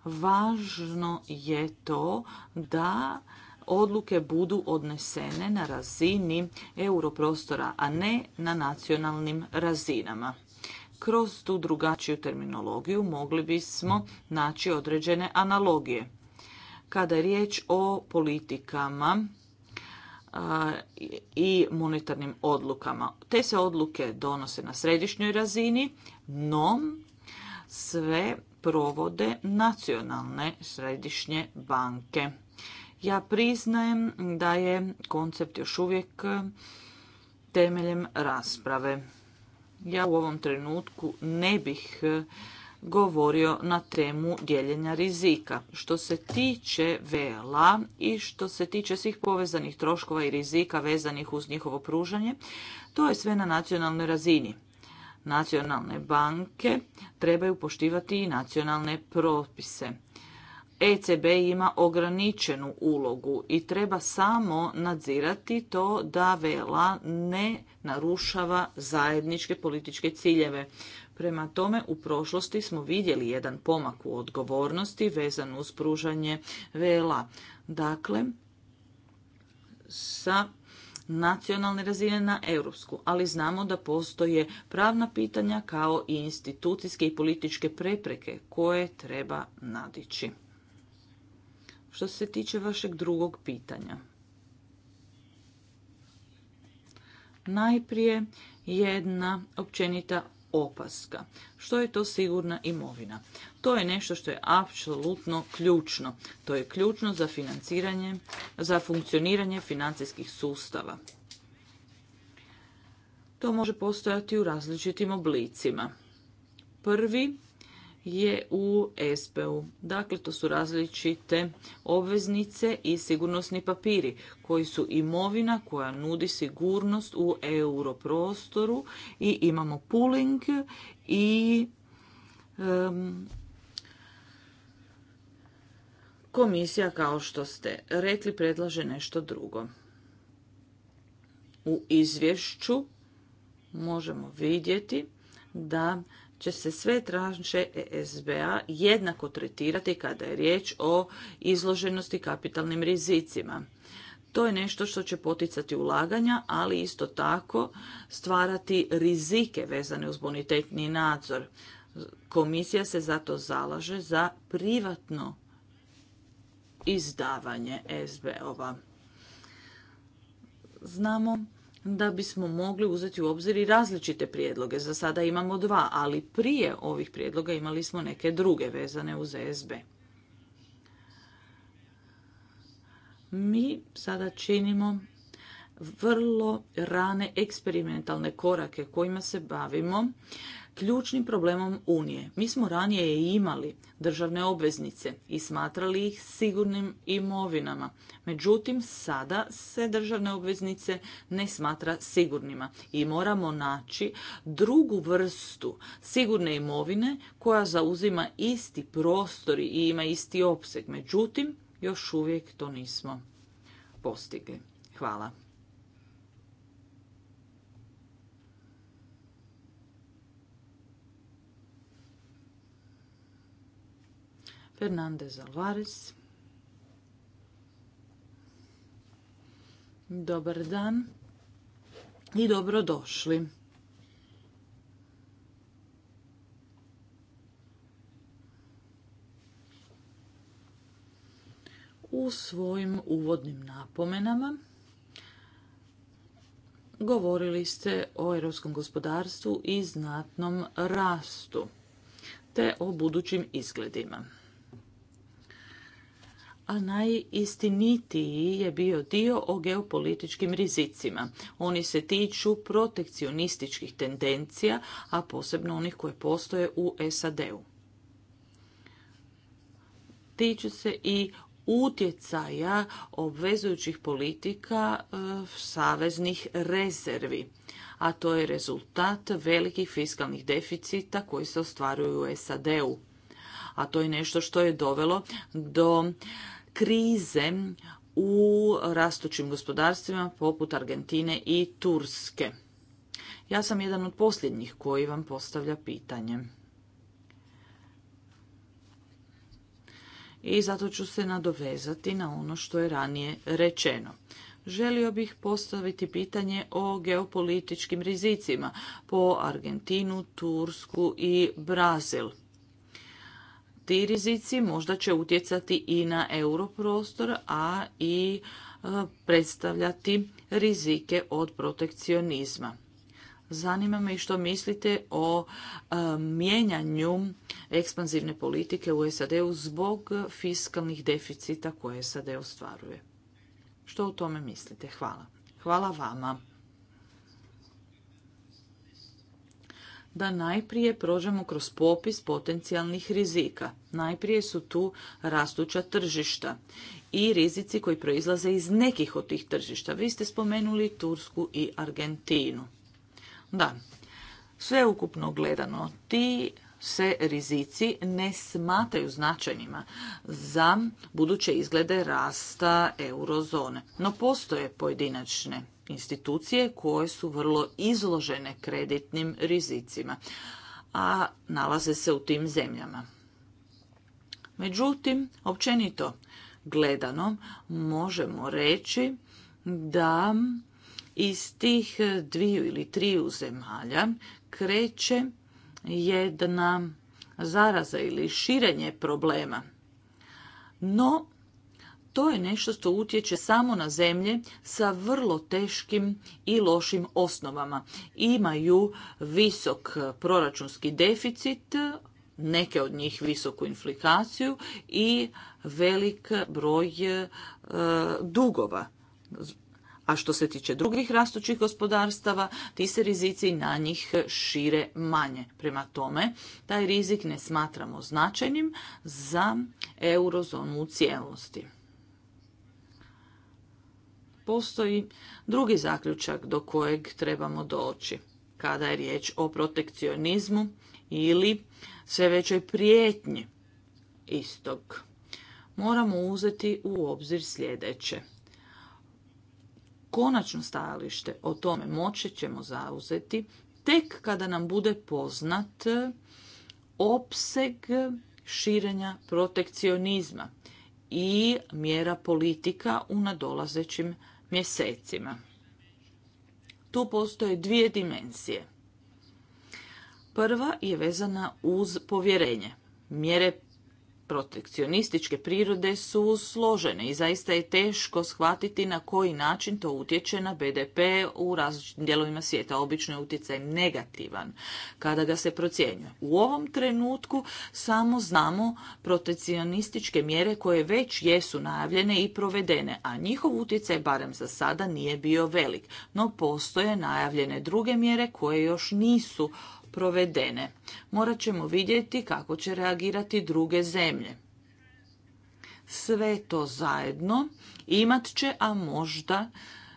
Važno je to da odluke budu odnesene na razini europrostora, a ne na nacionalnim razinama. Kroz tu drugačiju terminologiju mogli bismo naći određene analogije. Kada je riječ o politikama i monetarnim odlukama, te se odluke donose na središnjoj razini, no sve provode nacionalne središnje banke. Ja priznajem da je koncept još uvijek e, temeljem rasprave. Ja u ovom trenutku ne bih e, govorio na temu dijeljenja rizika. Što se tiče VLA i što se tiče svih povezanih troškova i rizika vezanih uz njihovo pružanje, to je sve na nacionalnoj razini. Nacionalne banke trebaju poštivati i nacionalne propise. ECB ima ograničenu ulogu i treba samo nadzirati to da Vela ne narušava zajedničke političke ciljeve. Prema tome, u prošlosti smo vidjeli jedan pomak u odgovornosti vezan uz pružanje Vela. Dakle, sa nacionalne razine na europsku, ali znamo da postoje pravna pitanja kao i institucijske i političke prepreke koje treba nadići. Što se tiče vašeg drugog pitanja. Najprije jedna općenita opaska. Što je to sigurna imovina? To je nešto što je apsolutno ključno. To je ključno za financiranje, za funkcioniranje financijskih sustava. To može postojati u različitim oblicima. Prvi je u sp Dakle, to su različite obveznice i sigurnosni papiri koji su imovina koja nudi sigurnost u prostoru i imamo pooling i komisija kao što ste rekli predlaže nešto drugo. U izvješću možemo vidjeti da će se sve tranše e SBA jednako tretirati kada je riječ o izloženosti kapitalnim rizicima. To je nešto što će poticati ulaganja, ali isto tako stvarati rizike vezane uz bonitetni nadzor. Komisija se zato zalaže za privatno izdavanje e SBO-va. Znamo da bismo mogli uzeti u obzir i različite prijedloge. Za sada imamo dva, ali prije ovih prijedloga imali smo neke druge vezane uz ESB. Mi sada činimo vrlo rane eksperimentalne korake kojima se bavimo ključnim problemom Unije. Mi smo ranije imali državne obveznice i smatrali ih sigurnim imovinama. Međutim, sada se državne obveznice ne smatra sigurnima i moramo naći drugu vrstu sigurne imovine koja zauzima isti prostor i ima isti opseg. Međutim, još uvijek to nismo postigli. Hvala. Fernandez Alvarez. Dobar dan i dobrodošli. U svojim uvodnim napomenama govorili ste o europskom gospodarstvu i znatnom rastu te o budućim izgledima a najistinitiji je bio dio o geopolitičkim rizicima. Oni se tiču protekcionističkih tendencija, a posebno onih koje postoje u SAD-u. Tiču se i utjecaja obvezujućih politika e, saveznih rezervi, a to je rezultat velikih fiskalnih deficita koji se ostvaruju u SAD-u. A to je nešto što je dovelo do krize u rastućim gospodarstvima poput Argentine i Turske. Ja sam jedan od posljednjih koji vam postavlja pitanje. I zato ću se nadovezati na ono što je ranije rečeno. Želio bih postaviti pitanje o geopolitičkim rizicima po Argentinu, Tursku i Brazil ti rizici možda će utjecati i na europrostor, a i e, predstavljati rizike od protekcionizma. Zanima me i što mislite o e, mijenjanju ekspanzivne politike u SAD-u zbog fiskalnih deficita koje SAD ostvaruje. Što o tome mislite? Hvala. Hvala vama. da najprije prođemo kroz popis potencijalnih rizika. Najprije su tu rastuća tržišta i rizici koji proizlaze iz nekih od tih tržišta. Vi ste spomenuli Tursku i Argentinu. Da, sve ukupno gledano, ti se rizici ne smataju značajnima za buduće izglede rasta eurozone. No postoje pojedinačne institucije koje su vrlo izložene kreditnim rizicima, a nalaze se u tim zemljama. Međutim, općenito gledano možemo reći da iz tih dviju ili triju zemalja kreće jedna zaraza ili širenje problema. No, to je nešto što utječe samo na zemlje sa vrlo teškim i lošim osnovama. Imaju visok proračunski deficit, neke od njih visoku inflikaciju i velik broj e, dugova. A što se tiče drugih rastućih gospodarstava, ti se rizici na njih šire manje. Prema tome, taj rizik ne smatramo značajnim za eurozonu u cijelosti postoji drugi zaključak do kojeg trebamo doći kada je riječ o protekcionizmu ili sve većoj prijetnji istog. Moramo uzeti u obzir sljedeće. Konačno stajalište o tome moći ćemo zauzeti tek kada nam bude poznat opseg širenja protekcionizma i mjera politika u nadolazećim mjesecima. Tu postoje dvije dimenzije. Prva je vezana uz povjerenje. Mjere protekcionističke prirode su složene i zaista je teško shvatiti na koji način to utječe na BDP u različitim dijelovima svijeta. Obično je utjecaj negativan kada ga se procjenjuje. U ovom trenutku samo znamo protekcionističke mjere koje već jesu najavljene i provedene, a njihov utjecaj barem za sada nije bio velik. No postoje najavljene druge mjere koje još nisu provedene. Morat ćemo vidjeti kako će reagirati druge zemlje. Sve to zajedno imat će, a možda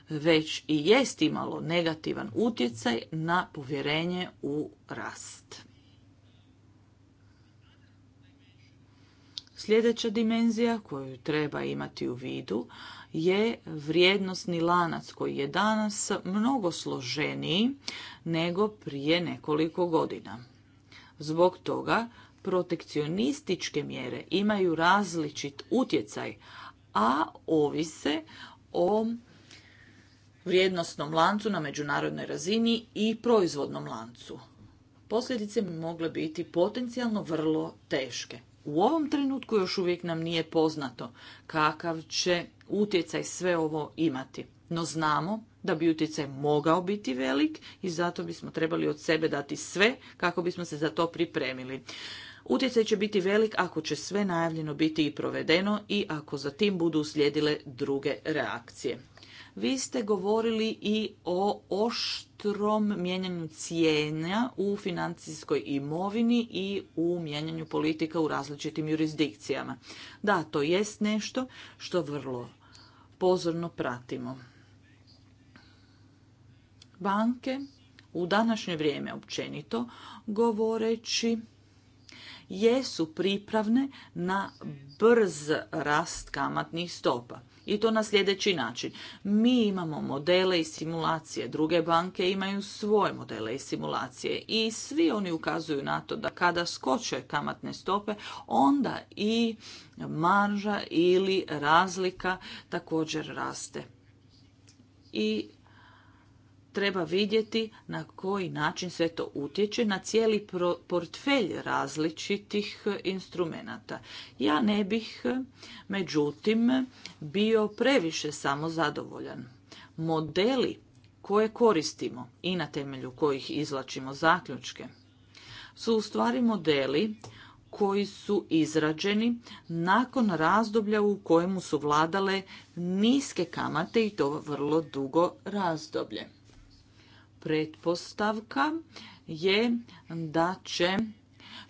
već i jest imalo negativan utjecaj na povjerenje u rast. Sljedeća dimenzija koju treba imati u vidu, je vrijednostni lanac koji je danas mnogo složeniji nego prije nekoliko godina. Zbog toga protekcionističke mjere imaju različit utjecaj, a ovise o vrijednostnom lancu na međunarodnoj razini i proizvodnom lancu. Posljedice mogle biti potencijalno vrlo teške. U ovom trenutku još uvijek nam nije poznato kakav će utjecaj sve ovo imati. No znamo da bi utjecaj mogao biti velik i zato bismo trebali od sebe dati sve kako bismo se za to pripremili. Utjecaj će biti velik ako će sve najavljeno biti i provedeno i ako za tim budu uslijedile druge reakcije. Vi ste govorili i o oštrom mijenjanju cijena u financijskoj imovini i u mijenjanju politika u različitim jurisdikcijama. Da, to jest nešto što vrlo pozorno pratimo. Banke u današnje vrijeme općenito govoreći jesu pripravne na brz rast kamatnih stopa. I to na sljedeći način. Mi imamo modele i simulacije, druge banke imaju svoje modele i simulacije i svi oni ukazuju na to da kada skoče kamatne stope, onda i marža ili razlika također raste. I treba vidjeti na koji način sve to utječe na cijeli portfelj različitih e, instrumenata. Ja ne bih, e, međutim, bio previše samo zadovoljan. Modeli koje koristimo i na temelju kojih izlačimo zaključke su u stvari modeli koji su izrađeni nakon razdoblja u kojemu su vladale niske kamate i to vrlo dugo razdoblje pretpostavka je da će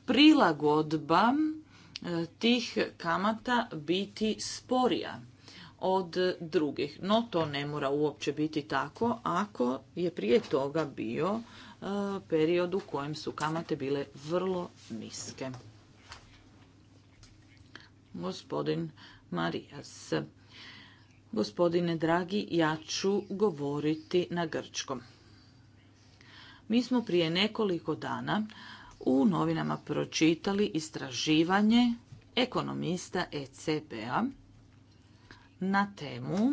prilagodba e, tih kamata biti sporija od drugih. No to ne mora uopće biti tako ako je prije toga bio e, period u kojem su kamate bile vrlo niske. Gospodin Marijas. Gospodine dragi, ja ću govoriti na grčkom. Mi smo prije nekoliko dana u novinama pročitali istraživanje ekonomista ECB-a na temu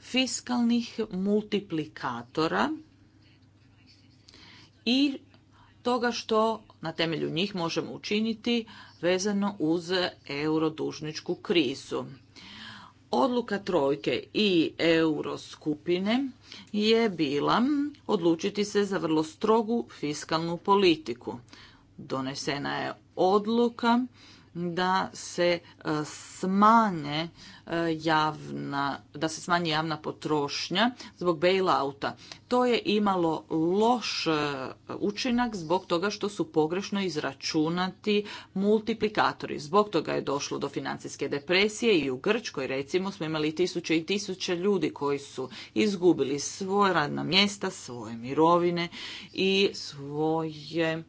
fiskalnih multiplikatora i toga što na temelju njih možemo učiniti vezano uz eurodužničku krizu. Odluka trojke i euroskupine je bila odlučiti se za vrlo strogu fiskalnu politiku. Donesena je odluka E, e, da se smanje javna, da se smanji javna potrošnja zbog bailouta. To je imalo loš e, učinak zbog toga što su pogrešno izračunati multiplikatori. Zbog toga je došlo do financijske depresije i u Grčkoj recimo smo imali tisuće i tisuće ljudi koji su izgubili svoje radna mjesta, svoje mirovine i svoje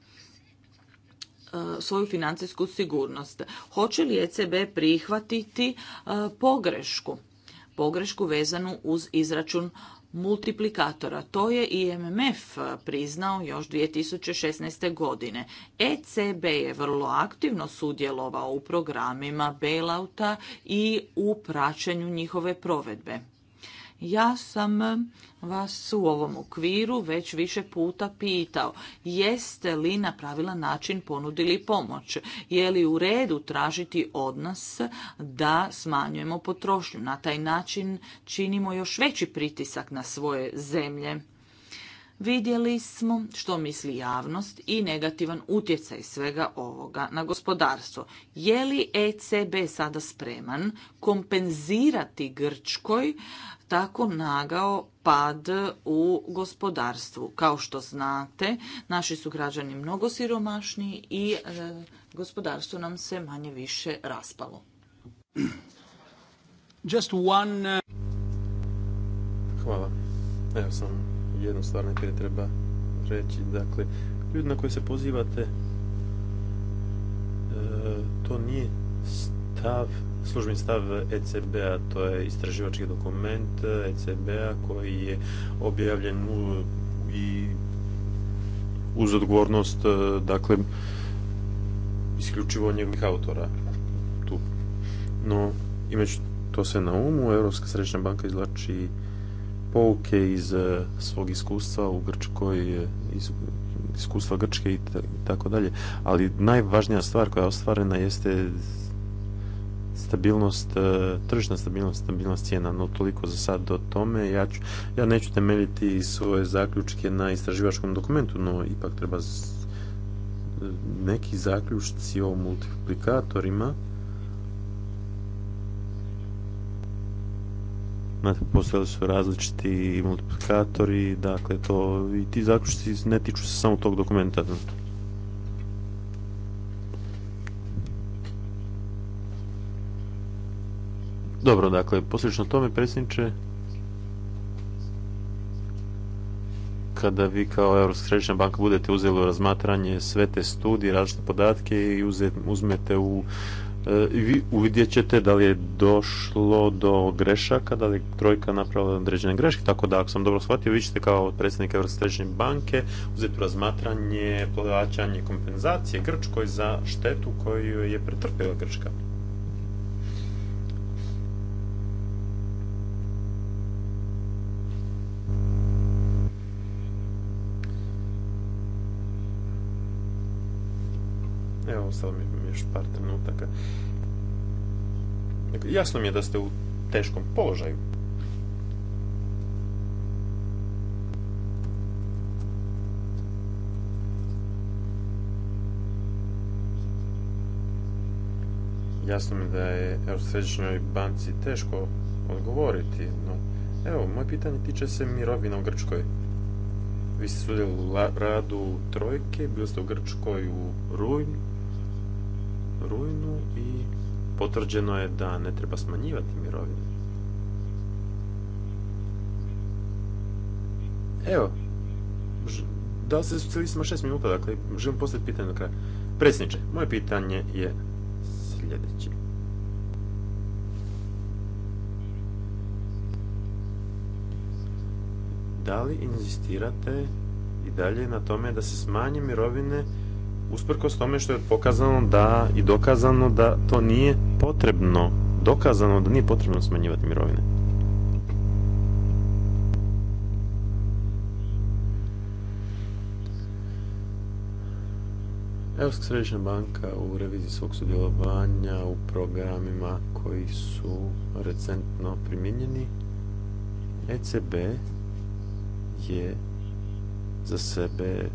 E, svoju financijsku sigurnost. Hoće li ECB prihvatiti e, pogrešku? Pogrešku vezanu uz izračun multiplikatora. To je i MMF priznao još 2016. godine. ECB je vrlo aktivno sudjelovao u programima bailouta i u praćenju njihove provedbe. Ja sam eh, vas u ovom okviru već više puta pitao jeste li na pravilan način ponudili pomoć? Je li u redu tražiti od nas da smanjujemo potrošnju? Na taj način činimo još veći pritisak na svoje zemlje Vidjeli smo što misli javnost i negativan utjecaj svega ovoga na gospodarstvo. Je li ECB sada spreman kompenzirati Grčkoj tako nagao pad u gospodarstvu? Kao što znate, naši su građani mnogo siromašniji i e, gospodarstvo nam se manje više raspalo. Just one... Uh, Hvala. Evo sam jednu stvar treba reći. Dakle, ljudi na koje se pozivate, e, to nije stav, službeni stav ECB-a, to je istraživački dokument ECB-a koji je objavljen u, i uz odgovornost, e, dakle, isključivo njegovih autora tu. No, imajući to sve na umu, Europska središnja banka izlači pouke iz eh, svog iskustva u Grčkoj, eh, iz iskustva Grčke i tako dalje. Ali najvažnija stvar koja je ostvarena jeste stabilnost, eh, tržna stabilnost, stabilnost cijena, no toliko za sad do tome. Ja, ja neću temeljiti svoje zaključke na istraživačkom dokumentu, no ipak treba neki zaključci o multiplikatorima Znači, postojali su različiti multiplikatori, dakle to i ti zaključci ne tiču se samo tog dokumenta. Znači. Dobro, dakle, posljedično tome, predsjedniče, kada vi kao Europska središnja banka budete uzeli u razmatranje sve te studije, različite podatke i uzmete u E, i vi uvidjet ćete da li je došlo do grešaka, da li je trojka napravila određene greške, tako da ako sam dobro shvatio, vi ćete kao predsjednik Europske banke uzeti u razmatranje plaćanje kompenzacije Grčkoj za štetu koju je pretrpjela Grčka. ostalo mi još par trenutaka. Dakle, jasno mi je da ste u teškom položaju. Jasno mi da je u središnjoj banci teško odgovoriti, no evo, moje pitanje tiče se mirovina u Grčkoj. Vi ste sudjeli u radu trojke, bili ste u Grčkoj u rujnu, rujnu i potvrđeno je da ne treba smanjivati mirovine. Evo, da se smo šest minuta, dakle, želim postaviti pitanje do kraja. Predsjedniče, moje pitanje je sljedeće. Da li inzistirate i dalje na tome da se smanje mirovine usprkos tome što je pokazano da i dokazano da to nije potrebno, dokazano da nije potrebno smanjivati mirovine. Europska središnja banka u reviziji svog sudjelovanja u programima koji su recentno primijenjeni, ECB je za sebe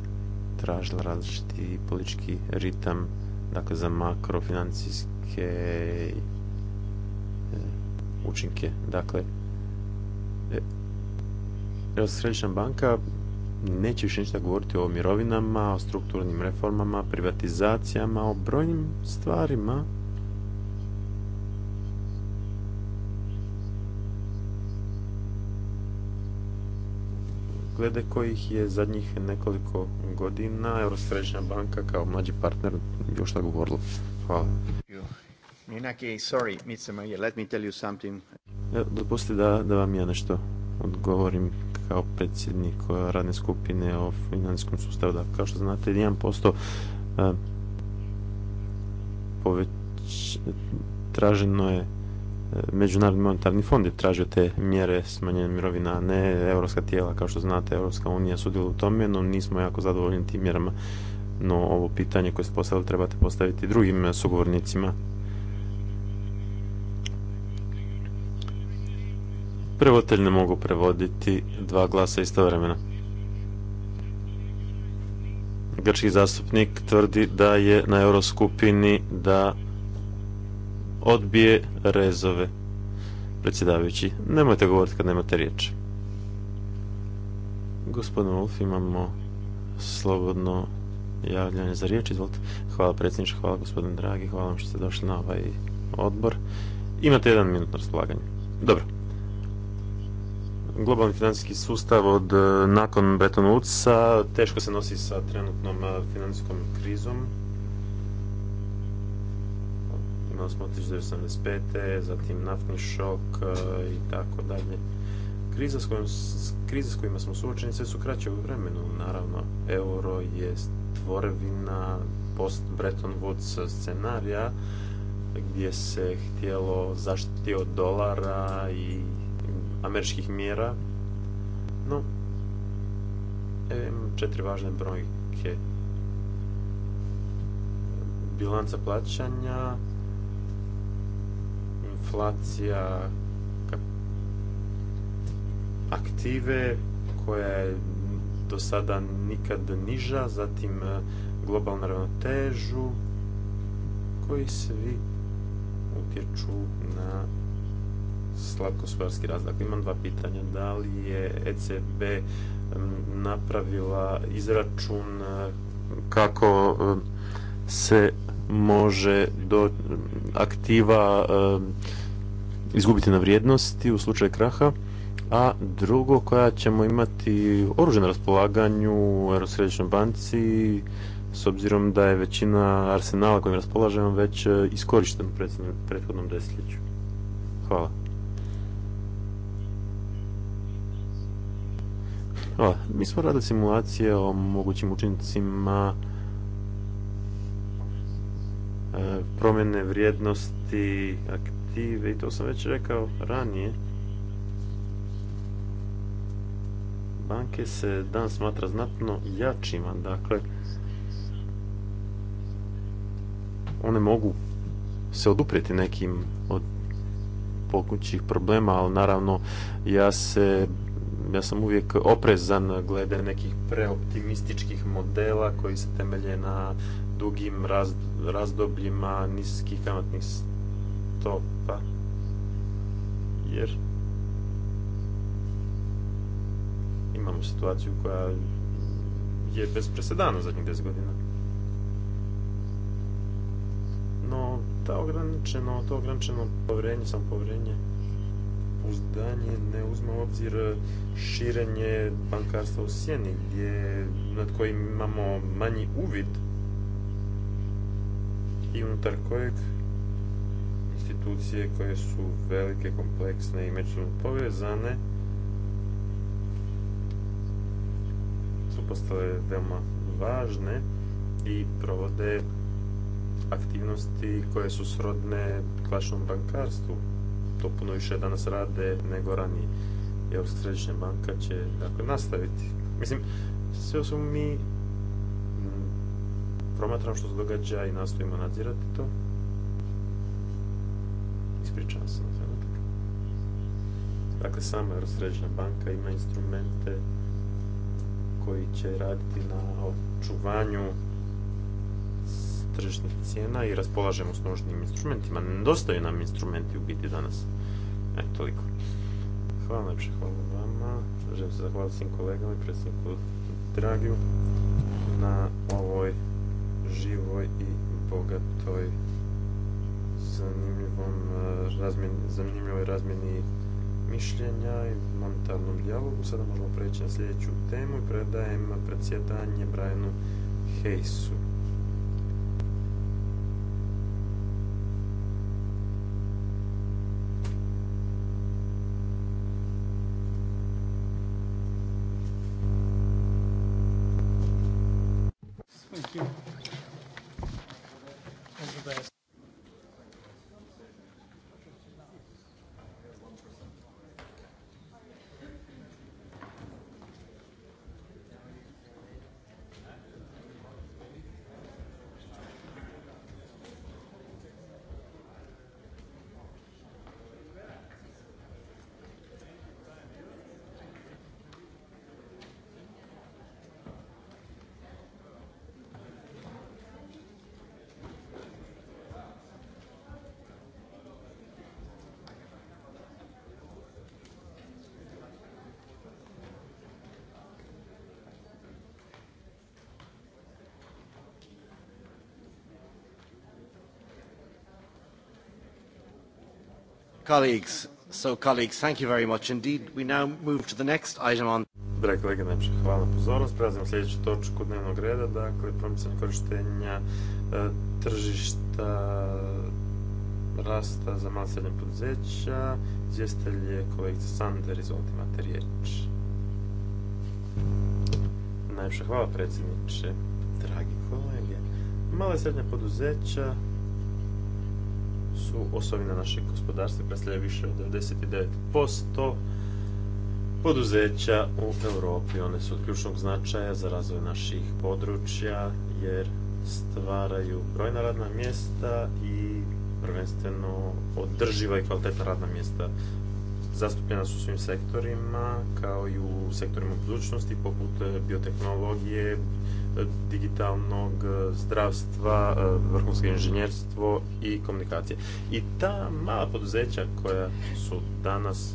tražila različiti politički ritam, dakle za makrofinancijske e, učinke. Dakle, Europska središnja banka neće više ništa govoriti o mirovinama, o strukturnim reformama, privatizacijama, o brojnim stvarima glede kojih je zadnjih nekoliko godina Europska banka kao mlađi partner još što govorila. Hvala. let e, Dopusti da, da vam ja nešto odgovorim kao predsjednik e, radne skupine o financijskom sustavu. Da, kao što znate, 1% e, poveć, traženo je Međunarodni monetarni fond je tražio te mjere smanjenja mirovina, a ne europska tijela. Kao što znate, Europska unija sudjeluje u tome, no nismo jako zadovoljni tim mjerama. No ovo pitanje koje ste postavili trebate postaviti drugim sugovornicima. Prevotelj ne mogu prevoditi dva glasa vremena. Grčki zastupnik tvrdi da je na euroskupini da odbije rezove. Predsjedavajući, nemojte govoriti kad nemate riječ. Gospodin Wolf, imamo slobodno javljanje za riječ. Izvolite. Hvala predsjedniče, hvala gospodin Dragi, hvala vam što ste došli na ovaj odbor. Imate jedan minut na raspolaganje. Dobro. Globalni financijski sustav od eh, nakon Bretton Woodsa teško se nosi sa trenutnom eh, financijskom krizom odnosno 1975. zatim naftni šok e, i tako dalje. Kriza s, krize s kojima smo suočeni sve su kraće u vremenu, naravno. Euro je stvorevina post-Bretton Woods scenarija gdje se htjelo zaštiti od dolara i američkih mjera. No, četiri važne brojke bilanca plaćanja, inflacija aktive koja je do sada nikad niža, zatim e, globalnu ravnotežu koji svi utječu na slab gospodarski razlog dakle, imam dva pitanja. Da li je ECB napravila izračun e, kako e, se može do aktiva izgubiti na vrijednosti u slučaju kraha, a drugo koja ćemo imati oružje na raspolaganju u Eurosredišnjoj banci s obzirom da je većina arsenala kojim raspolažemo već e, iskorišten u prethodnom desetljeću. Hvala. Hvala. Mi smo radili simulacije o mogućim učincima E, promjene vrijednosti aktive i to sam već rekao ranije banke se dan smatra znatno jačima dakle one mogu se oduprijeti nekim od pokućih problema ali naravno ja se ja sam uvijek oprezan glede nekih preoptimističkih modela koji se temelje na dugim razdobljima niskih kamatnih stopa jer imamo situaciju koja je bez presedana zadnjih 10 godina. No, ta ograničeno, to ograničeno povrenje sam povrenje. uzdanje ne uzme u obzir širenje bankarstva u sjeni, gdje, nad kojim imamo manji uvid i unutar kojeg institucije koje su velike, kompleksne i povezane su postale veoma važne i provode aktivnosti koje su srodne klasičnom bankarstvu. To puno više danas rade nego rani Europska središnja banka će dakle, nastaviti. Mislim, sve u mi Promatram što se događa i nastojimo nadzirati to. Ispričavam se na trenutak. Dakle, sama Eurosređena banka ima instrumente koji će raditi na očuvanju tržišnih cijena i raspolažemo s nožnim instrumentima. Nedostaju nam instrumenti u biti danas. E, toliko. Hvala najpše, hvala vama. Želim se zahvaliti svim kolegama i predsjedniku Dragiju na ovoj živoj i bogatoj e, zanimljivoj razmjeni mišljenja i mentalnom dijalogu. Sada možemo preći na sljedeću temu i predajem predsjedanje Brianu Hejsu. Colleagues, so colleagues, thank you very much indeed. We now move to the next item on... Dragi kolege, najpše hvala pozornost. Prelazimo sljedeću točku dnevnog reda, dakle, promicanje korištenja e, tržišta rasta za malo srednje poduzeća. Izvjestelj je kolegica Sander, izvolite imate riječ. Najpše hvala predsjedniče, dragi kolege. Male srednje poduzeća su na našeg gospodarstva predstavlja više od 99% poduzeća u Europi. One su od ključnog značaja za razvoj naših područja jer stvaraju brojna radna mjesta i prvenstveno održiva i kvalitetna radna mjesta zastupljena su svim sektorima, kao i u sektorima budućnosti, poput e, biotehnologije, e, digitalnog e, zdravstva, vrhunsko inženjerstvo i komunikacije. I ta mala poduzeća koja su danas,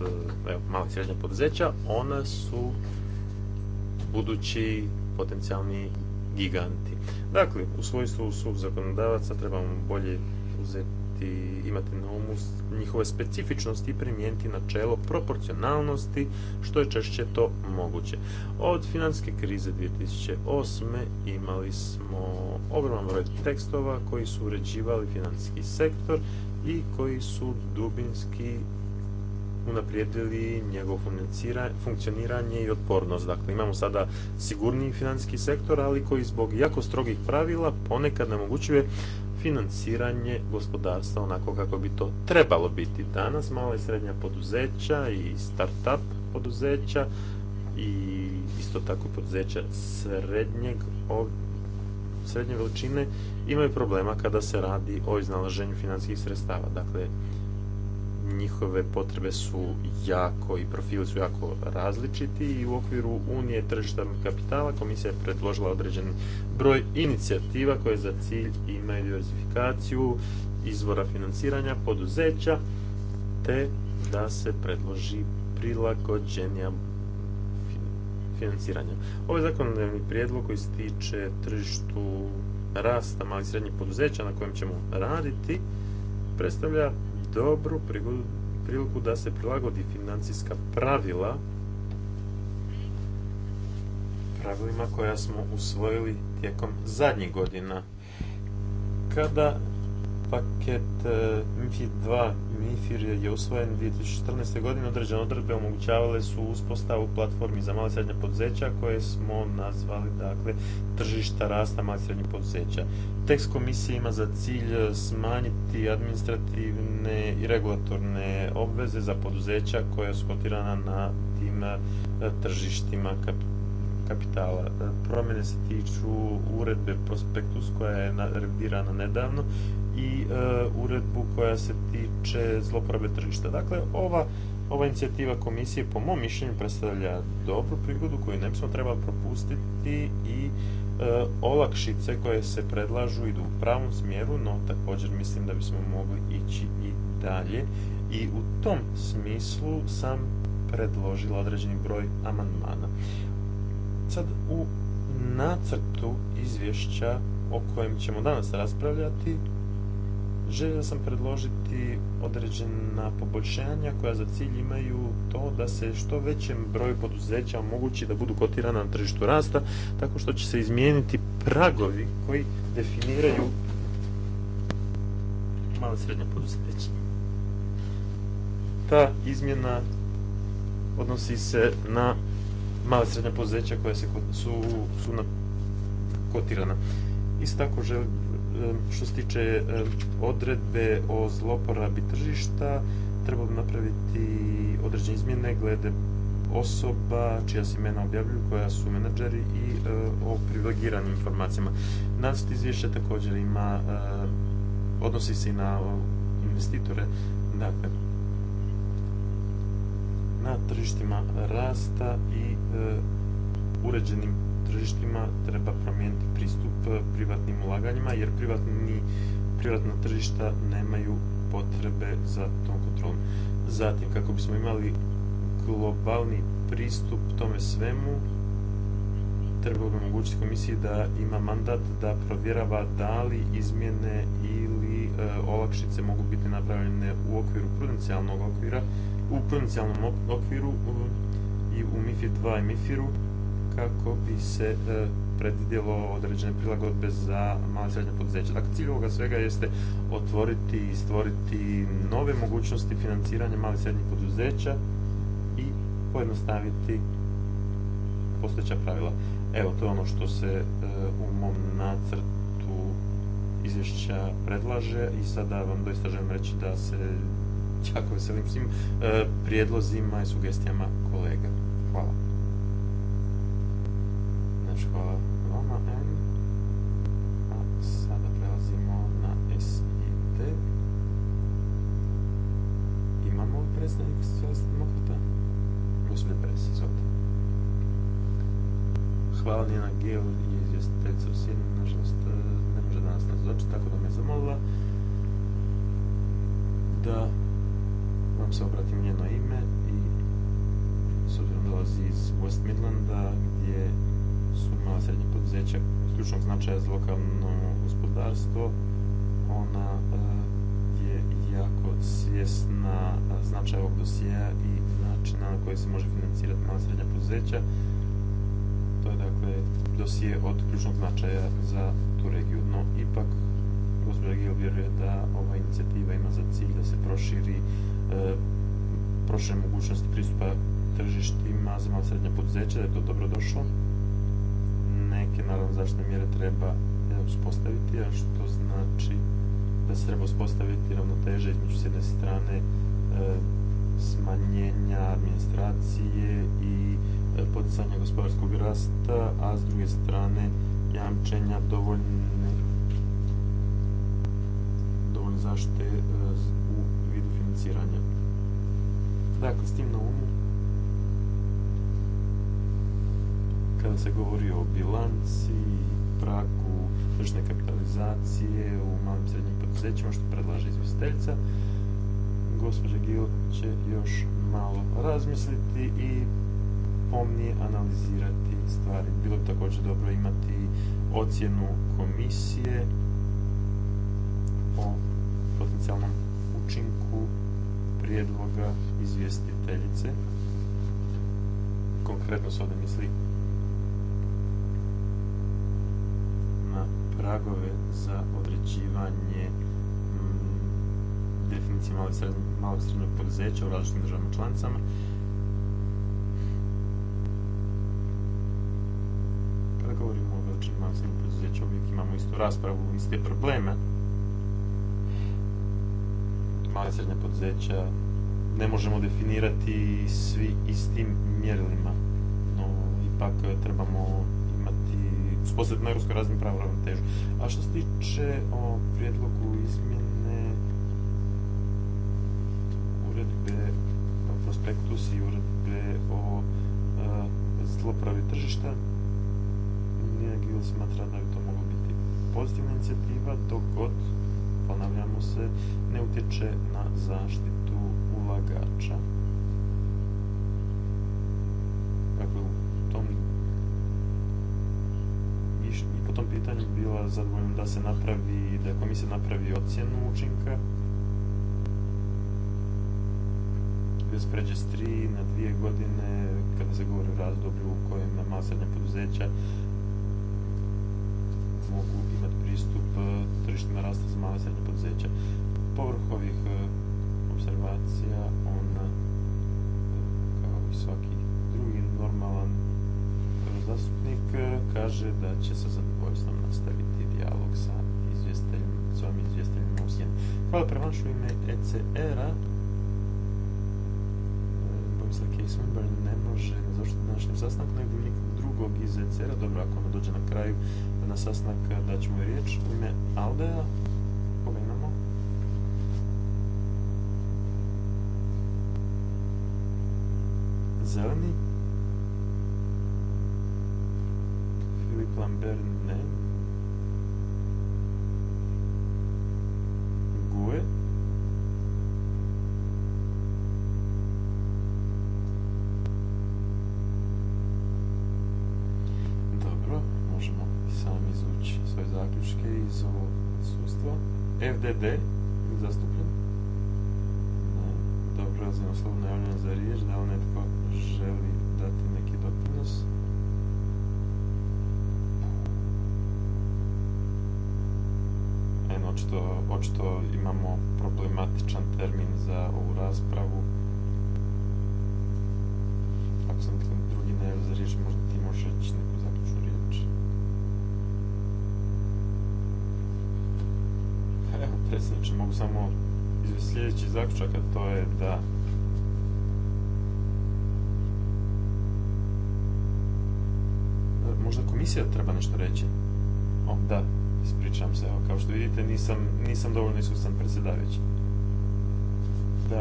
evo, mala i srednja poduzeća, ona su budući potencijalni giganti. Dakle, u svojstvu su zakonodavaca trebamo bolje uzeti i imati na umu njihove specifičnosti i primijeniti načelo proporcionalnosti što je češće to moguće. Od financijske krize 2008. imali smo ogroman broj tekstova koji su uređivali financijski sektor i koji su dubinski unaprijedili njegovo funkcioniranje i otpornost. Dakle, imamo sada sigurniji financijski sektor, ali koji zbog jako strogih pravila ponekad namogućuje financiranje gospodarstva onako kako bi to trebalo biti. Danas mala i srednja poduzeća i start-up poduzeća i isto tako poduzeća srednjeg srednje veličine imaju problema kada se radi o iznalaženju financijskih sredstava. Dakle, njihove potrebe su jako i profili su jako različiti i u okviru Unije tržišta kapitala komisija je predložila određeni broj inicijativa koje za cilj imaju diversifikaciju izvora financiranja poduzeća te da se predloži prilagođenja financiranja. Ovaj zakonodavni prijedlog koji se tiče tržištu rasta malih i srednjih poduzeća na kojem ćemo raditi predstavlja dobru priliku da se prilagodi financijska pravila pravilima koja smo usvojili tijekom zadnjih godina. Kada Paket e, MIFID 2 MIFIR je usvojen 2014. godine. Određene odredbe omogućavale su uspostavu platformi za mala srednja poduzeća koje smo nazvali dakle, tržišta rasta malih srednje poduzeća. Tekst komisije ima za cilj smanjiti administrativne i regulatorne obveze za poduzeća koja su kotirana na tim e, tržištima kapitala. E, promjene se tiču uredbe Prospektus koja je revidirana nedavno i e, uredbu koja se tiče zloporabe tržišta. Dakle, ova, ova inicijativa komisije po mom mišljenju predstavlja dobru prigodu koju ne bismo trebali propustiti i e, olakšice koje se predlažu idu u pravom smjeru, no također mislim da bismo mogli ići i dalje i u tom smislu sam predložila određeni broj amandmana. Sad u nacrtu izvješća o kojem ćemo danas raspravljati želio sam predložiti određena poboljšanja koja za cilj imaju to da se što većem broju poduzeća omogući da budu kotirana na tržištu rasta, tako što će se izmijeniti pragovi koji definiraju mala srednja poduzeća. Ta izmjena odnosi se na mala srednja poduzeća koja se, su, kotirana. Isto tako želim što se tiče odredbe o zloporabi tržišta, trebamo napraviti određene izmjene glede osoba čija se imena objavljuju, koja su menadžeri i e, o privilegiranim informacijama. Nacrt izvješća također ima, e, odnosi se i na investitore, dakle, na tržištima rasta i e, uređenim tržištima treba promijeniti pristup e, privatnim ulaganjima jer privatni, privatna tržišta nemaju potrebe za tom kontrolom. Zatim, kako bismo imali globalni pristup tome svemu, treba omogućiti komisiji da ima mandat da provjerava da li izmjene ili e, olakšice mogu biti napravljene u okviru prudencijalnog okvira, u prudencijalnom okviru i u MIFI 2 i kako bi se e, predvidjelo određene prilagodbe za male srednje poduzeća. Dakle, cilj ovoga svega jeste otvoriti i stvoriti nove mogućnosti financiranja malih srednjih poduzeća i pojednostaviti postojeća pravila. Evo, to je ono što se e, u mom nacrtu izvješća predlaže i sada vam doista želim reći da se jako veselim svim e, prijedlozima i sugestijama kolega. Hvala hvala Vama, N. A sada prelazimo na S i T. Imamo predstavnika socijaldemokrata? Gospodin Pres, izvolite. Hvala Nina Geo i izvjestiteljica u Sjeni. Nažalost, e, ne može danas nas doći, tako da me zamolila da vam se obratim njeno ime i s obzirom dolazi iz West Midlanda gdje su mala srednja poduzeća ključnog značaja za lokalno gospodarstvo. Ona eh, je jako svjesna eh, značaja ovog dosijeja i načina na koji se može financirati mala srednja poduzeća. To je dakle dosije od ključnog značaja za tu regiju. No, ipak, gospođa Gil vjeruje da ova inicijativa ima za cilj da se proširi eh, prošire mogućnosti pristupa tržištima za malo srednja poduzeća, da je to dobro došlo neke naravno zašto mjere treba e, uspostaviti, a što znači da se treba uspostaviti ravnoteže između s jedne strane e, smanjenja administracije i e, poticanja gospodarskog rasta, a s druge strane jamčenja dovoljne dovoljne zaštite u vidu financiranja. Dakle, s tim na umu kada se govori o bilanci pragu, praku kapitalizacije u malim srednjim poduzećima, što predlaže izvjestiteljica. Gospođa Gil će još malo razmisliti i pomnije analizirati stvari. Bilo bi također dobro imati ocjenu komisije o potencijalnom učinku prijedloga izvjestiteljice. Konkretno se ovdje misli pragove za određivanje mm, definicije malog i srednjeg poduzeća u različitim državama članicama. Kada govorimo o veličini znači, malog srednjeg poduzeća, uvijek imamo istu raspravu, iste probleme. Mala srednja poduzeća ne možemo definirati svi istim mjerilima, no ipak eh, trebamo uspostaviti na ruskoj raznim A što se tiče o prijedlogu izmjene uredbe o prospektus i uredbe o e, zlopravi tržišta, Nina smatra da bi to moglo biti pozitivna inicijativa, dok god, ponavljamo se, ne utječe na zaštitu ulagača. tom pitanju bila zadovoljna da se napravi, da komisija napravi ocjenu učinka. s tri na dvije godine kada se govori o razdoblju u kojem na poduzeća mogu imati pristup e, tržištima rasta za mala srednje poduzeća. Povrh ovih e, observacija on e, kao i svaki drugi normalan zastupnik kaže da će se zadovoljstvom nastaviti dijalog sa izvjestiteljem, s ovim izvjestiteljem u Sjeni. Hvala prevanšu ime ECR-a. E, bojim se da Case Winburn ne može završiti današnjem sastanku, nego nikog drugog iz ECR-a. Dobro, ako ono dođe na kraju na sastanak, e, daćemo joj riječ. U ime Aldea, koga imamo? Zeleni?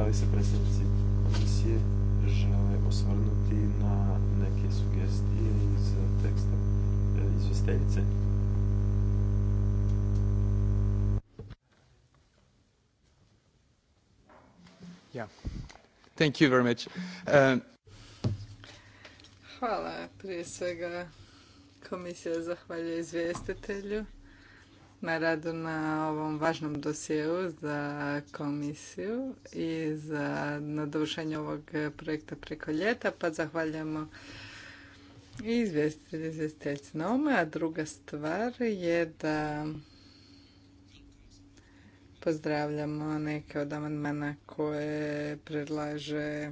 li se predstavnici komisije žele osvrnuti na neke sugestije iz teksta e, Ja Thank um, Hvala prije svega komisija zahvalja izvjestitelju na radu na ovom važnom dosjeu za komisiju i za nadušanje ovog projekta preko ljeta, pa zahvaljujemo i izvjestitelj na A druga stvar je da pozdravljamo neke od amandmana koje predlaže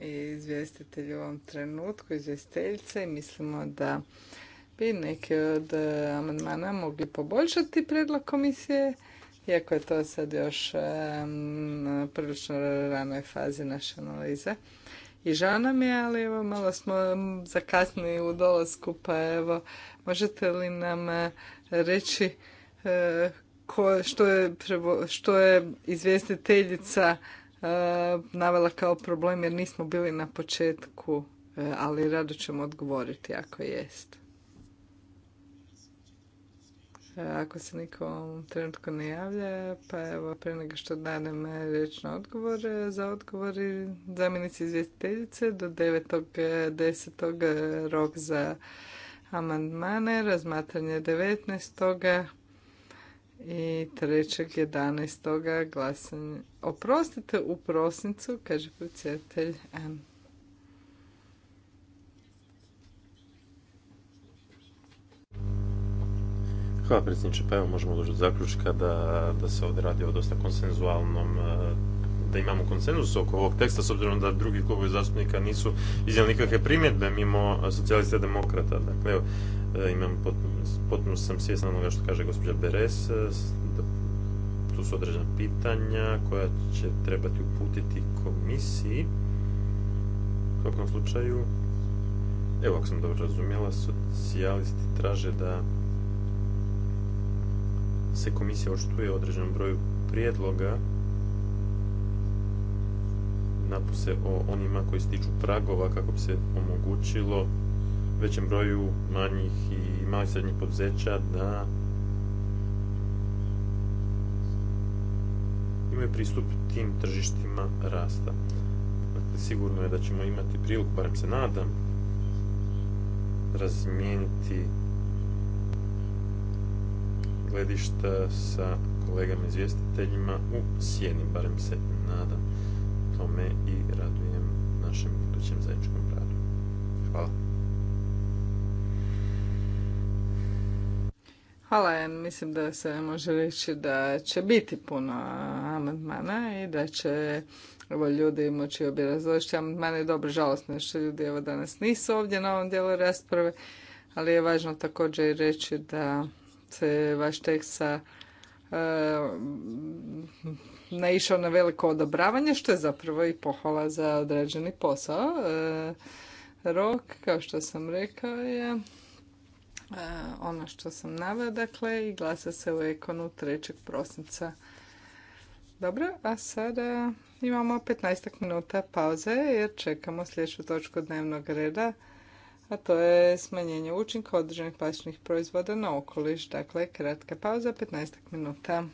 izvjestitelj u ovom trenutku, izvjestiteljice i mislimo da bi neke od e, amandmana mogli poboljšati predlog komisije, iako je to sad još na e, prilično ranoj fazi naše analize. I žao nam je, ali evo malo smo zakasnili u dolasku, pa evo, možete li nam e, reći što, je, što izvjestiteljica navela kao problem jer nismo bili na početku, ali rado ćemo odgovoriti ako jest. Ako se niko trenutku ne javlja, pa evo, pre nego što danem e, reč na odgovor, e, za odgovor zamjenici izvjestiteljice do 9.10. E, rok za amandmane, razmatranje 19. i 3.11. glasanje. Oprostite, u prosincu, kaže predsjedatelj Hvala predsjedniče. Pa evo možemo doći do zaključka da, se ovdje radi o dosta konsenzualnom e, da imamo konsenzus oko ovog teksta, s obzirom da drugi klubovi zastupnika nisu iznijeli nikakve primjedbe mimo socijalista demokrata. Dakle, evo, e, imam potpuno, sam svjesna onoga što kaže gospođa Beres, e, tu su određena pitanja koja će trebati uputiti komisiji. U svakom slučaju, evo ako sam dobro razumjela, socijalisti traže da se komisija oštuje određenom broju prijedloga napose o onima koji stiču pragova kako bi se omogućilo većem broju manjih i malih srednjih poduzeća da imaju pristup tim tržištima rasta. Dakle, sigurno je da ćemo imati priliku, barem se nadam, razmijeniti gledišta sa kolegama izvjestiteljima u sjeni, barem se nadam tome i radujem našem budućem zajedničkom radu. Hvala. Hvala, mislim da se može reći da će biti puno amandmana i da će ljudi moći obrazložiti je Dobro, žalostno što ljudi danas nisu ovdje na ovom dijelu rasprave, ali je važno također i reći da se vaš tekst sa e, naišao na veliko odobravanje, što je zapravo i pohvala za određeni posao. E, Rok, kao što sam rekao, je e, ono što sam naveo, dakle, i glasa se u ekonu 3. prosinca. Dobro, a sada imamo 15 minuta pauze jer čekamo sljedeću točku dnevnog reda a to je smanjenje učinka određenih plastičnih proizvoda na okoliš. Dakle, kratka pauza, 15 minuta.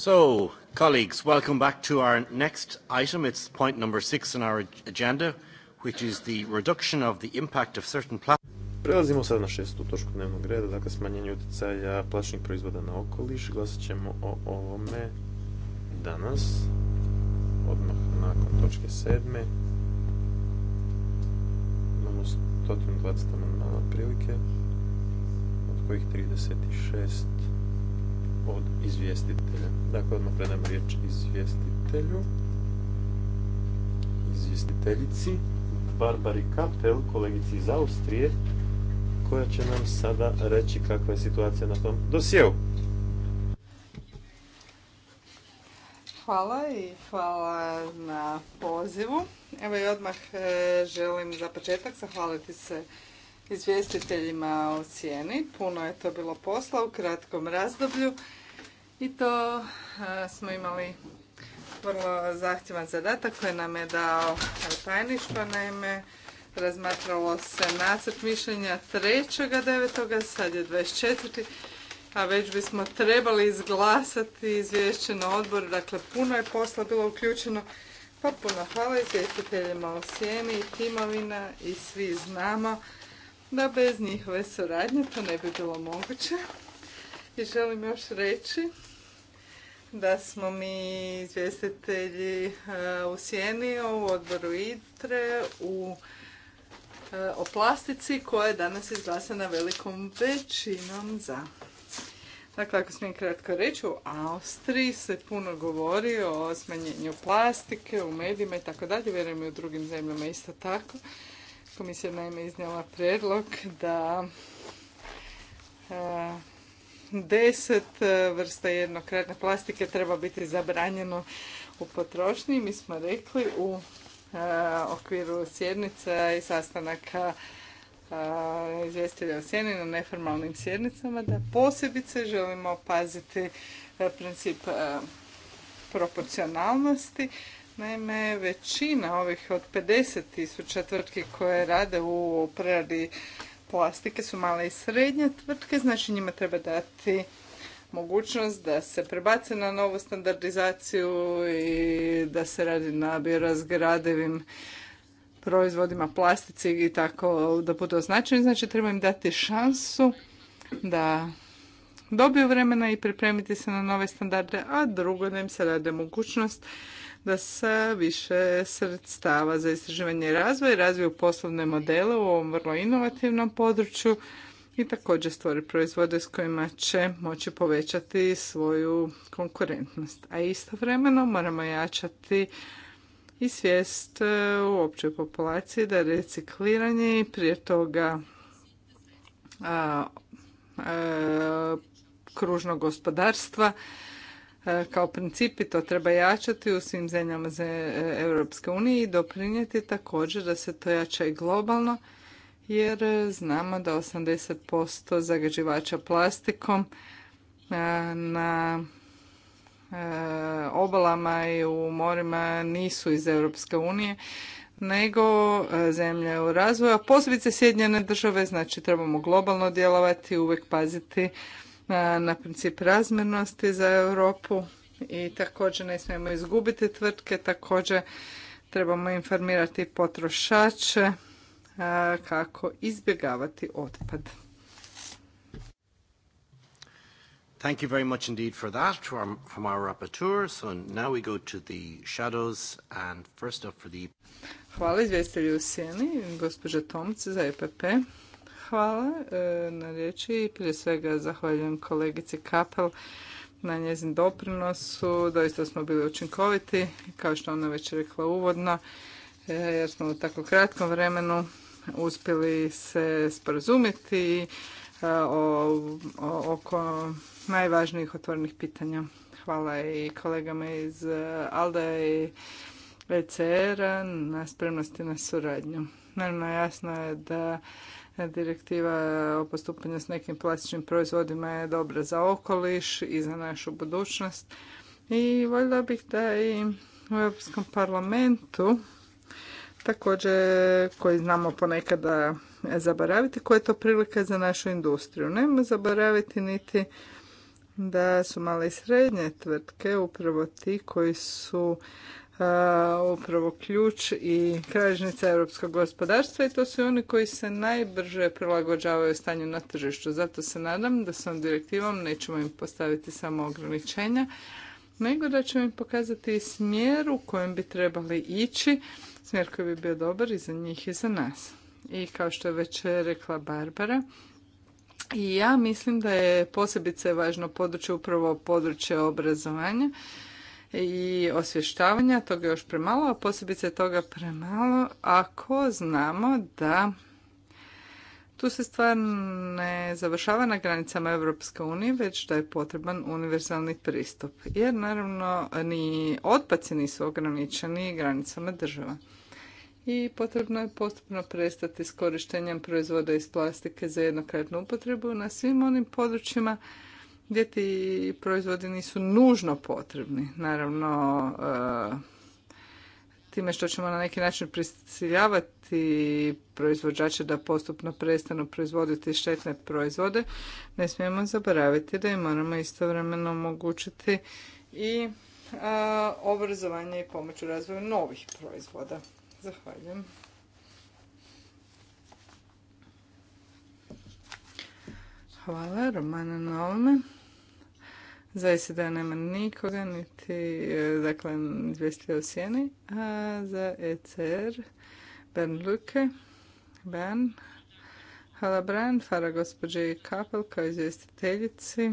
So, colleagues, welcome back to our next item. It's point number six in our agenda, which is the reduction of the impact of certain Prelazimo sad na šestu točku dnevnog reda, dakle smanjenje utjecaja plastičnih proizvoda na okoliš. Glasat ćemo o ovome danas, odmah nakon točke sedme. Imamo 120 amandmana prilike, od kojih 36 od izvjestitelja. Dakle, odmah predajmo riječ izvjestitelju, izvjestiteljici, Barbari Kapel, kolegici iz Austrije, koja će nam sada reći kakva je situacija na tom dosjeu. Hvala i hvala na pozivu. Evo i odmah e, želim za početak zahvaliti se izvjestiteljima o cijeni. Puno je to bilo posla u kratkom razdoblju i to smo imali vrlo zahtjevan zadatak koji nam je dao tajništvo. Naime, razmatralo se nacrt mišljenja 3.9. sad je 24. A već bismo trebali izglasati izvješće na odboru. Dakle, puno je posla bilo uključeno. Pa puno hvala izvjestiteljima o sjeni i timovina i svi znamo da bez njihove suradnje to ne bi bilo moguće. I želim još reći da smo mi izvjestitelji e, u Sjeni u odboru ITRE u e, o plastici koja je danas izglasana velikom većinom za. Dakle, ako smijem kratko reći, u Austriji se puno govori o smanjenju plastike u medijima i tako dalje, vjerujem i u drugim zemljama isto tako. Komisija naime iznijela predlog da e, deset e, vrsta jednokratne plastike treba biti zabranjeno u potrošnji. Mi smo rekli u e, okviru sjednica i sastanaka e, izvjestitelja o na neformalnim sjednicama da posebice želimo paziti princip proporcionalnosti. Naime, većina ovih od 50 tisuća tvrtki koje rade u preradi plastike su male i srednje tvrtke, znači njima treba dati mogućnost da se prebace na novu standardizaciju i da se radi na biorazgradivim proizvodima, plastici i tako da budu označeni. Znači treba im dati šansu da dobiju vremena i pripremiti se na nove standarde, a drugo da im se dade mogućnost da se više sredstava za istraživanje i razvoj razviju poslovne modele u ovom vrlo inovativnom području i također stvore proizvode s kojima će moći povećati svoju konkurentnost. A istovremeno moramo jačati i svijest e, u općoj populaciji da recikliranje i prije toga kružno gospodarstva E, kao principi to treba jačati u svim zemljama e, Europske unije i doprinijeti također da se to jača i globalno jer e, znamo da 80% zagađivača plastikom na obalama i u morima nisu iz Europske unije nego zemlje u razvoju, a posebice Sjedinjene države, znači trebamo globalno djelovati, uvijek paziti na, princip razmjernosti za Europu i također ne smijemo izgubiti tvrtke, također trebamo informirati potrošače kako izbjegavati otpad. Thank you very much indeed for that from, from our rapporteur. So now we go to the shadows and first up for the... Hvala izvjestelju u sjeni, gospođa Tomica za EPP. Hvala e, na riječi i prije svega zahvaljujem kolegici Kapel na njezin doprinosu. Doista smo bili učinkoviti, kao što ona već rekla uvodno, e, jer smo u tako kratkom vremenu uspjeli se sporazumjeti e, oko najvažnijih otvorenih pitanja. Hvala i kolegama iz ALDA i ECR-a na spremnosti na suradnju. Naravno, jasno je da Direktiva o postupanju s nekim plastičnim proizvodima je dobra za okoliš i za našu budućnost. I voljela bih da i u Europskom parlamentu također koji znamo ponekada zaboraviti, koja je to prilika za našu industriju. nemo zaboraviti niti da su male i srednje tvrtke upravo ti koji su E, upravo ključ i kralježnica europskog gospodarstva i to su oni koji se najbrže prilagođavaju stanju na tržištu. Zato se nadam da s direktivom nećemo im postaviti samo ograničenja, nego da ćemo im pokazati smjer u kojem bi trebali ići, smjer koji bi bio dobar i za njih i za nas. I kao što je već rekla Barbara, i ja mislim da je posebice važno područje upravo područje obrazovanja i osvještavanja, toga još premalo, a posebice toga premalo ako znamo da tu se stvar ne završava na granicama Europske unije, već da je potreban univerzalni pristup. Jer naravno ni otpaci nisu ograničeni granicama država. I potrebno je postupno prestati s korištenjem proizvoda iz plastike za jednokratnu upotrebu na svim onim područjima gdje ti proizvodi nisu nužno potrebni. Naravno, e, time što ćemo na neki način prisiljavati proizvođače da postupno prestanu proizvoditi štetne proizvode, ne smijemo zaboraviti da im moramo istovremeno omogućiti i e, obrazovanje i pomoć u razvoju novih proizvoda. Zahvaljujem. Hvala Romana na ovome se da nema nikoga, niti, e, dakle, izvestio o sjeni. A za ECR, Ben Luke, Ben, Halabran, Fara gospođe Kapel kao izvjestiteljici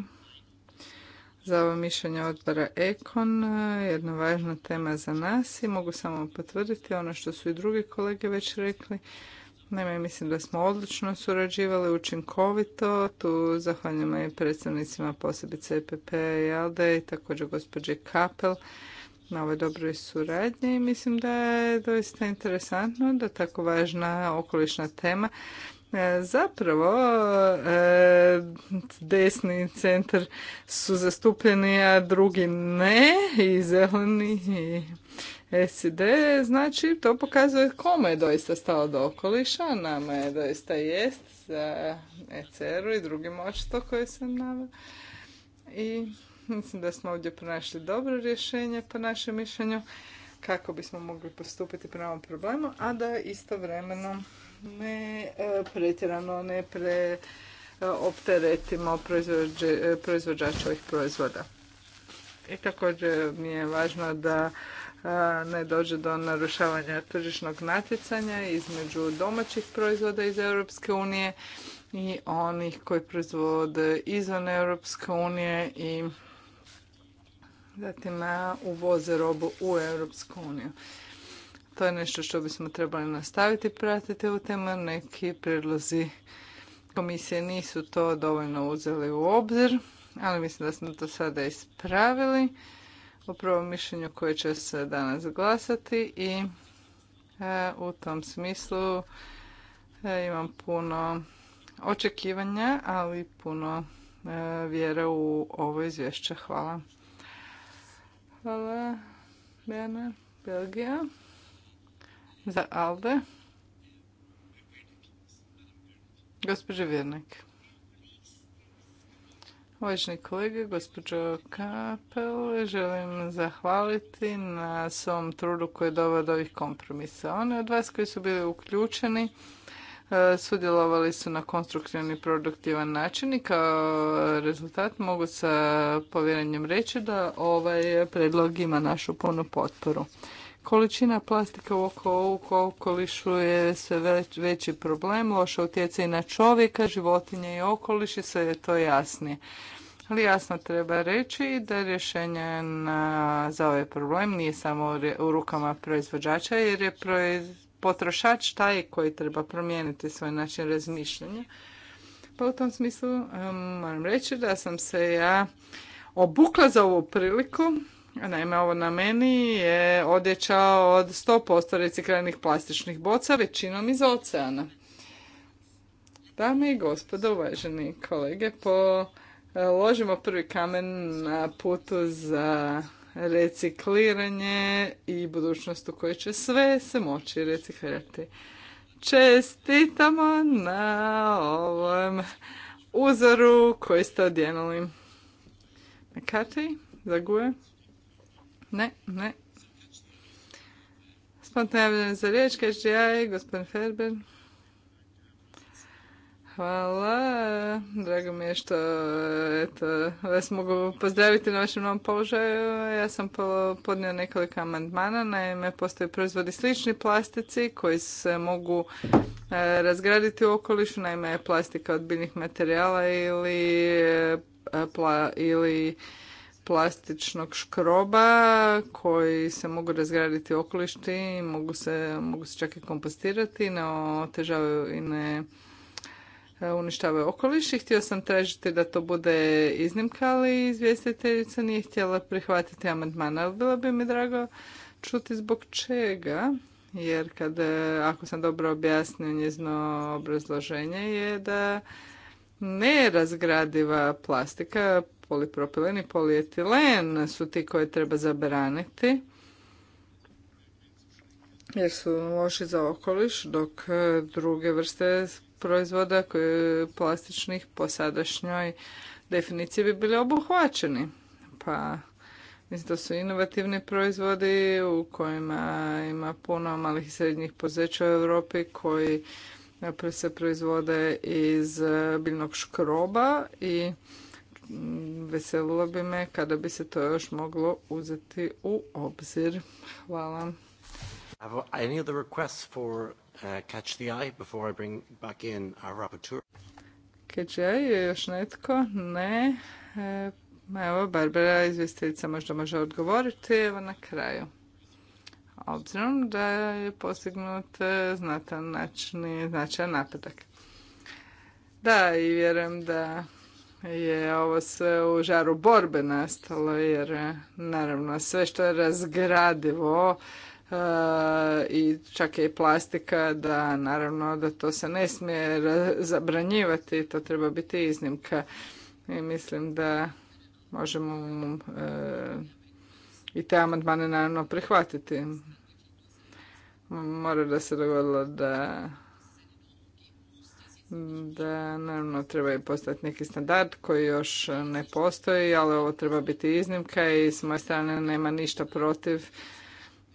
za ovo mišljenje odbora Ekon, jedna važna tema za nas i mogu samo potvrditi ono što su i drugi kolege već rekli. Naime, mislim da smo odlično surađivali, učinkovito. Tu zahvaljujem i predstavnicima posebice EPP i ALDE i također gospođe Kapel na ovoj dobroj suradnji i mislim da je doista interesantno da tako važna okolišna tema e, Zapravo, e, desni centar su zastupljeni, a drugi ne, i zeleni, i SID, znači to pokazuje kome je doista stalo do okoliša, nama je doista jest za ECR-u i drugim očito koje sam nama. I mislim da smo ovdje pronašli dobro rješenje po našem mišljenju kako bismo mogli postupiti prema ovom problemu, a da istovremeno ne e, pretjerano ne pre e, opteretimo e, proizvođače ovih proizvoda. I također mi je važno da ne dođe do narušavanja tržišnog natjecanja između domaćih proizvoda iz Europske unije i onih koji proizvode izvan Europske unije i zatim uvoze robu u Europsku uniju. To je nešto što bismo trebali nastaviti pratiti u tema. Neki prijedlozi komisije nisu to dovoljno uzeli u obzir, ali mislim da smo to sada ispravili o prvom mišljenju koje će se danas glasati i e, u tom smislu e, imam puno očekivanja, ali puno e, vjera u ovo izvješće. Hvala. Hvala, Bjana, Belgija, za Alde. Gospođa Vjernik. Uvaženi kolege, gospođo Kapel, želim zahvaliti na svom trudu koji je doveo do ovih kompromisa. One od vas koji su bili uključeni e, sudjelovali su na konstruktivni i produktivan način i kao rezultat mogu sa povjerenjem reći da ovaj predlog ima našu punu potporu. Količina plastika u okolišu je sve veći problem, utjeca utjecaj na čovjeka, životinje i okoliš i sve je to jasnije. Ali jasno treba reći da rješenje na, za ovaj problem nije samo u rukama proizvođača jer je potrošač taj koji treba promijeniti svoj način razmišljanja. Pa u tom smislu ehm, moram reći da sam se ja obukla za ovu priliku Naime, ovo na meni je odjeća od 100% recikliranih plastičnih boca, većinom iz oceana. Dame i gospodo, uvaženi kolege, položimo e, prvi kamen na putu za recikliranje i budućnost u kojoj će sve se moći reciklirati. Čestitamo na ovom uzoru koji ste odjenuli. Na za guje. Ne, ne. Spontano za riječ, kaže ja i gospodin Ferber. Hvala. Drago mi je što eto, vas mogu pozdraviti na vašem novom položaju. Ja sam podnio nekoliko amandmana. Naime, postoje proizvodi slični plastici koji se mogu e, razgraditi u okolišu. Naime, plastika od biljnih materijala ili, e, ili plastičnog škroba koji se mogu razgraditi u okolišti, mogu se, mogu se čak i kompostirati, ne otežavaju i ne e, uništavaju okoliš i htio sam tražiti da to bude iznimka, ali izvjestiteljica nije htjela prihvatiti amandman ali bilo bi mi drago čuti zbog čega, jer kada e, ako sam dobro objasnio njezno obrazloženje je da nerazgradiva plastika polipropilen i polijetilen su ti koje treba zabraniti jer su loši za okoliš, dok e, druge vrste proizvoda plastičnih po sadašnjoj definiciji bi bili obuhvaćeni. Pa mislim to su inovativni proizvodi u kojima ima puno malih i srednjih pozeća u Europi koji e, se proizvode iz e, biljnog škroba i veselilo bi me kada bi se to još moglo uzeti u obzir. Hvala. Have uh, Catch the Eye I je još netko? Ne. E, evo, Barbara, izvjestiteljica možda može odgovoriti. Evo na kraju. Obzirom da je postignut e, znatan način, značajan napredak. Da, i vjerujem da je ovo sve u žaru borbe nastalo jer eh, naravno sve što je razgradivo eh, i čak je i plastika da naravno da to se ne smije zabranjivati, to treba biti iznimka i mislim da možemo eh, i te amandmane naravno prihvatiti. Mora da se dogodilo da da naravno treba i postati neki standard koji još ne postoji, ali ovo treba biti iznimka i s moje strane nema ništa protiv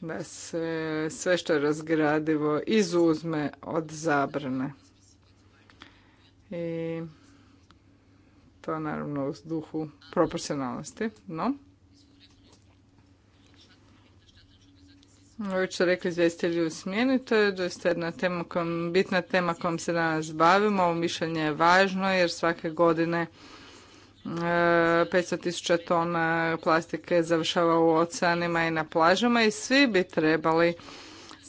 da se sve što je razgradivo izuzme od zabrane. I to naravno u duhu proporcionalnosti. No, već su rekli izvjestitelji u smjeni, to je doista jedna tema kom, bitna tema kojom se danas bavimo. Ovo mišljenje je važno jer svake godine 500.000 e, tisuća tona plastike završava u oceanima i na plažama i svi bi trebali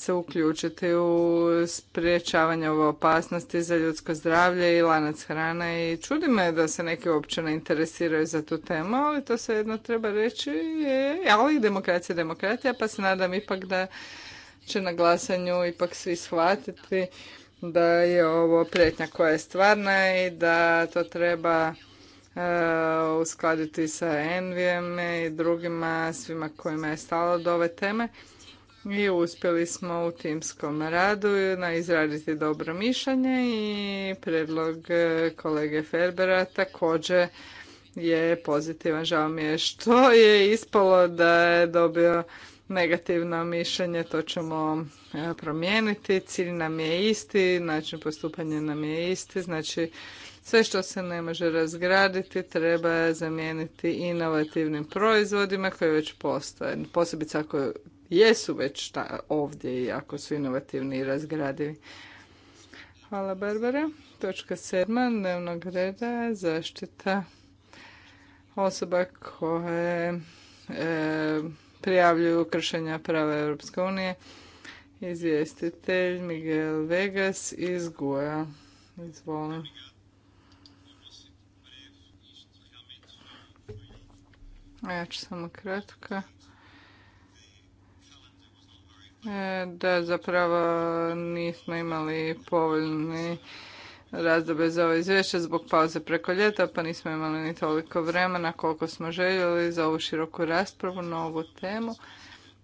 se uključiti u sprječavanje ove opasnosti za ljudsko zdravlje i lanac hrane i čudi me da se neki uopće ne interesiraju za tu temu, ali to se jedno treba reći, je, ali demokracija je demokracija, pa se nadam ipak da će na glasanju ipak svi shvatiti da je ovo prijetnja koja je stvarna i da to treba e, uskladiti sa Envijem i drugima, svima kojima je stalo do ove teme i uspjeli smo u timskom radu na izraditi dobro mišljenje i predlog e, kolege Ferbera također je pozitivan. Žao mi je što je ispalo da je dobio negativno mišljenje, to ćemo e, promijeniti. Cilj nam je isti, način postupanja nam je isti, znači sve što se ne može razgraditi treba zamijeniti inovativnim proizvodima koji već postoje. Posebice ako jesu već ta, ovdje i ako su inovativni i razgradivi. Hvala Barbara. Točka sedma dnevnog reda zaštita osoba koje e, prijavljuju kršenja prava Europske unije. Izvjestitelj Miguel Vegas iz Guja. Izvolim. ja ću samo kratko. E, da zapravo nismo imali povoljni razdobe za ovo izvješće zbog pauze preko ljeta, pa nismo imali ni toliko vremena koliko smo željeli za ovu široku raspravu na ovu temu.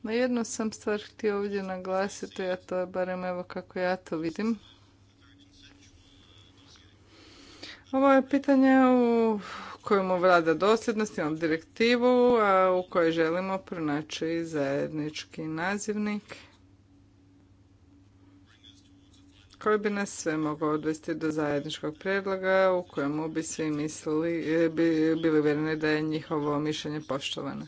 No jednu sam stvar htio ovdje naglasiti, a to je barem evo kako ja to vidim. Ovo je pitanje u kojemu vlada dosljednost, imam direktivu a u kojoj želimo pronaći zajednički nazivnik koji bi nas sve mogao odvesti do zajedničkog predloga u kojemu bi svi mislili, e, bi, bili vjerni da je njihovo mišljenje poštovano.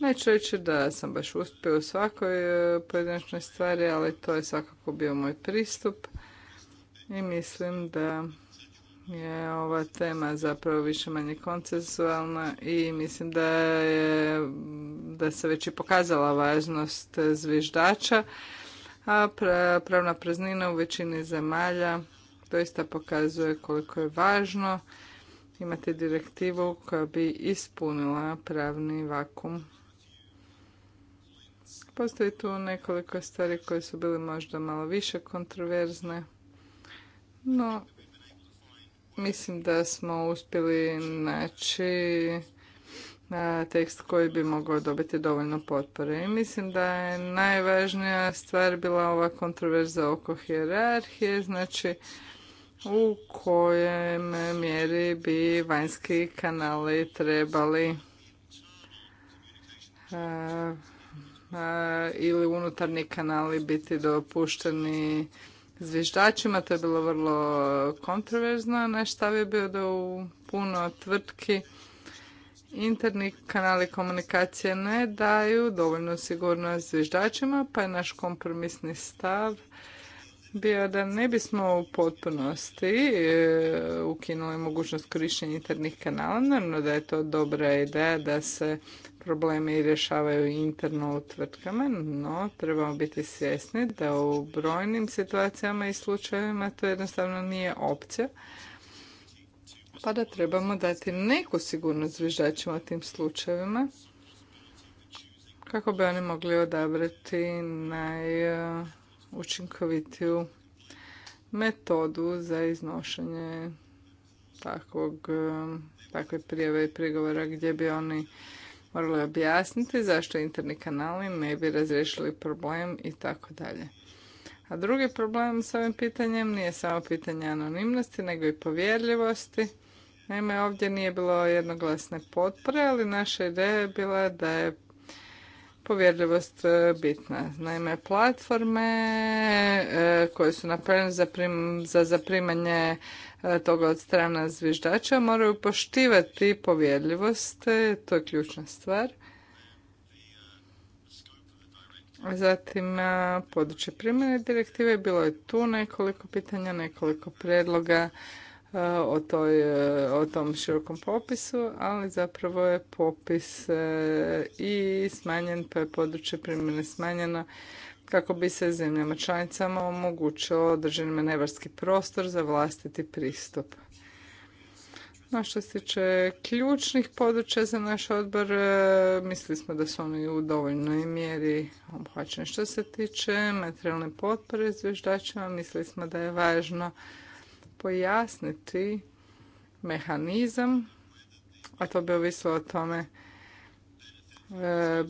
Neću reći da sam baš uspio u svakoj e, pojedinačnoj stvari, ali to je svakako bio moj pristup i mislim da je ova tema zapravo više manje konsensualna i mislim da je da se već i pokazala važnost e, zviždača a pravna praznina u većini zemalja doista pokazuje koliko je važno imati direktivu koja bi ispunila pravni vakum. Postoji tu nekoliko stvari koje su bile možda malo više kontroverzne, no mislim da smo uspjeli naći tekst koji bi mogao dobiti dovoljno potpore. I mislim da je najvažnija stvar bila ova kontroverza oko hjerarhije, znači u kojem mjeri bi vanjski kanali trebali ili unutarnji kanali biti dopušteni zviždačima. To je bilo vrlo kontroverzno. Naš stav je bio da u puno tvrtki interni kanali komunikacije ne daju dovoljnu sigurnost zviždačima, pa je naš kompromisni stav bio da ne bismo u potpunosti e, ukinuli mogućnost korištenja internih kanala. Naravno da je to dobra ideja da se problemi rješavaju interno u tvrtkama, no trebamo biti svjesni da u brojnim situacijama i slučajevima to jednostavno nije opcija pa da trebamo dati neku sigurnost zviždačima u tim slučajevima kako bi oni mogli odabrati najučinkovitiju metodu za iznošenje um, takve prijave i prigovora gdje bi oni morali objasniti zašto interni kanali ne bi razriješili problem i tako dalje. A drugi problem s ovim pitanjem nije samo pitanje anonimnosti, nego i povjerljivosti Naime, ovdje nije bilo jednoglasne potpore, ali naša ideja je bila da je povjerljivost e, bitna. Naime, platforme e, koje su napravljene za, zaprimanje e, toga od strana zviždača moraju poštivati povjerljivost, to je ključna stvar. Zatim, područje primjene direktive, bilo je tu nekoliko pitanja, nekoliko predloga E, o, toj, e, o tom širokom popisu, ali zapravo je popis e, i smanjen, pa je područje primjene smanjeno kako bi se zemljama članicama omogućilo određeni manevarski prostor za vlastiti pristup. No što se tiče ključnih područja za naš odbor, mislili smo da su oni u dovoljnoj mjeri obuhvaćeni. Što se tiče materijalne potpore zviždačima, mislili smo da je važno pojasniti mehanizam, a to bi ovisilo o tome e,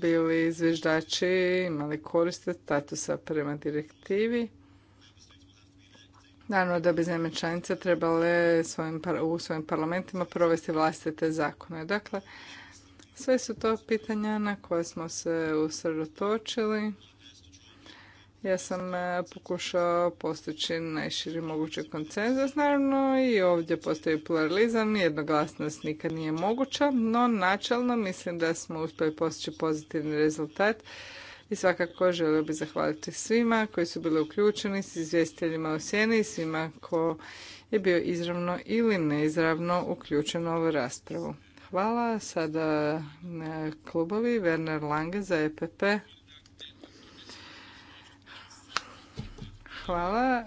bili zviždači imali koriste statusa prema direktivi. Naravno da bi zemlje članice trebale u svojim parlamentima provesti vlastite zakone. Dakle, sve su to pitanja na koje smo se usredotočili ja sam e, pokušao postići najširi mogući koncenzus, naravno i ovdje postoji pluralizam, jednoglasnost nikad nije moguća, no načelno mislim da smo uspjeli postići pozitivni rezultat i svakako želio bih zahvaliti svima koji su bili uključeni s izvjestiteljima u sjeni i svima ko je bio izravno ili neizravno uključen u ovu raspravu. Hvala. Sada e, klubovi Werner Lange za EPP. hvala.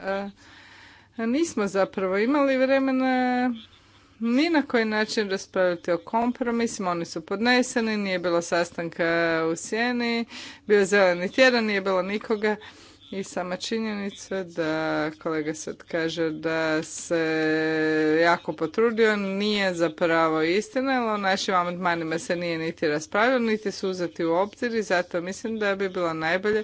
E, nismo zapravo imali vremena ni na koji način raspraviti o kompromisima. Oni su podneseni, nije bilo sastanka u Sjeni, bio je zeleni tjedan, nije bilo nikoga. I sama činjenica da kolega sad kaže da se jako potrudio nije zapravo istina, o našim amandmanima se nije niti raspravljalo, niti su uzeti u obzir i zato mislim da bi bilo najbolje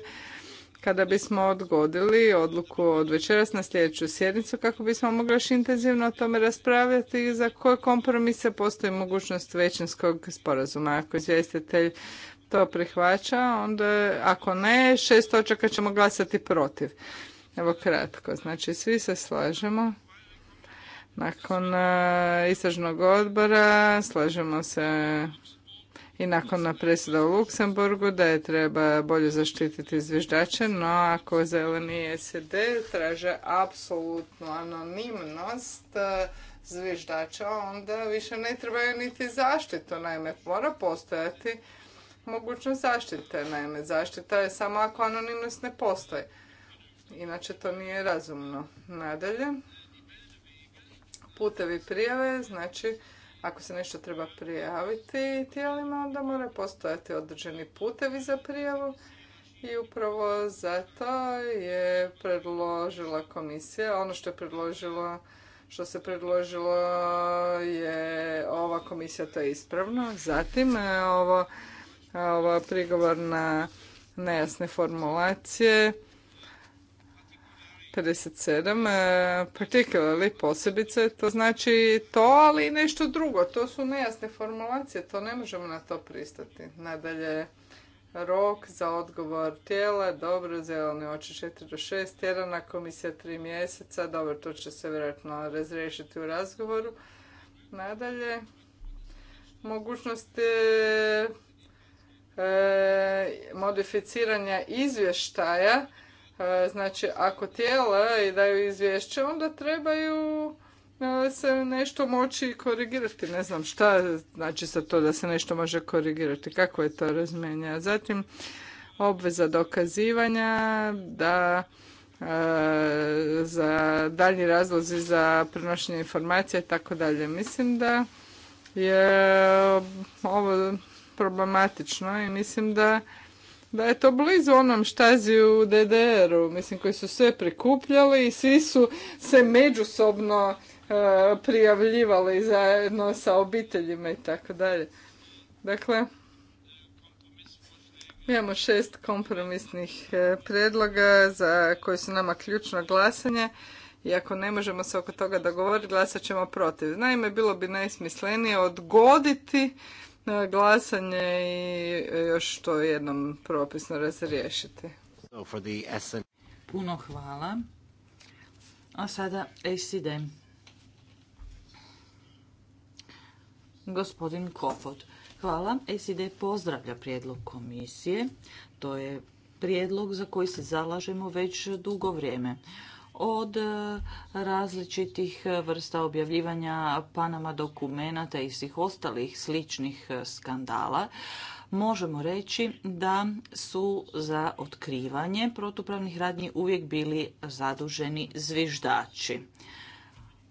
kada bismo odgodili odluku od večeras na sljedeću sjednicu kako bismo mogli još intenzivno o tome raspravljati i za koje kompromise postoji mogućnost većinskog sporazuma. Ako izvjestitelj to prihvaća, onda ako ne, šest točaka ćemo glasati protiv. Evo kratko, znači svi se slažemo. Nakon e, istražnog odbora slažemo se i nakon na presuda u Luksemburgu da je treba bolje zaštititi zviždače, no ako zeleni SED traže apsolutnu anonimnost e, zviždača, onda više ne trebaju niti zaštitu. Naime, mora postojati mogućnost zaštite. Naime, zaštita je samo ako anonimnost ne postoji. Inače, to nije razumno. Nadalje, putevi prijave, znači, ako se nešto treba prijaviti tijelima, onda mora postojati određeni putevi za prijavu i upravo zato je predložila komisija, ono što je predložilo što se predložilo je ova komisija, to je ispravno. Zatim e, ovo, ovo prigovor na nejasne formulacije 57, e, particularly posebice, to znači to, ali i nešto drugo. To su nejasne formulacije, to ne možemo na to pristati. Nadalje, rok za odgovor tijela, dobro, zelene oči 4 do 6 tjedana, komisija 3 mjeseca, dobro, to će se vjerojatno razriješiti u razgovoru. Nadalje, mogućnost e, modificiranja izvještaja, E, znači, ako tijela i daju izvješće, onda trebaju e, se nešto moći korigirati. Ne znam šta znači sa to da se nešto može korigirati. Kako je to razmenja? Zatim, obveza dokazivanja da e, za dalji razlozi za prenošenje informacija i tako dalje. Mislim da je ovo problematično i mislim da da je to blizu onom štazi u DDR-u, mislim, koji su sve prikupljali i svi su se međusobno e, prijavljivali zajedno sa obiteljima i tako dalje. Dakle, imamo šest kompromisnih e, predloga za koje su nama ključno glasanje i ako ne možemo se oko toga dogovoriti, glasat ćemo protiv. Naime, bilo bi najsmislenije odgoditi glasanje i još to jednom propisno razriješiti. Puno hvala. A sada ACD. Gospodin Kofot, Hvala. ACD pozdravlja prijedlog komisije. To je prijedlog za koji se zalažemo već dugo vrijeme od e, različitih vrsta objavljivanja Panama dokumenata i svih ostalih sličnih e, skandala, možemo reći da su za otkrivanje protupravnih radnji uvijek bili zaduženi zviždači.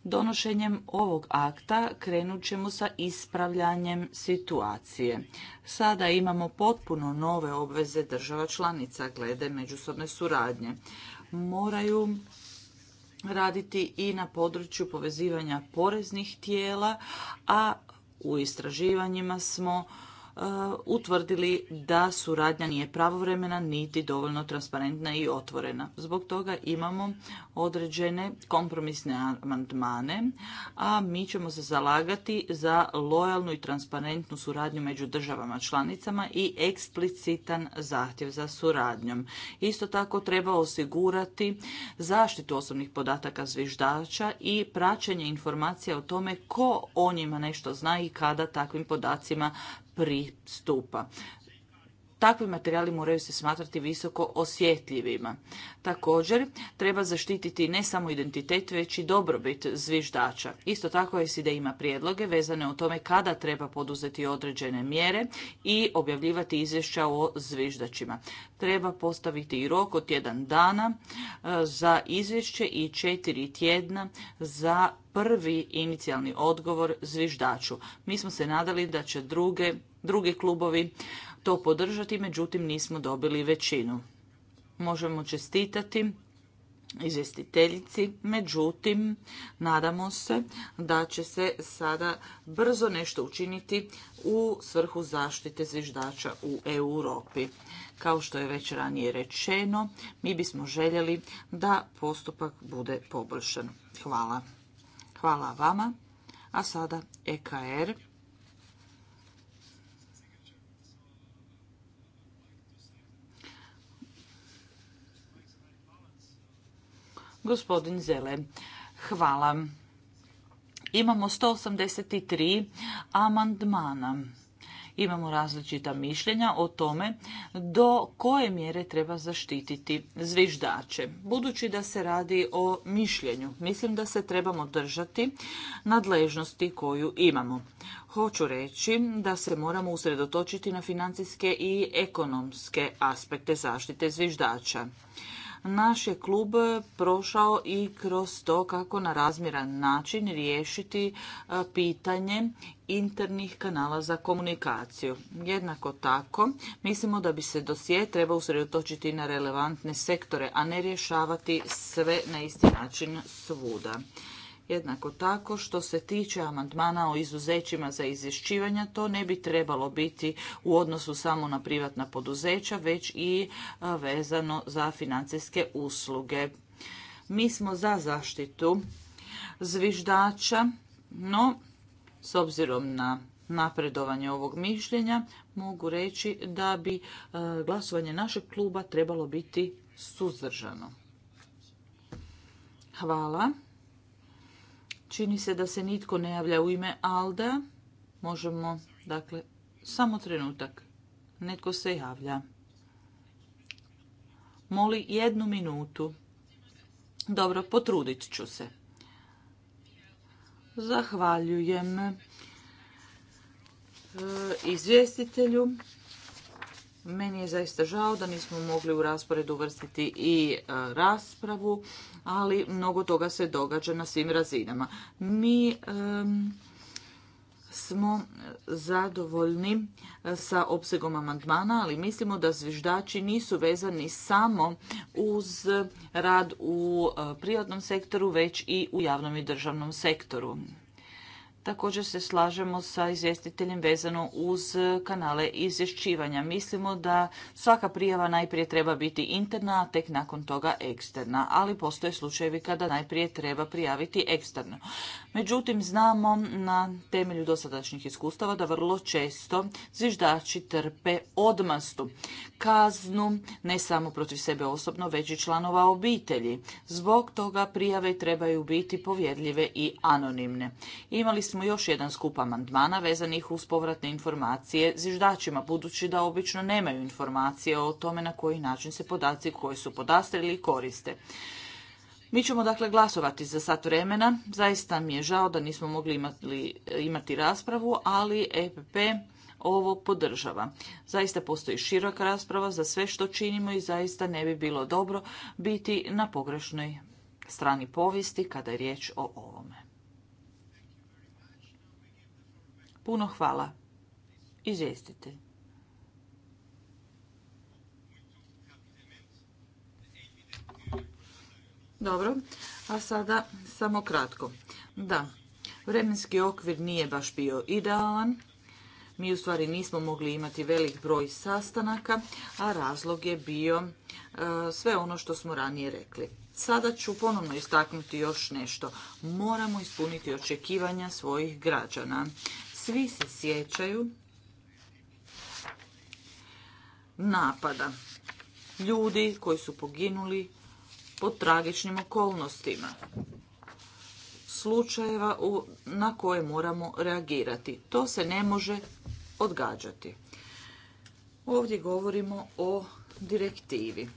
Donošenjem ovog akta krenut ćemo sa ispravljanjem situacije. Sada imamo potpuno nove obveze država članica glede međusobne suradnje. Moraju raditi i na području povezivanja poreznih tijela, a u istraživanjima smo Uh, utvrdili da suradnja nije pravovremena niti dovoljno transparentna i otvorena. Zbog toga imamo određene kompromisne amandmane, a mi ćemo se zalagati za lojalnu i transparentnu suradnju među državama članicama i eksplicitan zahtjev za suradnjom. Isto tako treba osigurati zaštitu osobnih podataka zviždača i praćenje informacija o tome ko o njima nešto zna i kada takvim podacima pristupa takvi materijali moraju se smatrati visoko osjetljivima. Također, treba zaštititi ne samo identitet, već i dobrobit zviždača. Isto tako je da ima prijedloge vezane o tome kada treba poduzeti određene mjere i objavljivati izvješća o zviždačima. Treba postaviti i rok od tjedan dana e, za izvješće i četiri tjedna za prvi inicijalni odgovor zviždaču. Mi smo se nadali da će druge drugi klubovi to podržati, međutim nismo dobili većinu. Možemo čestitati izvjestiteljici, međutim nadamo se da će se sada brzo nešto učiniti u svrhu zaštite zviždača u Europi. Kao što je već ranije rečeno, mi bismo željeli da postupak bude poboljšan. Hvala. Hvala vama. A sada EKR Gospodin Zele, hvala. Imamo 183 amandmana. Imamo različita mišljenja o tome do koje mjere treba zaštititi zviždače. Budući da se radi o mišljenju, mislim da se trebamo držati nadležnosti koju imamo. Hoću reći da se moramo usredotočiti na financijske i ekonomske aspekte zaštite zviždača naš je klub prošao i kroz to kako na razmjeran način riješiti e, pitanje internih kanala za komunikaciju. Jednako tako, mislimo da bi se dosije treba usredotočiti na relevantne sektore, a ne rješavati sve na isti način svuda. Jednako tako što se tiče amandmana o izuzećima za izvješćivanja, to ne bi trebalo biti u odnosu samo na privatna poduzeća, već i e, vezano za financijske usluge. Mi smo za zaštitu zviždača, no s obzirom na napredovanje ovog mišljenja mogu reći da bi e, glasovanje našeg kluba trebalo biti suzdržano. Hvala. Čini se da se nitko ne javlja u ime Alda. Možemo, dakle, samo trenutak. Netko se javlja. Moli jednu minutu. Dobro, potrudit ću se. Zahvaljujem e, izvjestitelju. Meni je zaista žao da nismo mogli u rasporedu uvrstiti i e, raspravu ali mnogo toga se događa na svim razinama. Mi smo zadovoljni e, sa opsegom amandmana, ali mislimo da zviždači nisu vezani samo uz rad u e, privatnom sektoru, već i u javnom i državnom sektoru. Također se slažemo sa izvjestiteljem vezano uz kanale izvješćivanja. Mislimo da svaka prijava najprije treba biti interna, a tek nakon toga eksterna, ali postoje slučajevi kada najprije treba prijaviti eksterno. Međutim, znamo na temelju dosadašnjih iskustava da vrlo često zviždači trpe odmastu, kaznu, ne samo protiv sebe osobno, već i članova obitelji. Zbog toga prijave trebaju biti povjedljive i anonimne. Imali smo smo još jedan skup amandmana vezanih uz povratne informacije zviždačima, budući da obično nemaju informacije o tome na koji način se podaci koji su podastrili koriste. Mi ćemo dakle glasovati za sat vremena. Zaista mi je žao da nismo mogli imati, imati raspravu, ali EPP ovo podržava. Zaista postoji široka rasprava za sve što činimo i zaista ne bi bilo dobro biti na pogrešnoj strani povijesti kada je riječ o ovome. Puno hvala. Izvjestitelj. Dobro, a sada samo kratko. Da, vremenski okvir nije baš bio idealan. Mi u stvari nismo mogli imati velik broj sastanaka, a razlog je bio e, sve ono što smo ranije rekli. Sada ću ponovno istaknuti još nešto. Moramo ispuniti očekivanja svojih građana. Svi se sjećaju napada ljudi koji su poginuli pod tragičnim okolnostima slučajeva na koje moramo reagirati. To se ne može odgađati. Ovdje govorimo o direktivi.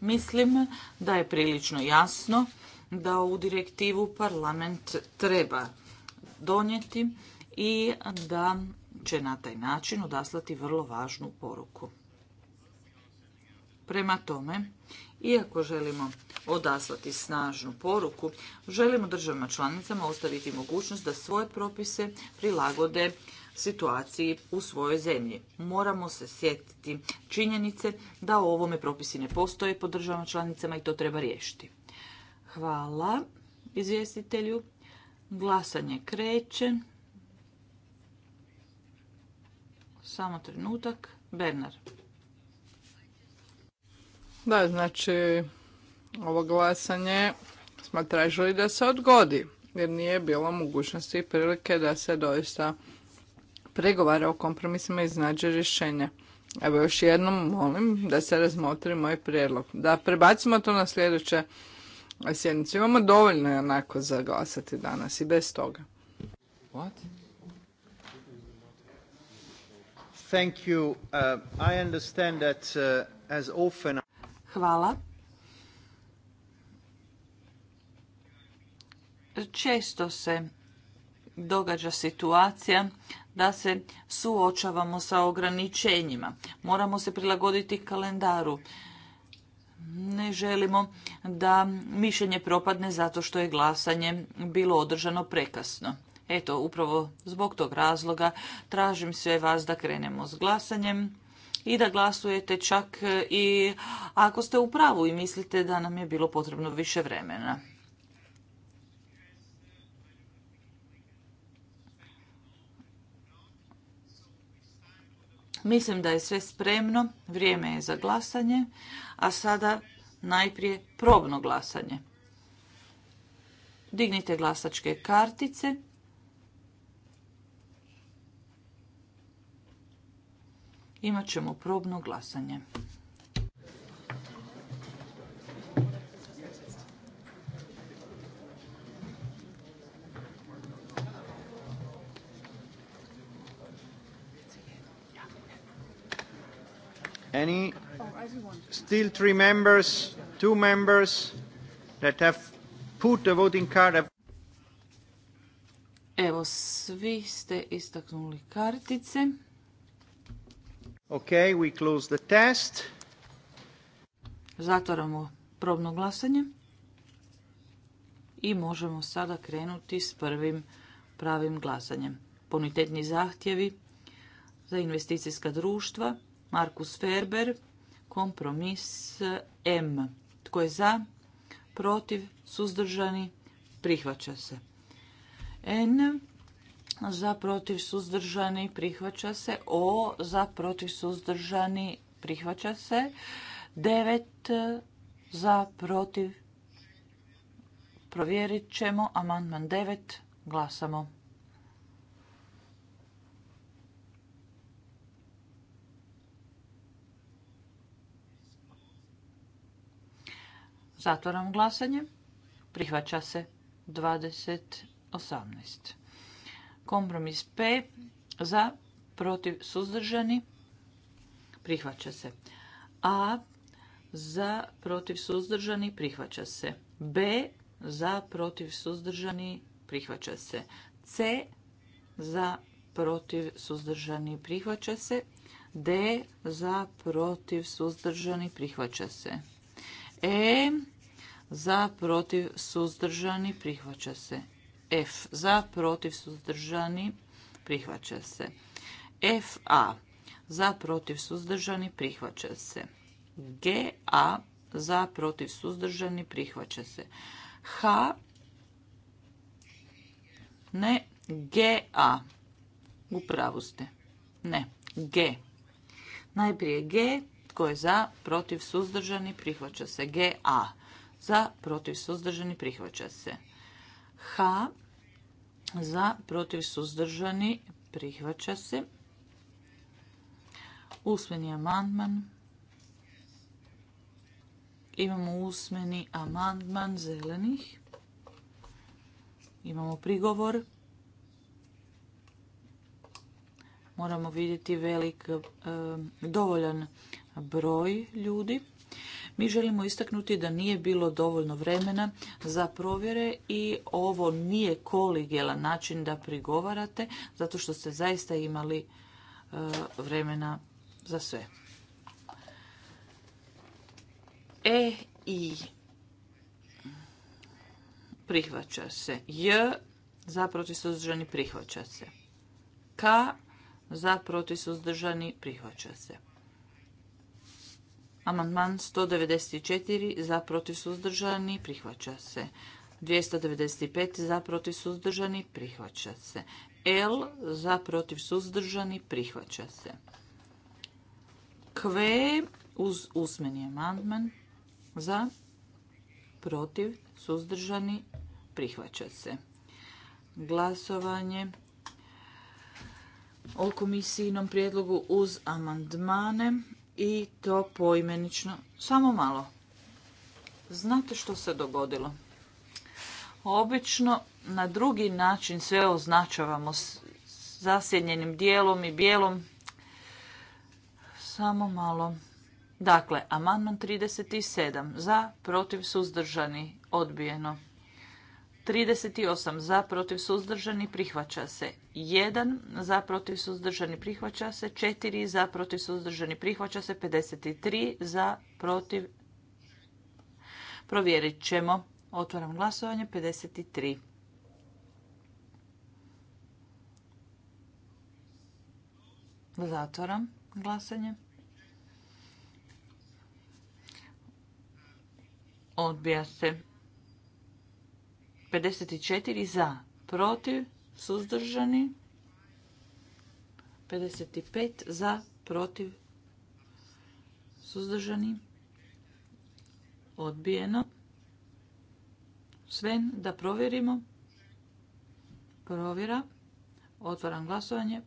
Mislim da je prilično jasno da u direktivu parlament treba donijeti i da će na taj način odaslati vrlo važnu poruku. Prema tome, iako želimo odaslati snažnu poruku, želimo državama članicama ostaviti mogućnost da svoje propise prilagode situaciji u svojoj zemlji. Moramo se sjetiti činjenice da o ovome propisi ne postoje po državama članicama i to treba riješiti. Hvala izvjestitelju. Glasanje kreće. Samo trenutak. Bernar. Da, znači, ovo glasanje smo tražili da se odgodi, jer nije bilo mogućnosti i prilike da se doista pregovara o kompromisima i znađe rješenje. Evo još jednom molim da se razmotri moj prijedlog. Da prebacimo to na sljedeće sjednicu. Imamo dovoljno je onako za glasati danas i bez toga. Hvala. Često se događa situacija da se suočavamo sa ograničenjima. Moramo se prilagoditi kalendaru. Ne želimo da mišljenje propadne zato što je glasanje bilo održano prekasno. Eto, upravo zbog tog razloga tražim sve vas da krenemo s glasanjem i da glasujete čak i ako ste u pravu i mislite da nam je bilo potrebno više vremena. Mislim da je sve spremno, vrijeme je za glasanje, a sada najprije probno glasanje. Dignite glasačke kartice. Imaćemo ćemo probno glasanje. Still three members, two members that have put the voting card. Evo, svi ste istaknuli kartice. Okay, we close the test. Zatvaramo probno glasanje. I možemo sada krenuti s prvim pravim glasanjem. Ponitetni zahtjevi za investicijska društva Markus Ferber, kompromis M. Tko je za? Protiv? Suzdržani? Prihvaća se. N za protiv suzdržani prihvaća se. O za protiv suzdržani prihvaća se. 9 za protiv provjerit ćemo. Amandman 9 glasamo. Zatvaram glasanje. Prihvaća se 2018. Kompromis P za protiv suzdržani. Prihvaća se. A za protiv suzdržani prihvaća se. B za protiv suzdržani prihvaća se. C za protiv suzdržani prihvaća se. D za protiv suzdržani prihvaća se. E za protiv suzdržani prihvaća se. F za protiv suzdržani prihvaća se. FA za protiv suzdržani prihvaća se. GA za protiv suzdržani prihvaća se. H ne GA. U pravu ste. Ne, G. Najprije G tko je za? Protiv? Suzdržani? Prihvaća se. G. A. Za? Protiv? Suzdržani? Prihvaća se. H. Za? Protiv? Suzdržani? Prihvaća se. Usmeni amandman. Imamo usmeni amandman zelenih. Imamo prigovor. Moramo vidjeti velik, eh, dovoljan broj ljudi. Mi želimo istaknuti da nije bilo dovoljno vremena za provjere i ovo nije kolegijelan način da prigovarate, zato što ste zaista imali e, vremena za sve. E i prihvaća se. J za protiv prihvaća se. K za protiv suzdržani prihvaća se. Amandman 194 za protiv suzdržani prihvaća se. 295 za protiv suzdržani prihvaća se. L za protiv suzdržani prihvaća se. Kve uz usmeni amandman za protiv suzdržani prihvaća se. Glasovanje o komisijnom prijedlogu uz amandmane i to poimenično. Samo malo. Znate što se dogodilo? Obično na drugi način sve označavamo s zasjednjenim dijelom i bijelom. Samo malo. Dakle, amandman 37. Za, protiv, suzdržani. Odbijeno. 38 za protiv suzdržani prihvaća se. 1 za protiv suzdržani prihvaća se. 4 za protiv suzdržani prihvaća se. 53 za protiv. Provjerit ćemo. Otvaram glasovanje. 53. Zatvoram glasanje. Odbija se. 54 za, protiv, suzdržani. 55 za, protiv, suzdržani. Odbijeno. Sven, da provjerimo. Provjera. Otvaram glasovanje.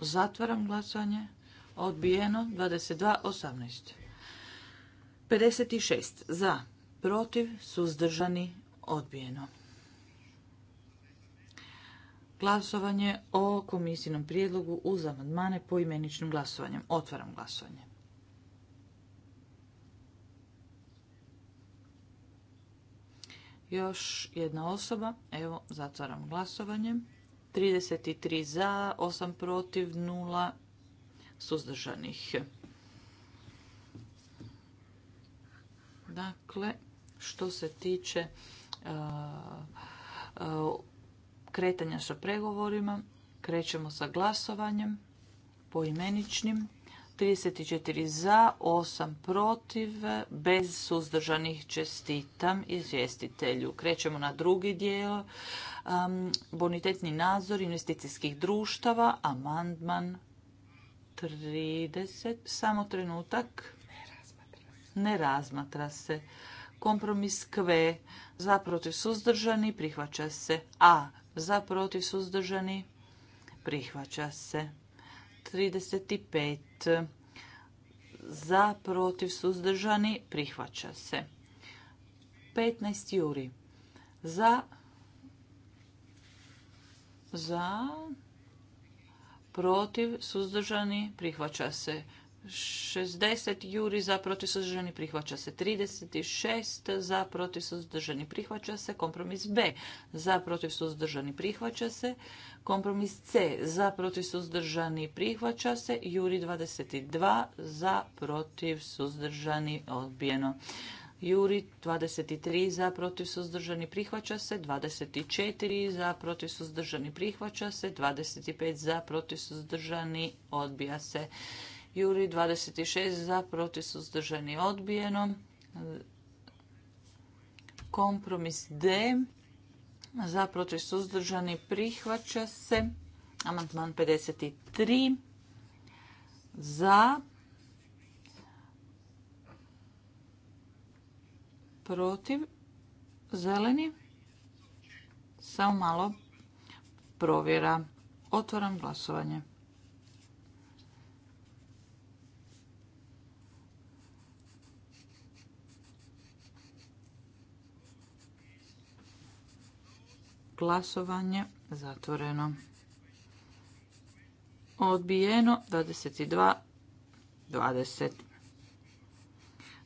Zatvaram glasovanje odbijeno 22.18. 56 za, protiv, suzdržani, odbijeno. Glasovanje o komisijnom prijedlogu uz amandmane po imeničnim glasovanjem. Otvaram glasovanje. Još jedna osoba. Evo, zatvaram glasovanje. 33 za, 8 protiv, 0 suzdržanih. Dakle, što se tiče e, e, kretanja sa pregovorima, krećemo sa glasovanjem poimeničnim. 34 za, 8 protiv, bez suzdržanih čestitam izvjestitelju. Krećemo na drugi dio, bonitetni nadzor investicijskih društava, amandman 30, samo trenutak. Ne razmatra se. Kompromis KV. Za protiv suzdržani prihvaća se. A za protiv suzdržani prihvaća se. 35. Za protiv suzdržani prihvaća se. 15 juri. Za za protiv, suzdržani, prihvaća se 60 juri za protiv suzdržani prihvaća se 36 za protiv suzdržani prihvaća se kompromis B za protiv suzdržani prihvaća se kompromis C za protiv suzdržani prihvaća se juri 22 za protiv suzdržani odbijeno Juri 23 za protiv suzdržani prihvaća se, 24 za protiv suzdržani prihvaća se, 25 za protiv suzdržani odbija se. Juri 26 za protiv suzdržani odbijeno. Kompromis D za protiv suzdržani prihvaća se. Amandman 53 za protiv, zeleni, samo malo, provjera, otvoram glasovanje. Glasovanje zatvoreno. Odbijeno 22, 20.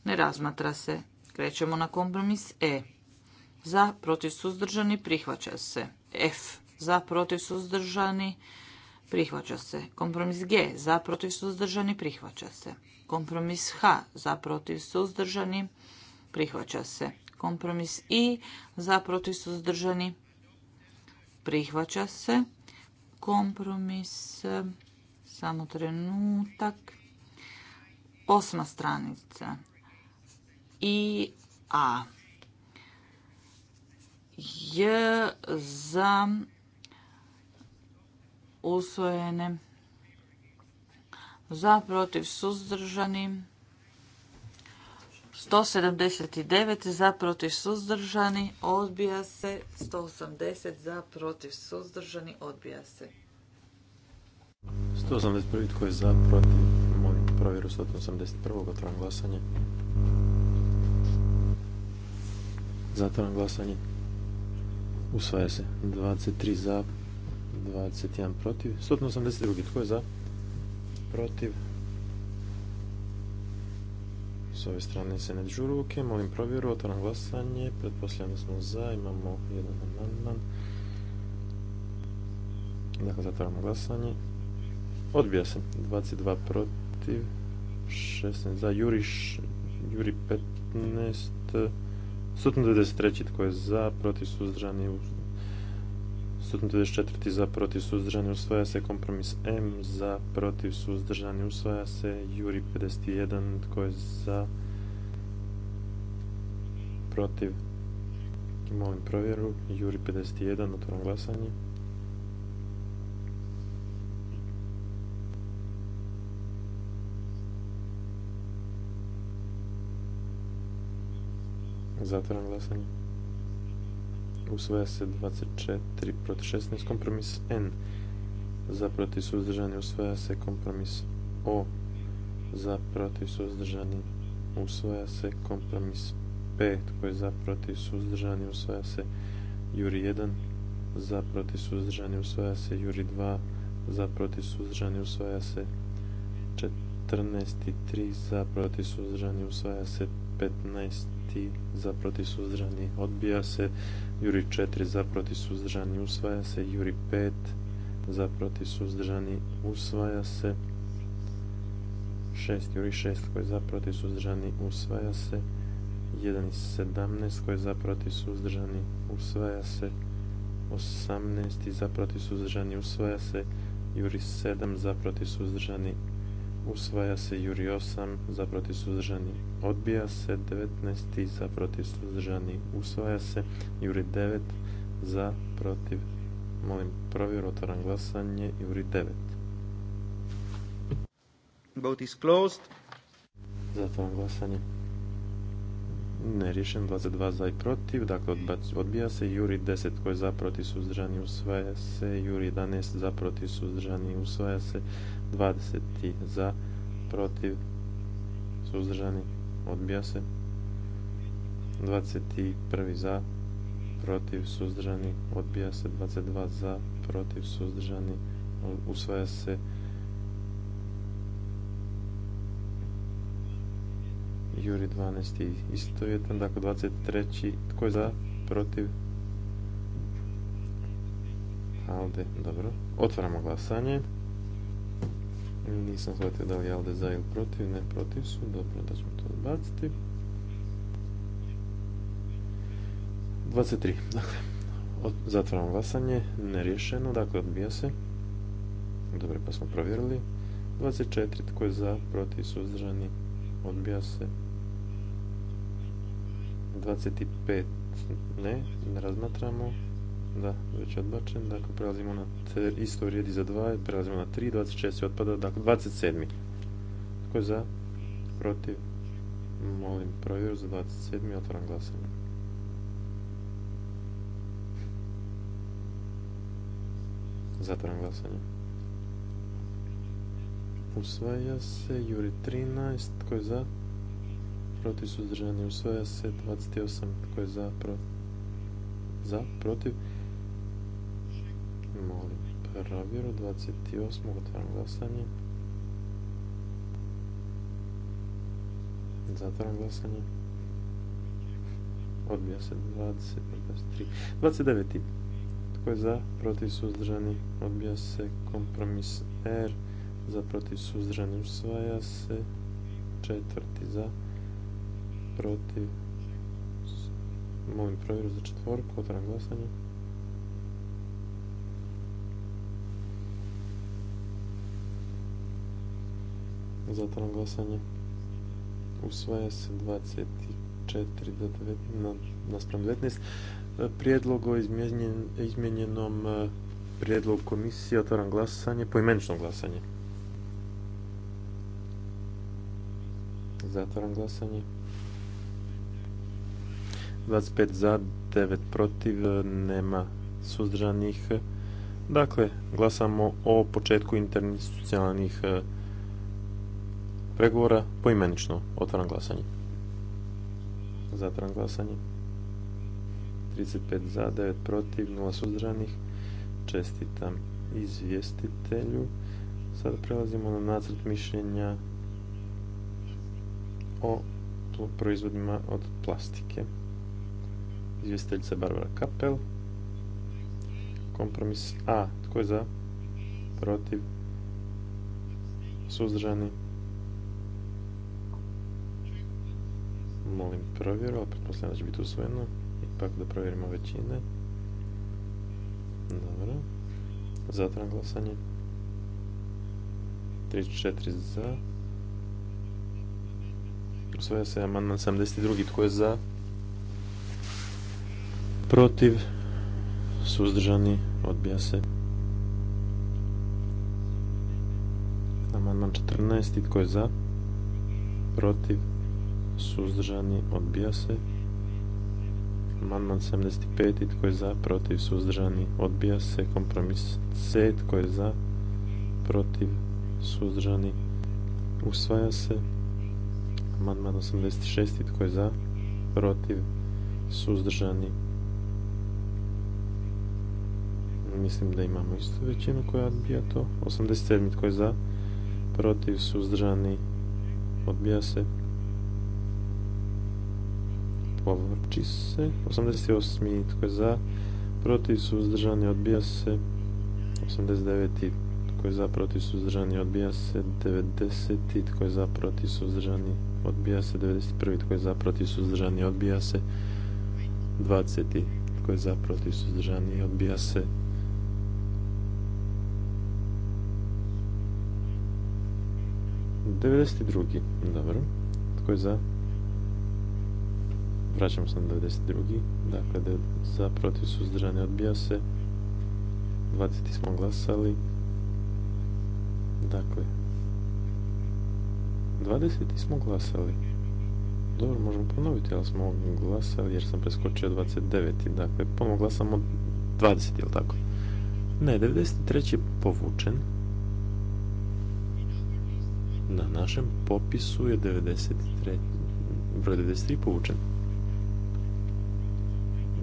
Ne razmatra se Krećemo na kompromis E. Za, protiv, suzdržani, prihvaća se. F. Za, protiv, suzdržani, prihvaća se. Kompromis G. Za, protiv, suzdržani, prihvaća se. Kompromis H. Za, protiv, suzdržani, prihvaća se. Kompromis I. Za, protiv, suzdržani, prihvaća se. Kompromis, samo trenutak, osma stranica. I. A. J za usvojene. Za protiv suzdržani. 179 za protiv suzdržani odbija se. 180 za protiv suzdržani odbija se. 181 tko je za protiv. Moj. provjeru 181. otvaram glasanje. Zatvaram glasanje. Usvaja se. 23 za, 21 protiv. 182. Tko je za? Protiv. S ove strane se ne ruke. Molim provjeru. Otvaram glasanje. pretpostavljamo smo za. Imamo jedan amandman. Dakle, zatvaramo glasanje. Odbija se. 22 protiv. 16 za. Juriš Juri 15. 193. tko je za, protiv suzdržani, 194. za, protiv suzdržani, usvaja se kompromis M, za, protiv suzdržani, usvaja se Juri 51. tko je za, protiv, molim provjeru, Juri 51, otvoram glasanje. Zatvoreno glasanje. Usvaja se 24 protiv 16. Kompromis N. Za protiv suzdržani usvaja se kompromis O. Za protiv suzdržani usvaja se kompromis P. Tko je za protiv suzdržani usvaja se Juri 1. Za protiv suzdržani usvaja se Juri 2. Za protiv suzdržani usvaja se 14 i 3. Za protiv suzdržani usvaja se 15 5 za protiv suzdržani odbija se, Juri 4 za protiv suzdržani usvaja se, Juri 5 za protiv suzdržani usvaja se, 6 Juri 6 koji za protiv suzdržani usvaja se, 1 i 17 koji za protiv suzdržani usvaja se, 18 za protiv suzdržani usvaja se, Juri 7 za protiv suzdržani Usvaja se Juri 8 za protiv suzdržani. Odbija se 19 za protiv suzdržani. Usvaja se Juri 9 za protiv. Molim provjeru, otvaram glasanje. Juri 9. Vote is closed. Zatvaram glasanje. ne rješen. 22 za i protiv, dakle odbija se Juri 10 koji je za protiv suzdržani usvaja se, Juri 11 za protiv suzdržani usvaja se, 20. za, protiv, suzdržani, odbija se. 21. za, protiv, suzdržani, odbija se. 22. za, protiv, suzdržani, usvaja se. Juri 12. isto tam dakle 23. tko je za, protiv, Alde, dobro. Otvaramo glasanje. Nisam shvatio da li je Alde za ili protiv, ne protiv su, dobro da ćemo to odbaciti. 23, dakle, zatvaram glasanje, nerješeno, dakle odbija se. Dobro, pa smo provjerili. 24, tko je za, protiv, suzdržani, odbija se. 25, ne, ne razmatramo da, već odbačen, dakle prelazimo na, isto vrijedi za 2, prelazimo na 3, 26 otpada, dakle 27. Tko je za? Protiv? Molim provjeru za 27. Otvaram glasanje. Zatvaram glasanje. Usvaja se Juri 13. Tko je za? Protiv suzdržani. Usvaja se 28. Tko je za? Pro... Za? Protiv? Molim provjeru 28. otvaram glasanje. Zatvaram glasanje. Odbija se 20, 29. Tko je za, protiv, suzdržani? Odbija se kompromis R. Za, protiv, suzdržani usvaja se. Četvrti za, protiv. Molim provjeru za četvorku, otvaram glasanje. Zatvaram glasanje. Usvaja se 24 do 19, naspram 19. Prijedlog o izmjenjen, izmjenjenom e, prijedlogu komisije. Otvaram glasanje, poimenično glasanje. Zatvaram glasanje. 25 za, 9 protiv, e, nema suzdržanih. Dakle, glasamo o početku interinstitucionalnih e, pregovora poimenično. Otvaram glasanje. Zatvaram glasanje. 35 za, 9 protiv, 0 suzdržanih. Čestitam izvjestitelju. Sada prelazimo na nacrt mišljenja o proizvodima od plastike. Izvjestiteljica Barbara Kapel. Kompromis A. Tko je za? Protiv? Suzdržani? Molim provjeru, ali pretpostavljam da će biti usvojeno. Ipak da provjerimo većine. Dobro. Zatran glasanje. 34 za. Usvoja se amandman 72. Tko je za? Protiv? Suzdržani? Odbija se. Amandman 14. Tko je za? Protiv? suzdržani, odbija se. Amandman 75. Tko je za, protiv, suzdržani, odbija se. Kompromis C. Tko je za, protiv, suzdržani, usvaja se. Amandman 86. Tko je za, protiv, suzdržani, mislim da imamo istu većinu koja odbija to. 87. Tko je za, protiv, suzdržani, odbija se povlači se. 88. tko je za, protiv, suzdržani, odbija se. 89. tko je za, protiv, suzdržani, odbija se. 90. tko je za, protiv, suzdržani, odbija se. 91. tko je za, protiv, suzdržani, odbija se. 20. tko je za, protiv, suzdržani, odbija se. 92. Dobro. Tko je za? Vraćamo se na 92. Dakle, za protiv suzdržanje odbija se. 20. smo glasali. Dakle, 20. smo glasali. Dobro, možemo ponoviti, ali smo glasali jer sam preskočio 29. Dakle, ponovno glasamo 20, ili tako? Ne, 93. je povučen. Na našem popisu je 93. broj 93 povučen.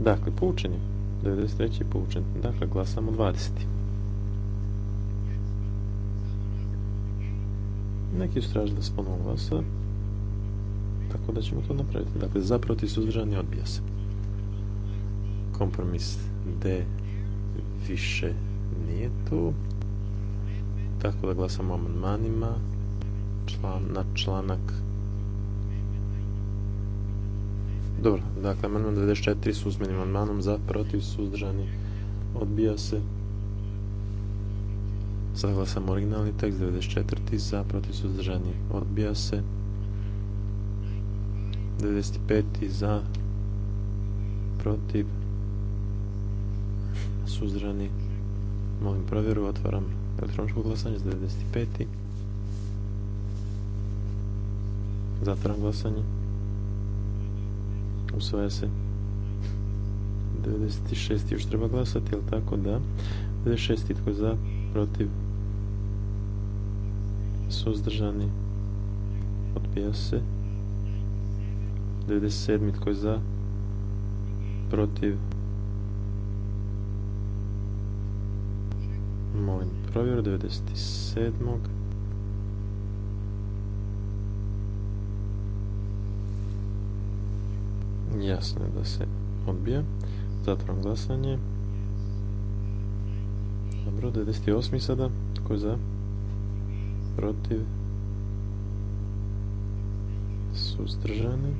Dakle, poučen je. 93. je poučen. Dakle, glasamo 20. Neki su tražili da se ponovno glasa. Tako da ćemo to napraviti. Dakle, zapravo protiv suzdržani odbija se. Kompromis D više nije tu. Tako da glasamo o amandmanima na članak dobro, dakle, amandman 94 s uzmenim amandmanom za, protiv, suzdržani, odbija se. Sada originalni tekst, 94 za, protiv, suzdržani, odbija se. 95 za, protiv, suzdržani, molim provjeru, otvaram elektroničko glasanje za 95. Zatvaram glasanje usvaja se. 96. još treba glasati, jel tako? Da. 96. tko za, protiv, suzdržani, odbija se. 97. tko je za, protiv, molim provjeru 97. Jasno je da se odbija. Zatvaram glasanje. Dobro, 98. sada. Tko je za? Protiv? Suzdržani?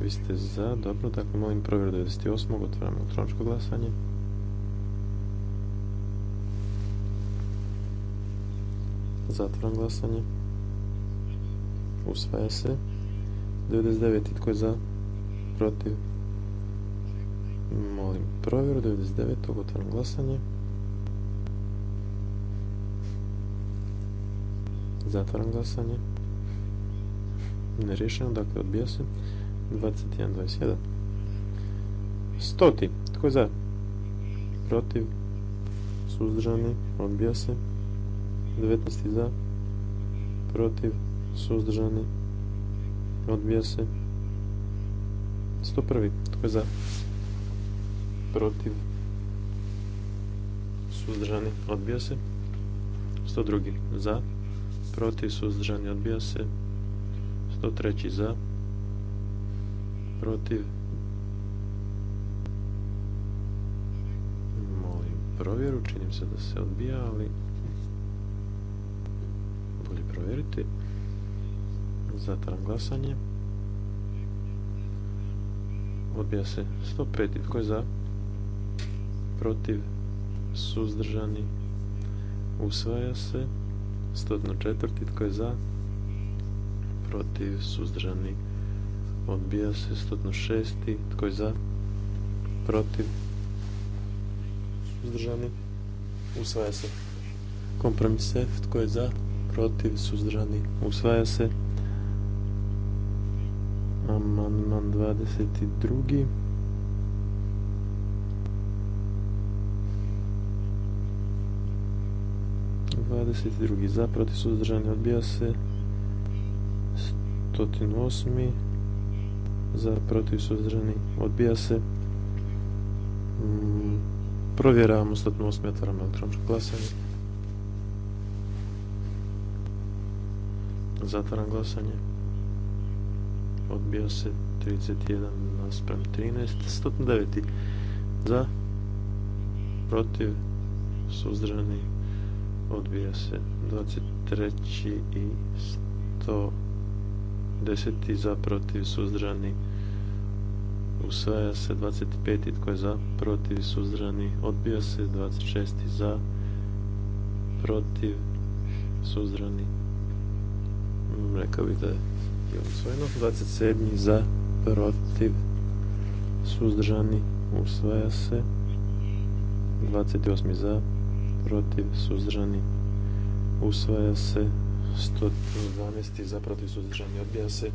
Vi ste za. Dobro, dakle molim provjeru 98. Otvaram elektroničko glasanje. Zatvaram glasanje. Usvaja se. 99. Tko je za? protiv? Molim provjeru 99. Otvaram glasanje. Zatvaram glasanje. Nerešeno, dakle odbija se. 21, 21. Stoti. Tko je za? Protiv. Suzdržani. Odbija se. 19. za. Protiv. Suzdržani. Odbija se. 101. Tko je za? Protiv? Suzdržani? Odbija se. 102. Za? Protiv? Suzdržani? Odbija se. 103. Za? Protiv? Molim provjeru. Činim se da se odbija, ali bolje provjeriti. Zatvaram glasanje odbija se. 105. Tko je za? Protiv? Suzdržani? Usvaja se. 104. Tko je za? Protiv? Suzdržani? Odbija se. 106. Tko je za? Protiv? Suzdržani? Usvaja se. Kompromis F. Tko je za? Protiv? Suzdržani? Usvaja se. Amandman 22. 22 22. za, protiv suzdržani odbija se. 108. Za, protiv suzdržani odbija se. Mm, provjeravamo 108. Otvaram elektroničko glasanje. Zatvaram glasanje odbija se 31 naspram 13 109 za protiv suzdrani. odbija se 23 i 110 za protiv suzdrani. usvaja se 25 tko je za protiv suzdrani. odbija se 26 za protiv suzdrani. rekao bih da je je usvojeno. 27. za, protiv, suzdržani, usvaja se. 28. za, protiv, suzdržani, usvaja se. 112. za, protiv, suzdržani, odbija se.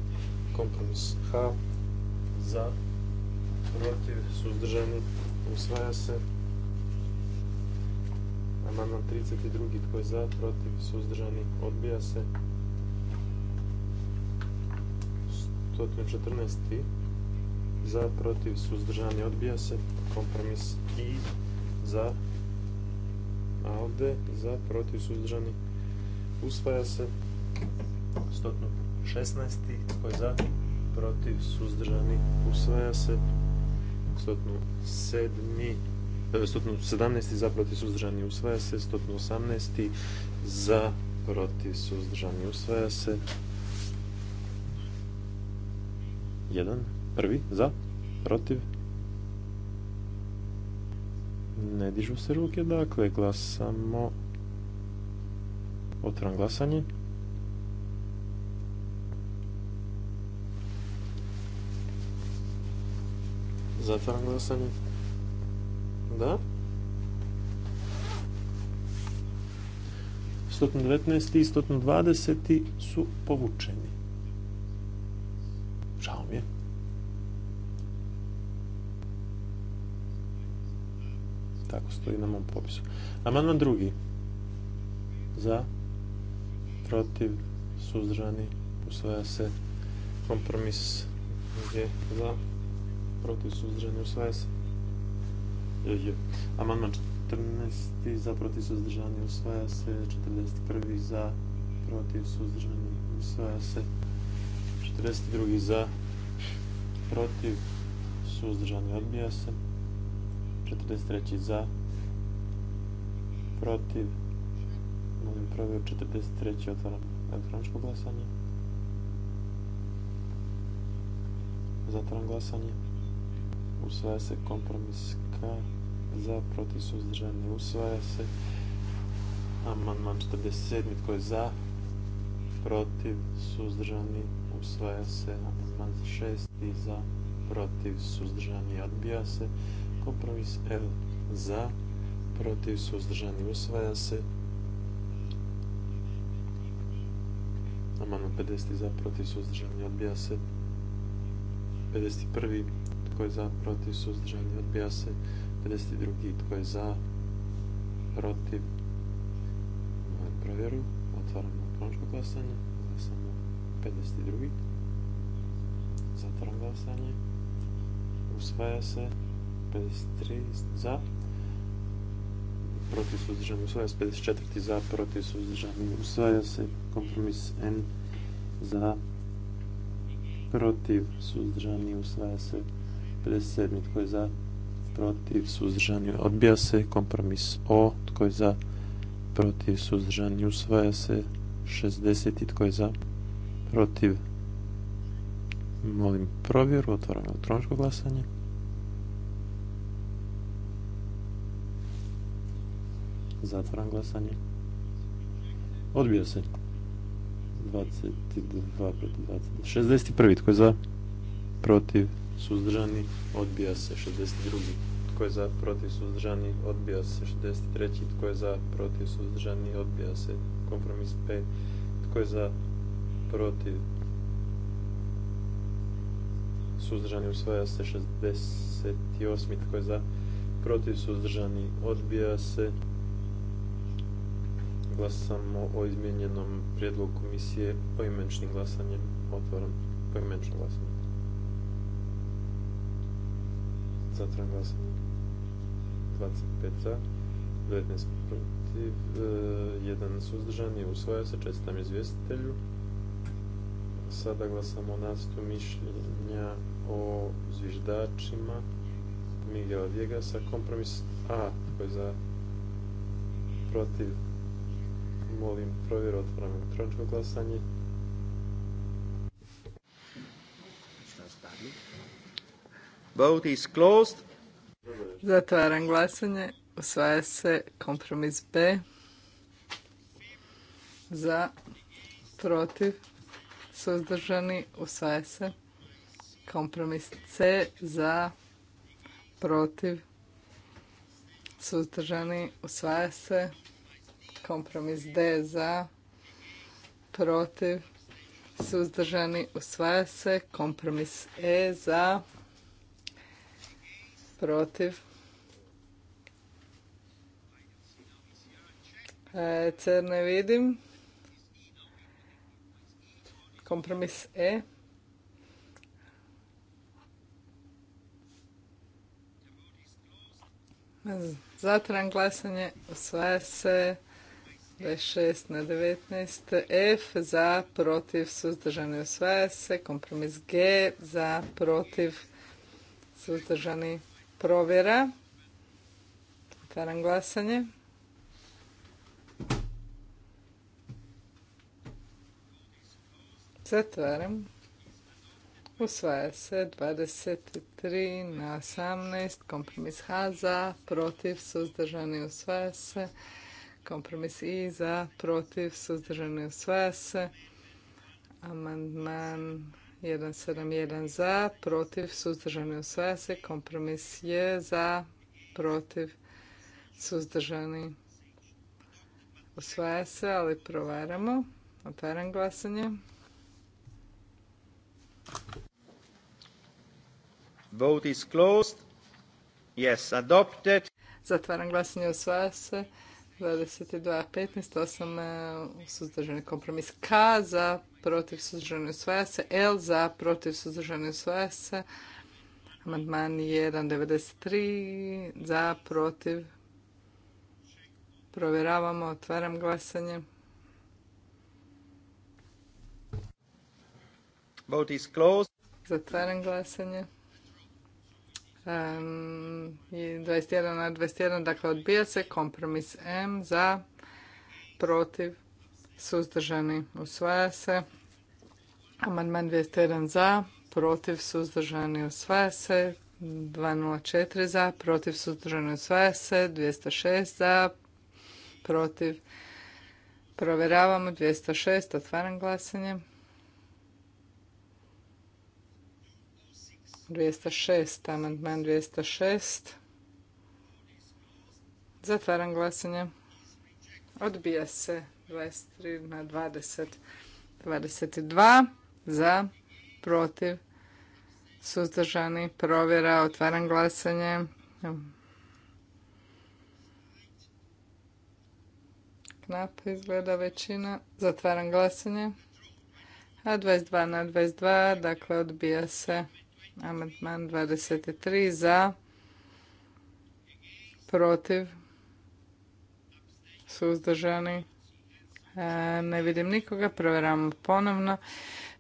Kompromis H za, protiv, suzdržani, usvaja se. Amandman 32. tko je za, protiv, suzdržani, odbija se. 114. za, protiv, suzdržani, odbija se. Kompromis I za, ovdje, za, protiv, suzdržani, usvaja se. 116. tko je za, protiv, suzdržani, usvaja se. 117. E, za protiv suzdržani usvaja se, 118. za protiv suzdržani usvaja se, jedan, prvi, za, protiv, ne dižu se ruke, dakle glasamo, otvoram glasanje. Zatvaram glasanje. Da. 119. i 120. su povučeni. Tako stoji na mom popisu. Amandman drugi. Za, protiv, suzdržani, usvaja se kompromis je za, protiv, suzdržani, usvaja se. Je, je. Amandman 14. za, protiv, suzdržani, usvaja se. 41. za, protiv, suzdržani, usvaja se. 42. za, protiv, suzdržani, odbija se. 43 za, protiv, molim pravio 43 otvaram elektroničko glasanje. Zatvaram glasanje. Usvaja se kompromis K za, protiv suzdržani. Usvaja se amandman 47. Tko je za, protiv, suzdržani. Usvaja se amandman 6. Za, protiv, suzdržani. Odbija se Kompromis L za, protiv, suzdržani, usvaja se. Amano 50 za, protiv, suzdržani, odbija se. 51. Tko je za, protiv, suzdržani, odbija se. 52. Tko je za, protiv, molim provjeru. Otvaramo elektroničko glasanje. Glasamo 52. Zatvaram glasanje. Usvaja se. 53 za, protiv suzdržanju usvaja 54 za, protiv suzdržani usvaja se kompromis N za, protiv suzdržani usvaja se 57 tko je za, protiv suzdržani odbija se kompromis O tko je za, protiv suzdržani usvaja se 60 tko je za, protiv molim provjeru, otvaram elektroničko glasanje. Zatvaram glasanje. Odbija se. 22 protiv 20. 61. Tko je za? Protiv. Suzdržani. Odbija se. 62. Tko je za? Protiv. Suzdržani. Odbija se. 63. Tko je za? Protiv. Suzdržani. Odbija se. Kompromis 5. Tko je za? Protiv. Suzdržani. Usvaja se. 68. Tko je za? Protiv. Suzdržani. Odbija se glasamo o izmijenjenom prijedlogu komisije poimeničnim glasanjem. Otvaram poimenično glasanje. Zatvaram glasanje. 25 za, 19 protiv, 1 e, suzdržan i usvoja se. Čestitam izvjestitelju. Sada glasamo o nastu mišljenja o zviždačima Miguel Vjegasa. Kompromis A, tko je za protiv Molim provjeru, otvaram elektroničko glasanje. Vote is closed. Zatvaram glasanje. Usvaja se kompromis B. Za, protiv, suzdržani. Usvaja se kompromis C. Za, protiv, suzdržani. Usvaja se Kompromis D za, protiv, suzdržani, usvaja se. Kompromis E za, protiv. E, Cr ne vidim. Kompromis E. Zatran glasanje, usvaja se 26 na 19. F za, protiv, suzdržani usvaja se. Kompromis G za, protiv, suzdržani provjera. Otvaram glasanje. Zatvaram. Usvaja se 23 na 18. Kompromis H za, protiv, suzdržani usvaja se. Kompromis i za, protiv, suzdržani usvaja se. Amandman 171 za, protiv, suzdržani usvaja se. Kompromis je za, protiv, suzdržani usvaja se, ali provaramo. Otvaram glasanje. Vote is closed. Yes, adopted. Zatvaram glasanje, usvaja se. 22, 15, 8 suzdržani kompromis. K za protiv suzdržani osvaja se. L za protiv suzdržani osvaja se. Amandman 1.93 za protiv. Provjeravamo, otvaram glasanje. Vote Zatvaram glasanje i 21 na 21, dakle odbija se kompromis M za protiv suzdržani usvaja se. Amandman 201 za, protiv suzdržani usvaja se. 204 za, protiv suzdržani usvaja se. 206 za, protiv. Provjeravamo 206, otvaram glasanje. 206. Amandman 206. Zatvaram glasanje. Odbija se 23 na 20. 22 za, protiv, suzdržani, provjera, otvaram glasanje. Knap izgleda većina. Zatvaram glasanje. A 22 na 22, dakle odbija se. Amandman 23 za, protiv, suzdržani. E, ne vidim nikoga, provjeravamo ponovno.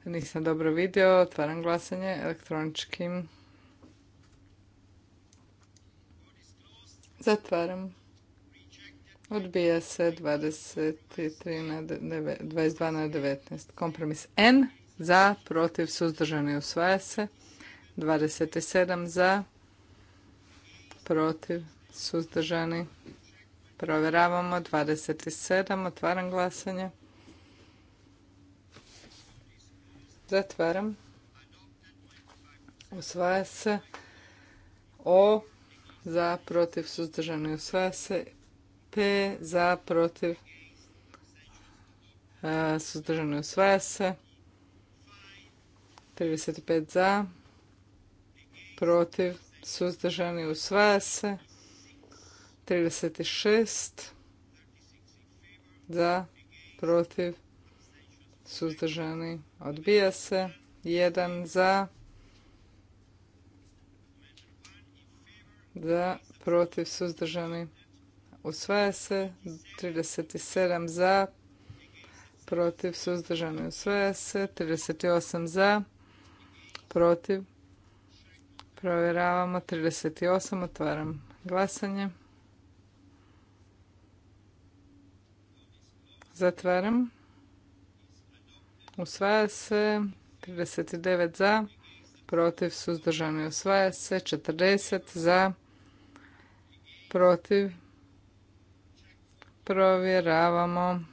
Nisam dobro vidio, otvaram glasanje elektroničkim. Zatvaram. Odbija se 23 na 22 na 19. Kompromis N za, protiv, suzdržani, usvaja se. 27 za, protiv, suzdržani. Provjeravamo 27, otvaram glasanje. Zatvaram. Usvaja se O za, protiv, suzdržani. Usvaja se P za, protiv, e, suzdržani. Usvaja se 35 za, protiv, suzdržani, usvaja se. 36 za, protiv, suzdržani, odbija se. 1 za, za, protiv, suzdržani, usvaja se. 37 za, protiv, suzdržani, usvaja se. 38 za, protiv, Provjeravamo 38, otvaram glasanje. Zatvaram. Usvaja se 39 za, protiv suzdržani usvaja se 40 za, protiv. Provjeravamo.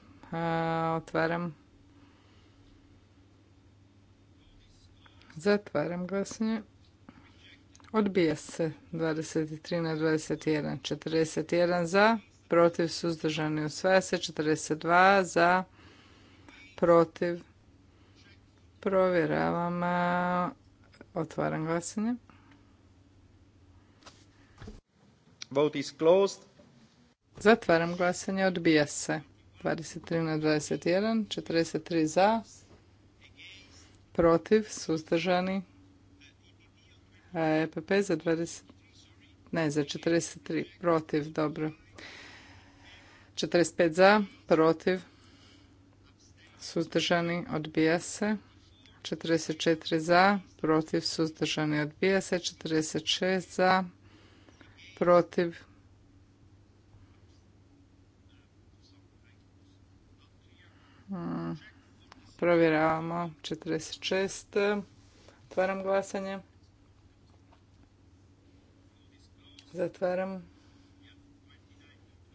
Otvaram. Zatvaram glasanje. Odbija se 23 na 21. 41 za, protiv suzdržani sve se 42 za, protiv. Provjeravam. Otvaram glasanje. Vote is closed. Zatvaram glasanje. Odbija se. 23 na 21. 43 za. Protiv. Suzdržani. EPP za 20, ne za 43 protiv, dobro. 45 za, protiv, suzdržani, odbija se. 44 za, protiv, suzdržani, odbija se. 46 za, protiv, hmm, Provjeravamo 46. Otvaram glasanje. Zatvaram.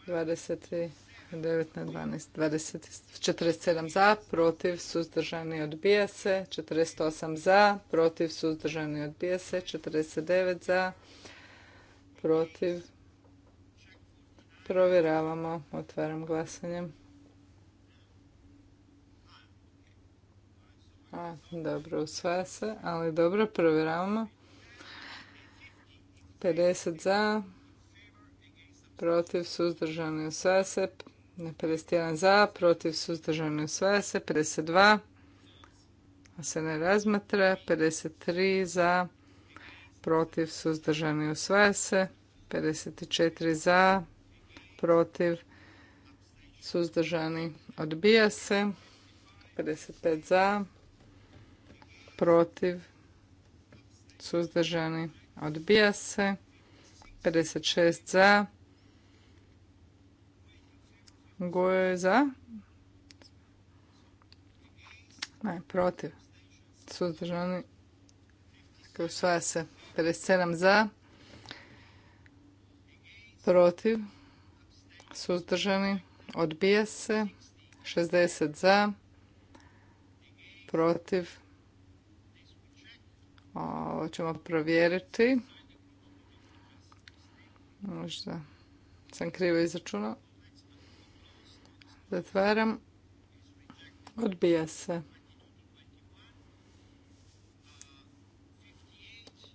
23, na 12, 47 za, protiv, suzdržani, odbija se, 48 za, protiv, suzdržani, odbija se, 49 za, protiv, provjeravamo, otvaram glasanjem. A, dobro, usvaja se, ali dobro, provjeravamo. 50 za, protiv, suzdržani, sve se. 51 za, protiv, suzdržani, u se. 52 a se ne razmatra. 53 za, protiv, suzdržani, sve se. 54 za, protiv, suzdržani, odbija se. 55 za, protiv, suzdržani, Odbija se. 56 za. Goje za. Ne, protiv. Suzdržani. Dakle, usvaja se. 57 za. Protiv. Suzdržani. Odbija se. 60 za. Protiv ovo ćemo provjeriti. Možda sam krivo izračunao. Zatvaram. Odbija se.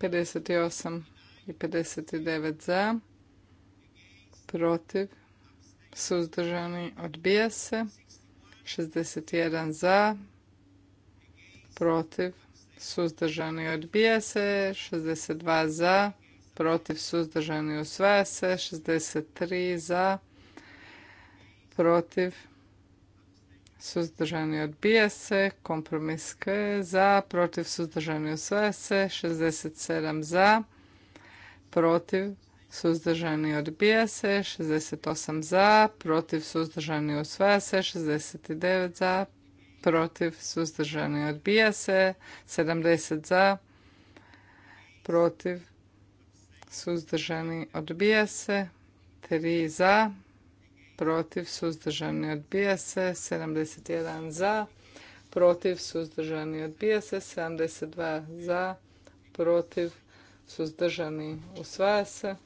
58 i 59 za. Protiv. Suzdržani. Odbija se. 61 za. Protiv suzdržani odbija se, 62 za, protiv suzdržani usvaja se, 63 za, protiv suzdržani odbija se, kompromis K za, protiv suzdržani usvaja se, 67 za, protiv suzdržani odbija se, 68 za, protiv suzdržani usvaja se, 69 za, protiv, suzdržani, odbija se. 70 za, protiv, suzdržani, odbija se. 3 za, protiv, suzdržani, odbija se. 71 za, protiv, suzdržani, odbija se. 72 za, protiv, suzdržani, usvaja se.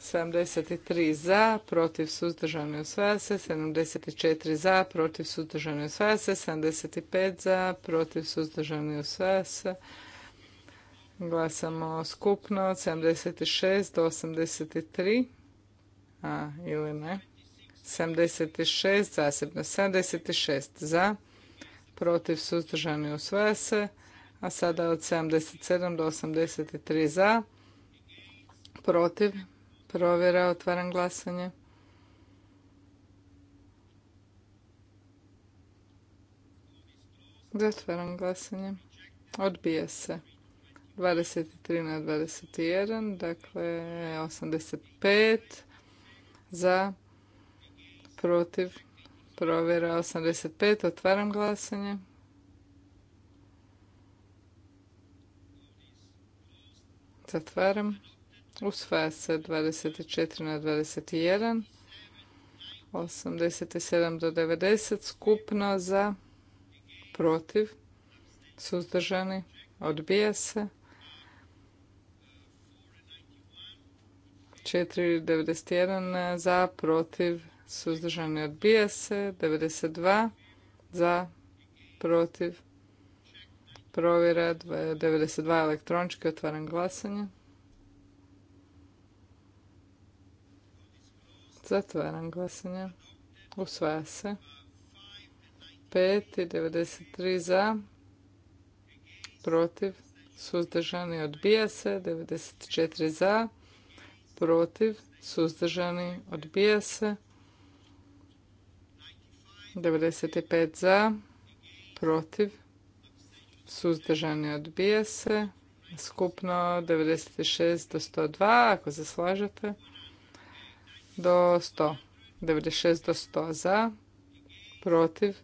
73 za, protiv suzdržani osvaja se, 74 za, protiv suzdržani osvaja se, 75 za, protiv suzdržani osvaja se. Glasamo skupno 76 do 83, a ili ne, 76 zasebno, 76 za, protiv suzdržani osvaja se, a sada od 77 do 83 za, protiv Provjera, otvaram glasanje. Zatvaram glasanje. Odbija se. 23 na 21, dakle 85 za, protiv, provjera 85, otvaram glasanje. Zatvaram. Usvaja se 24 na 21. 87 do 90 skupno za protiv suzdržani odbija se 491 za protiv suzdržani odbija se 92 za protiv provjera 92 elektronički otvaran glasanje Zatvaram glasanje. Usvaja se. 5 i 93 za. Protiv. Suzdržani odbija se. 94 za. Protiv. Suzdržani odbija se. 95 za. Protiv. Suzdržani odbija se. Skupno 96 do 102 ako se slažete do 100. 96 do 100 za, protiv,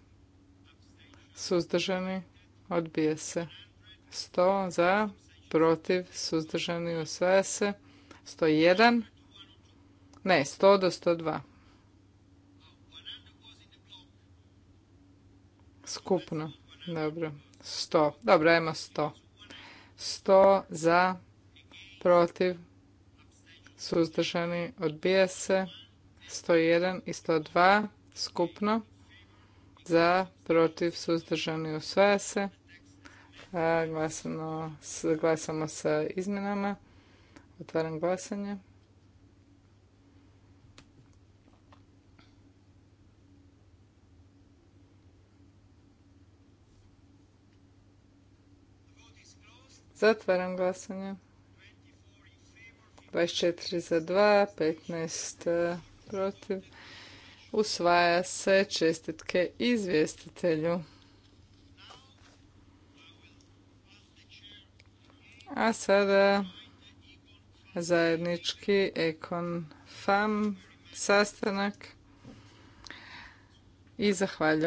suzdržani, odbije se. 100 za, protiv, suzdržani, osvaja se. 101, ne, 100 do 102. Skupno, dobro. 100, dobro, ajmo 100. 100 za, protiv, suzdržani, odbija se. 101 i 102 skupno za, protiv, suzdržani, usvaja se. glasamo sa izmjenama. Otvaram glasanje. Zatvaram glasanje. 24 za 2, 15 e, protiv. Usvaja se čestitke izvjestitelju. A sada zajednički Ekon FAM sastanak i zahvaljujem.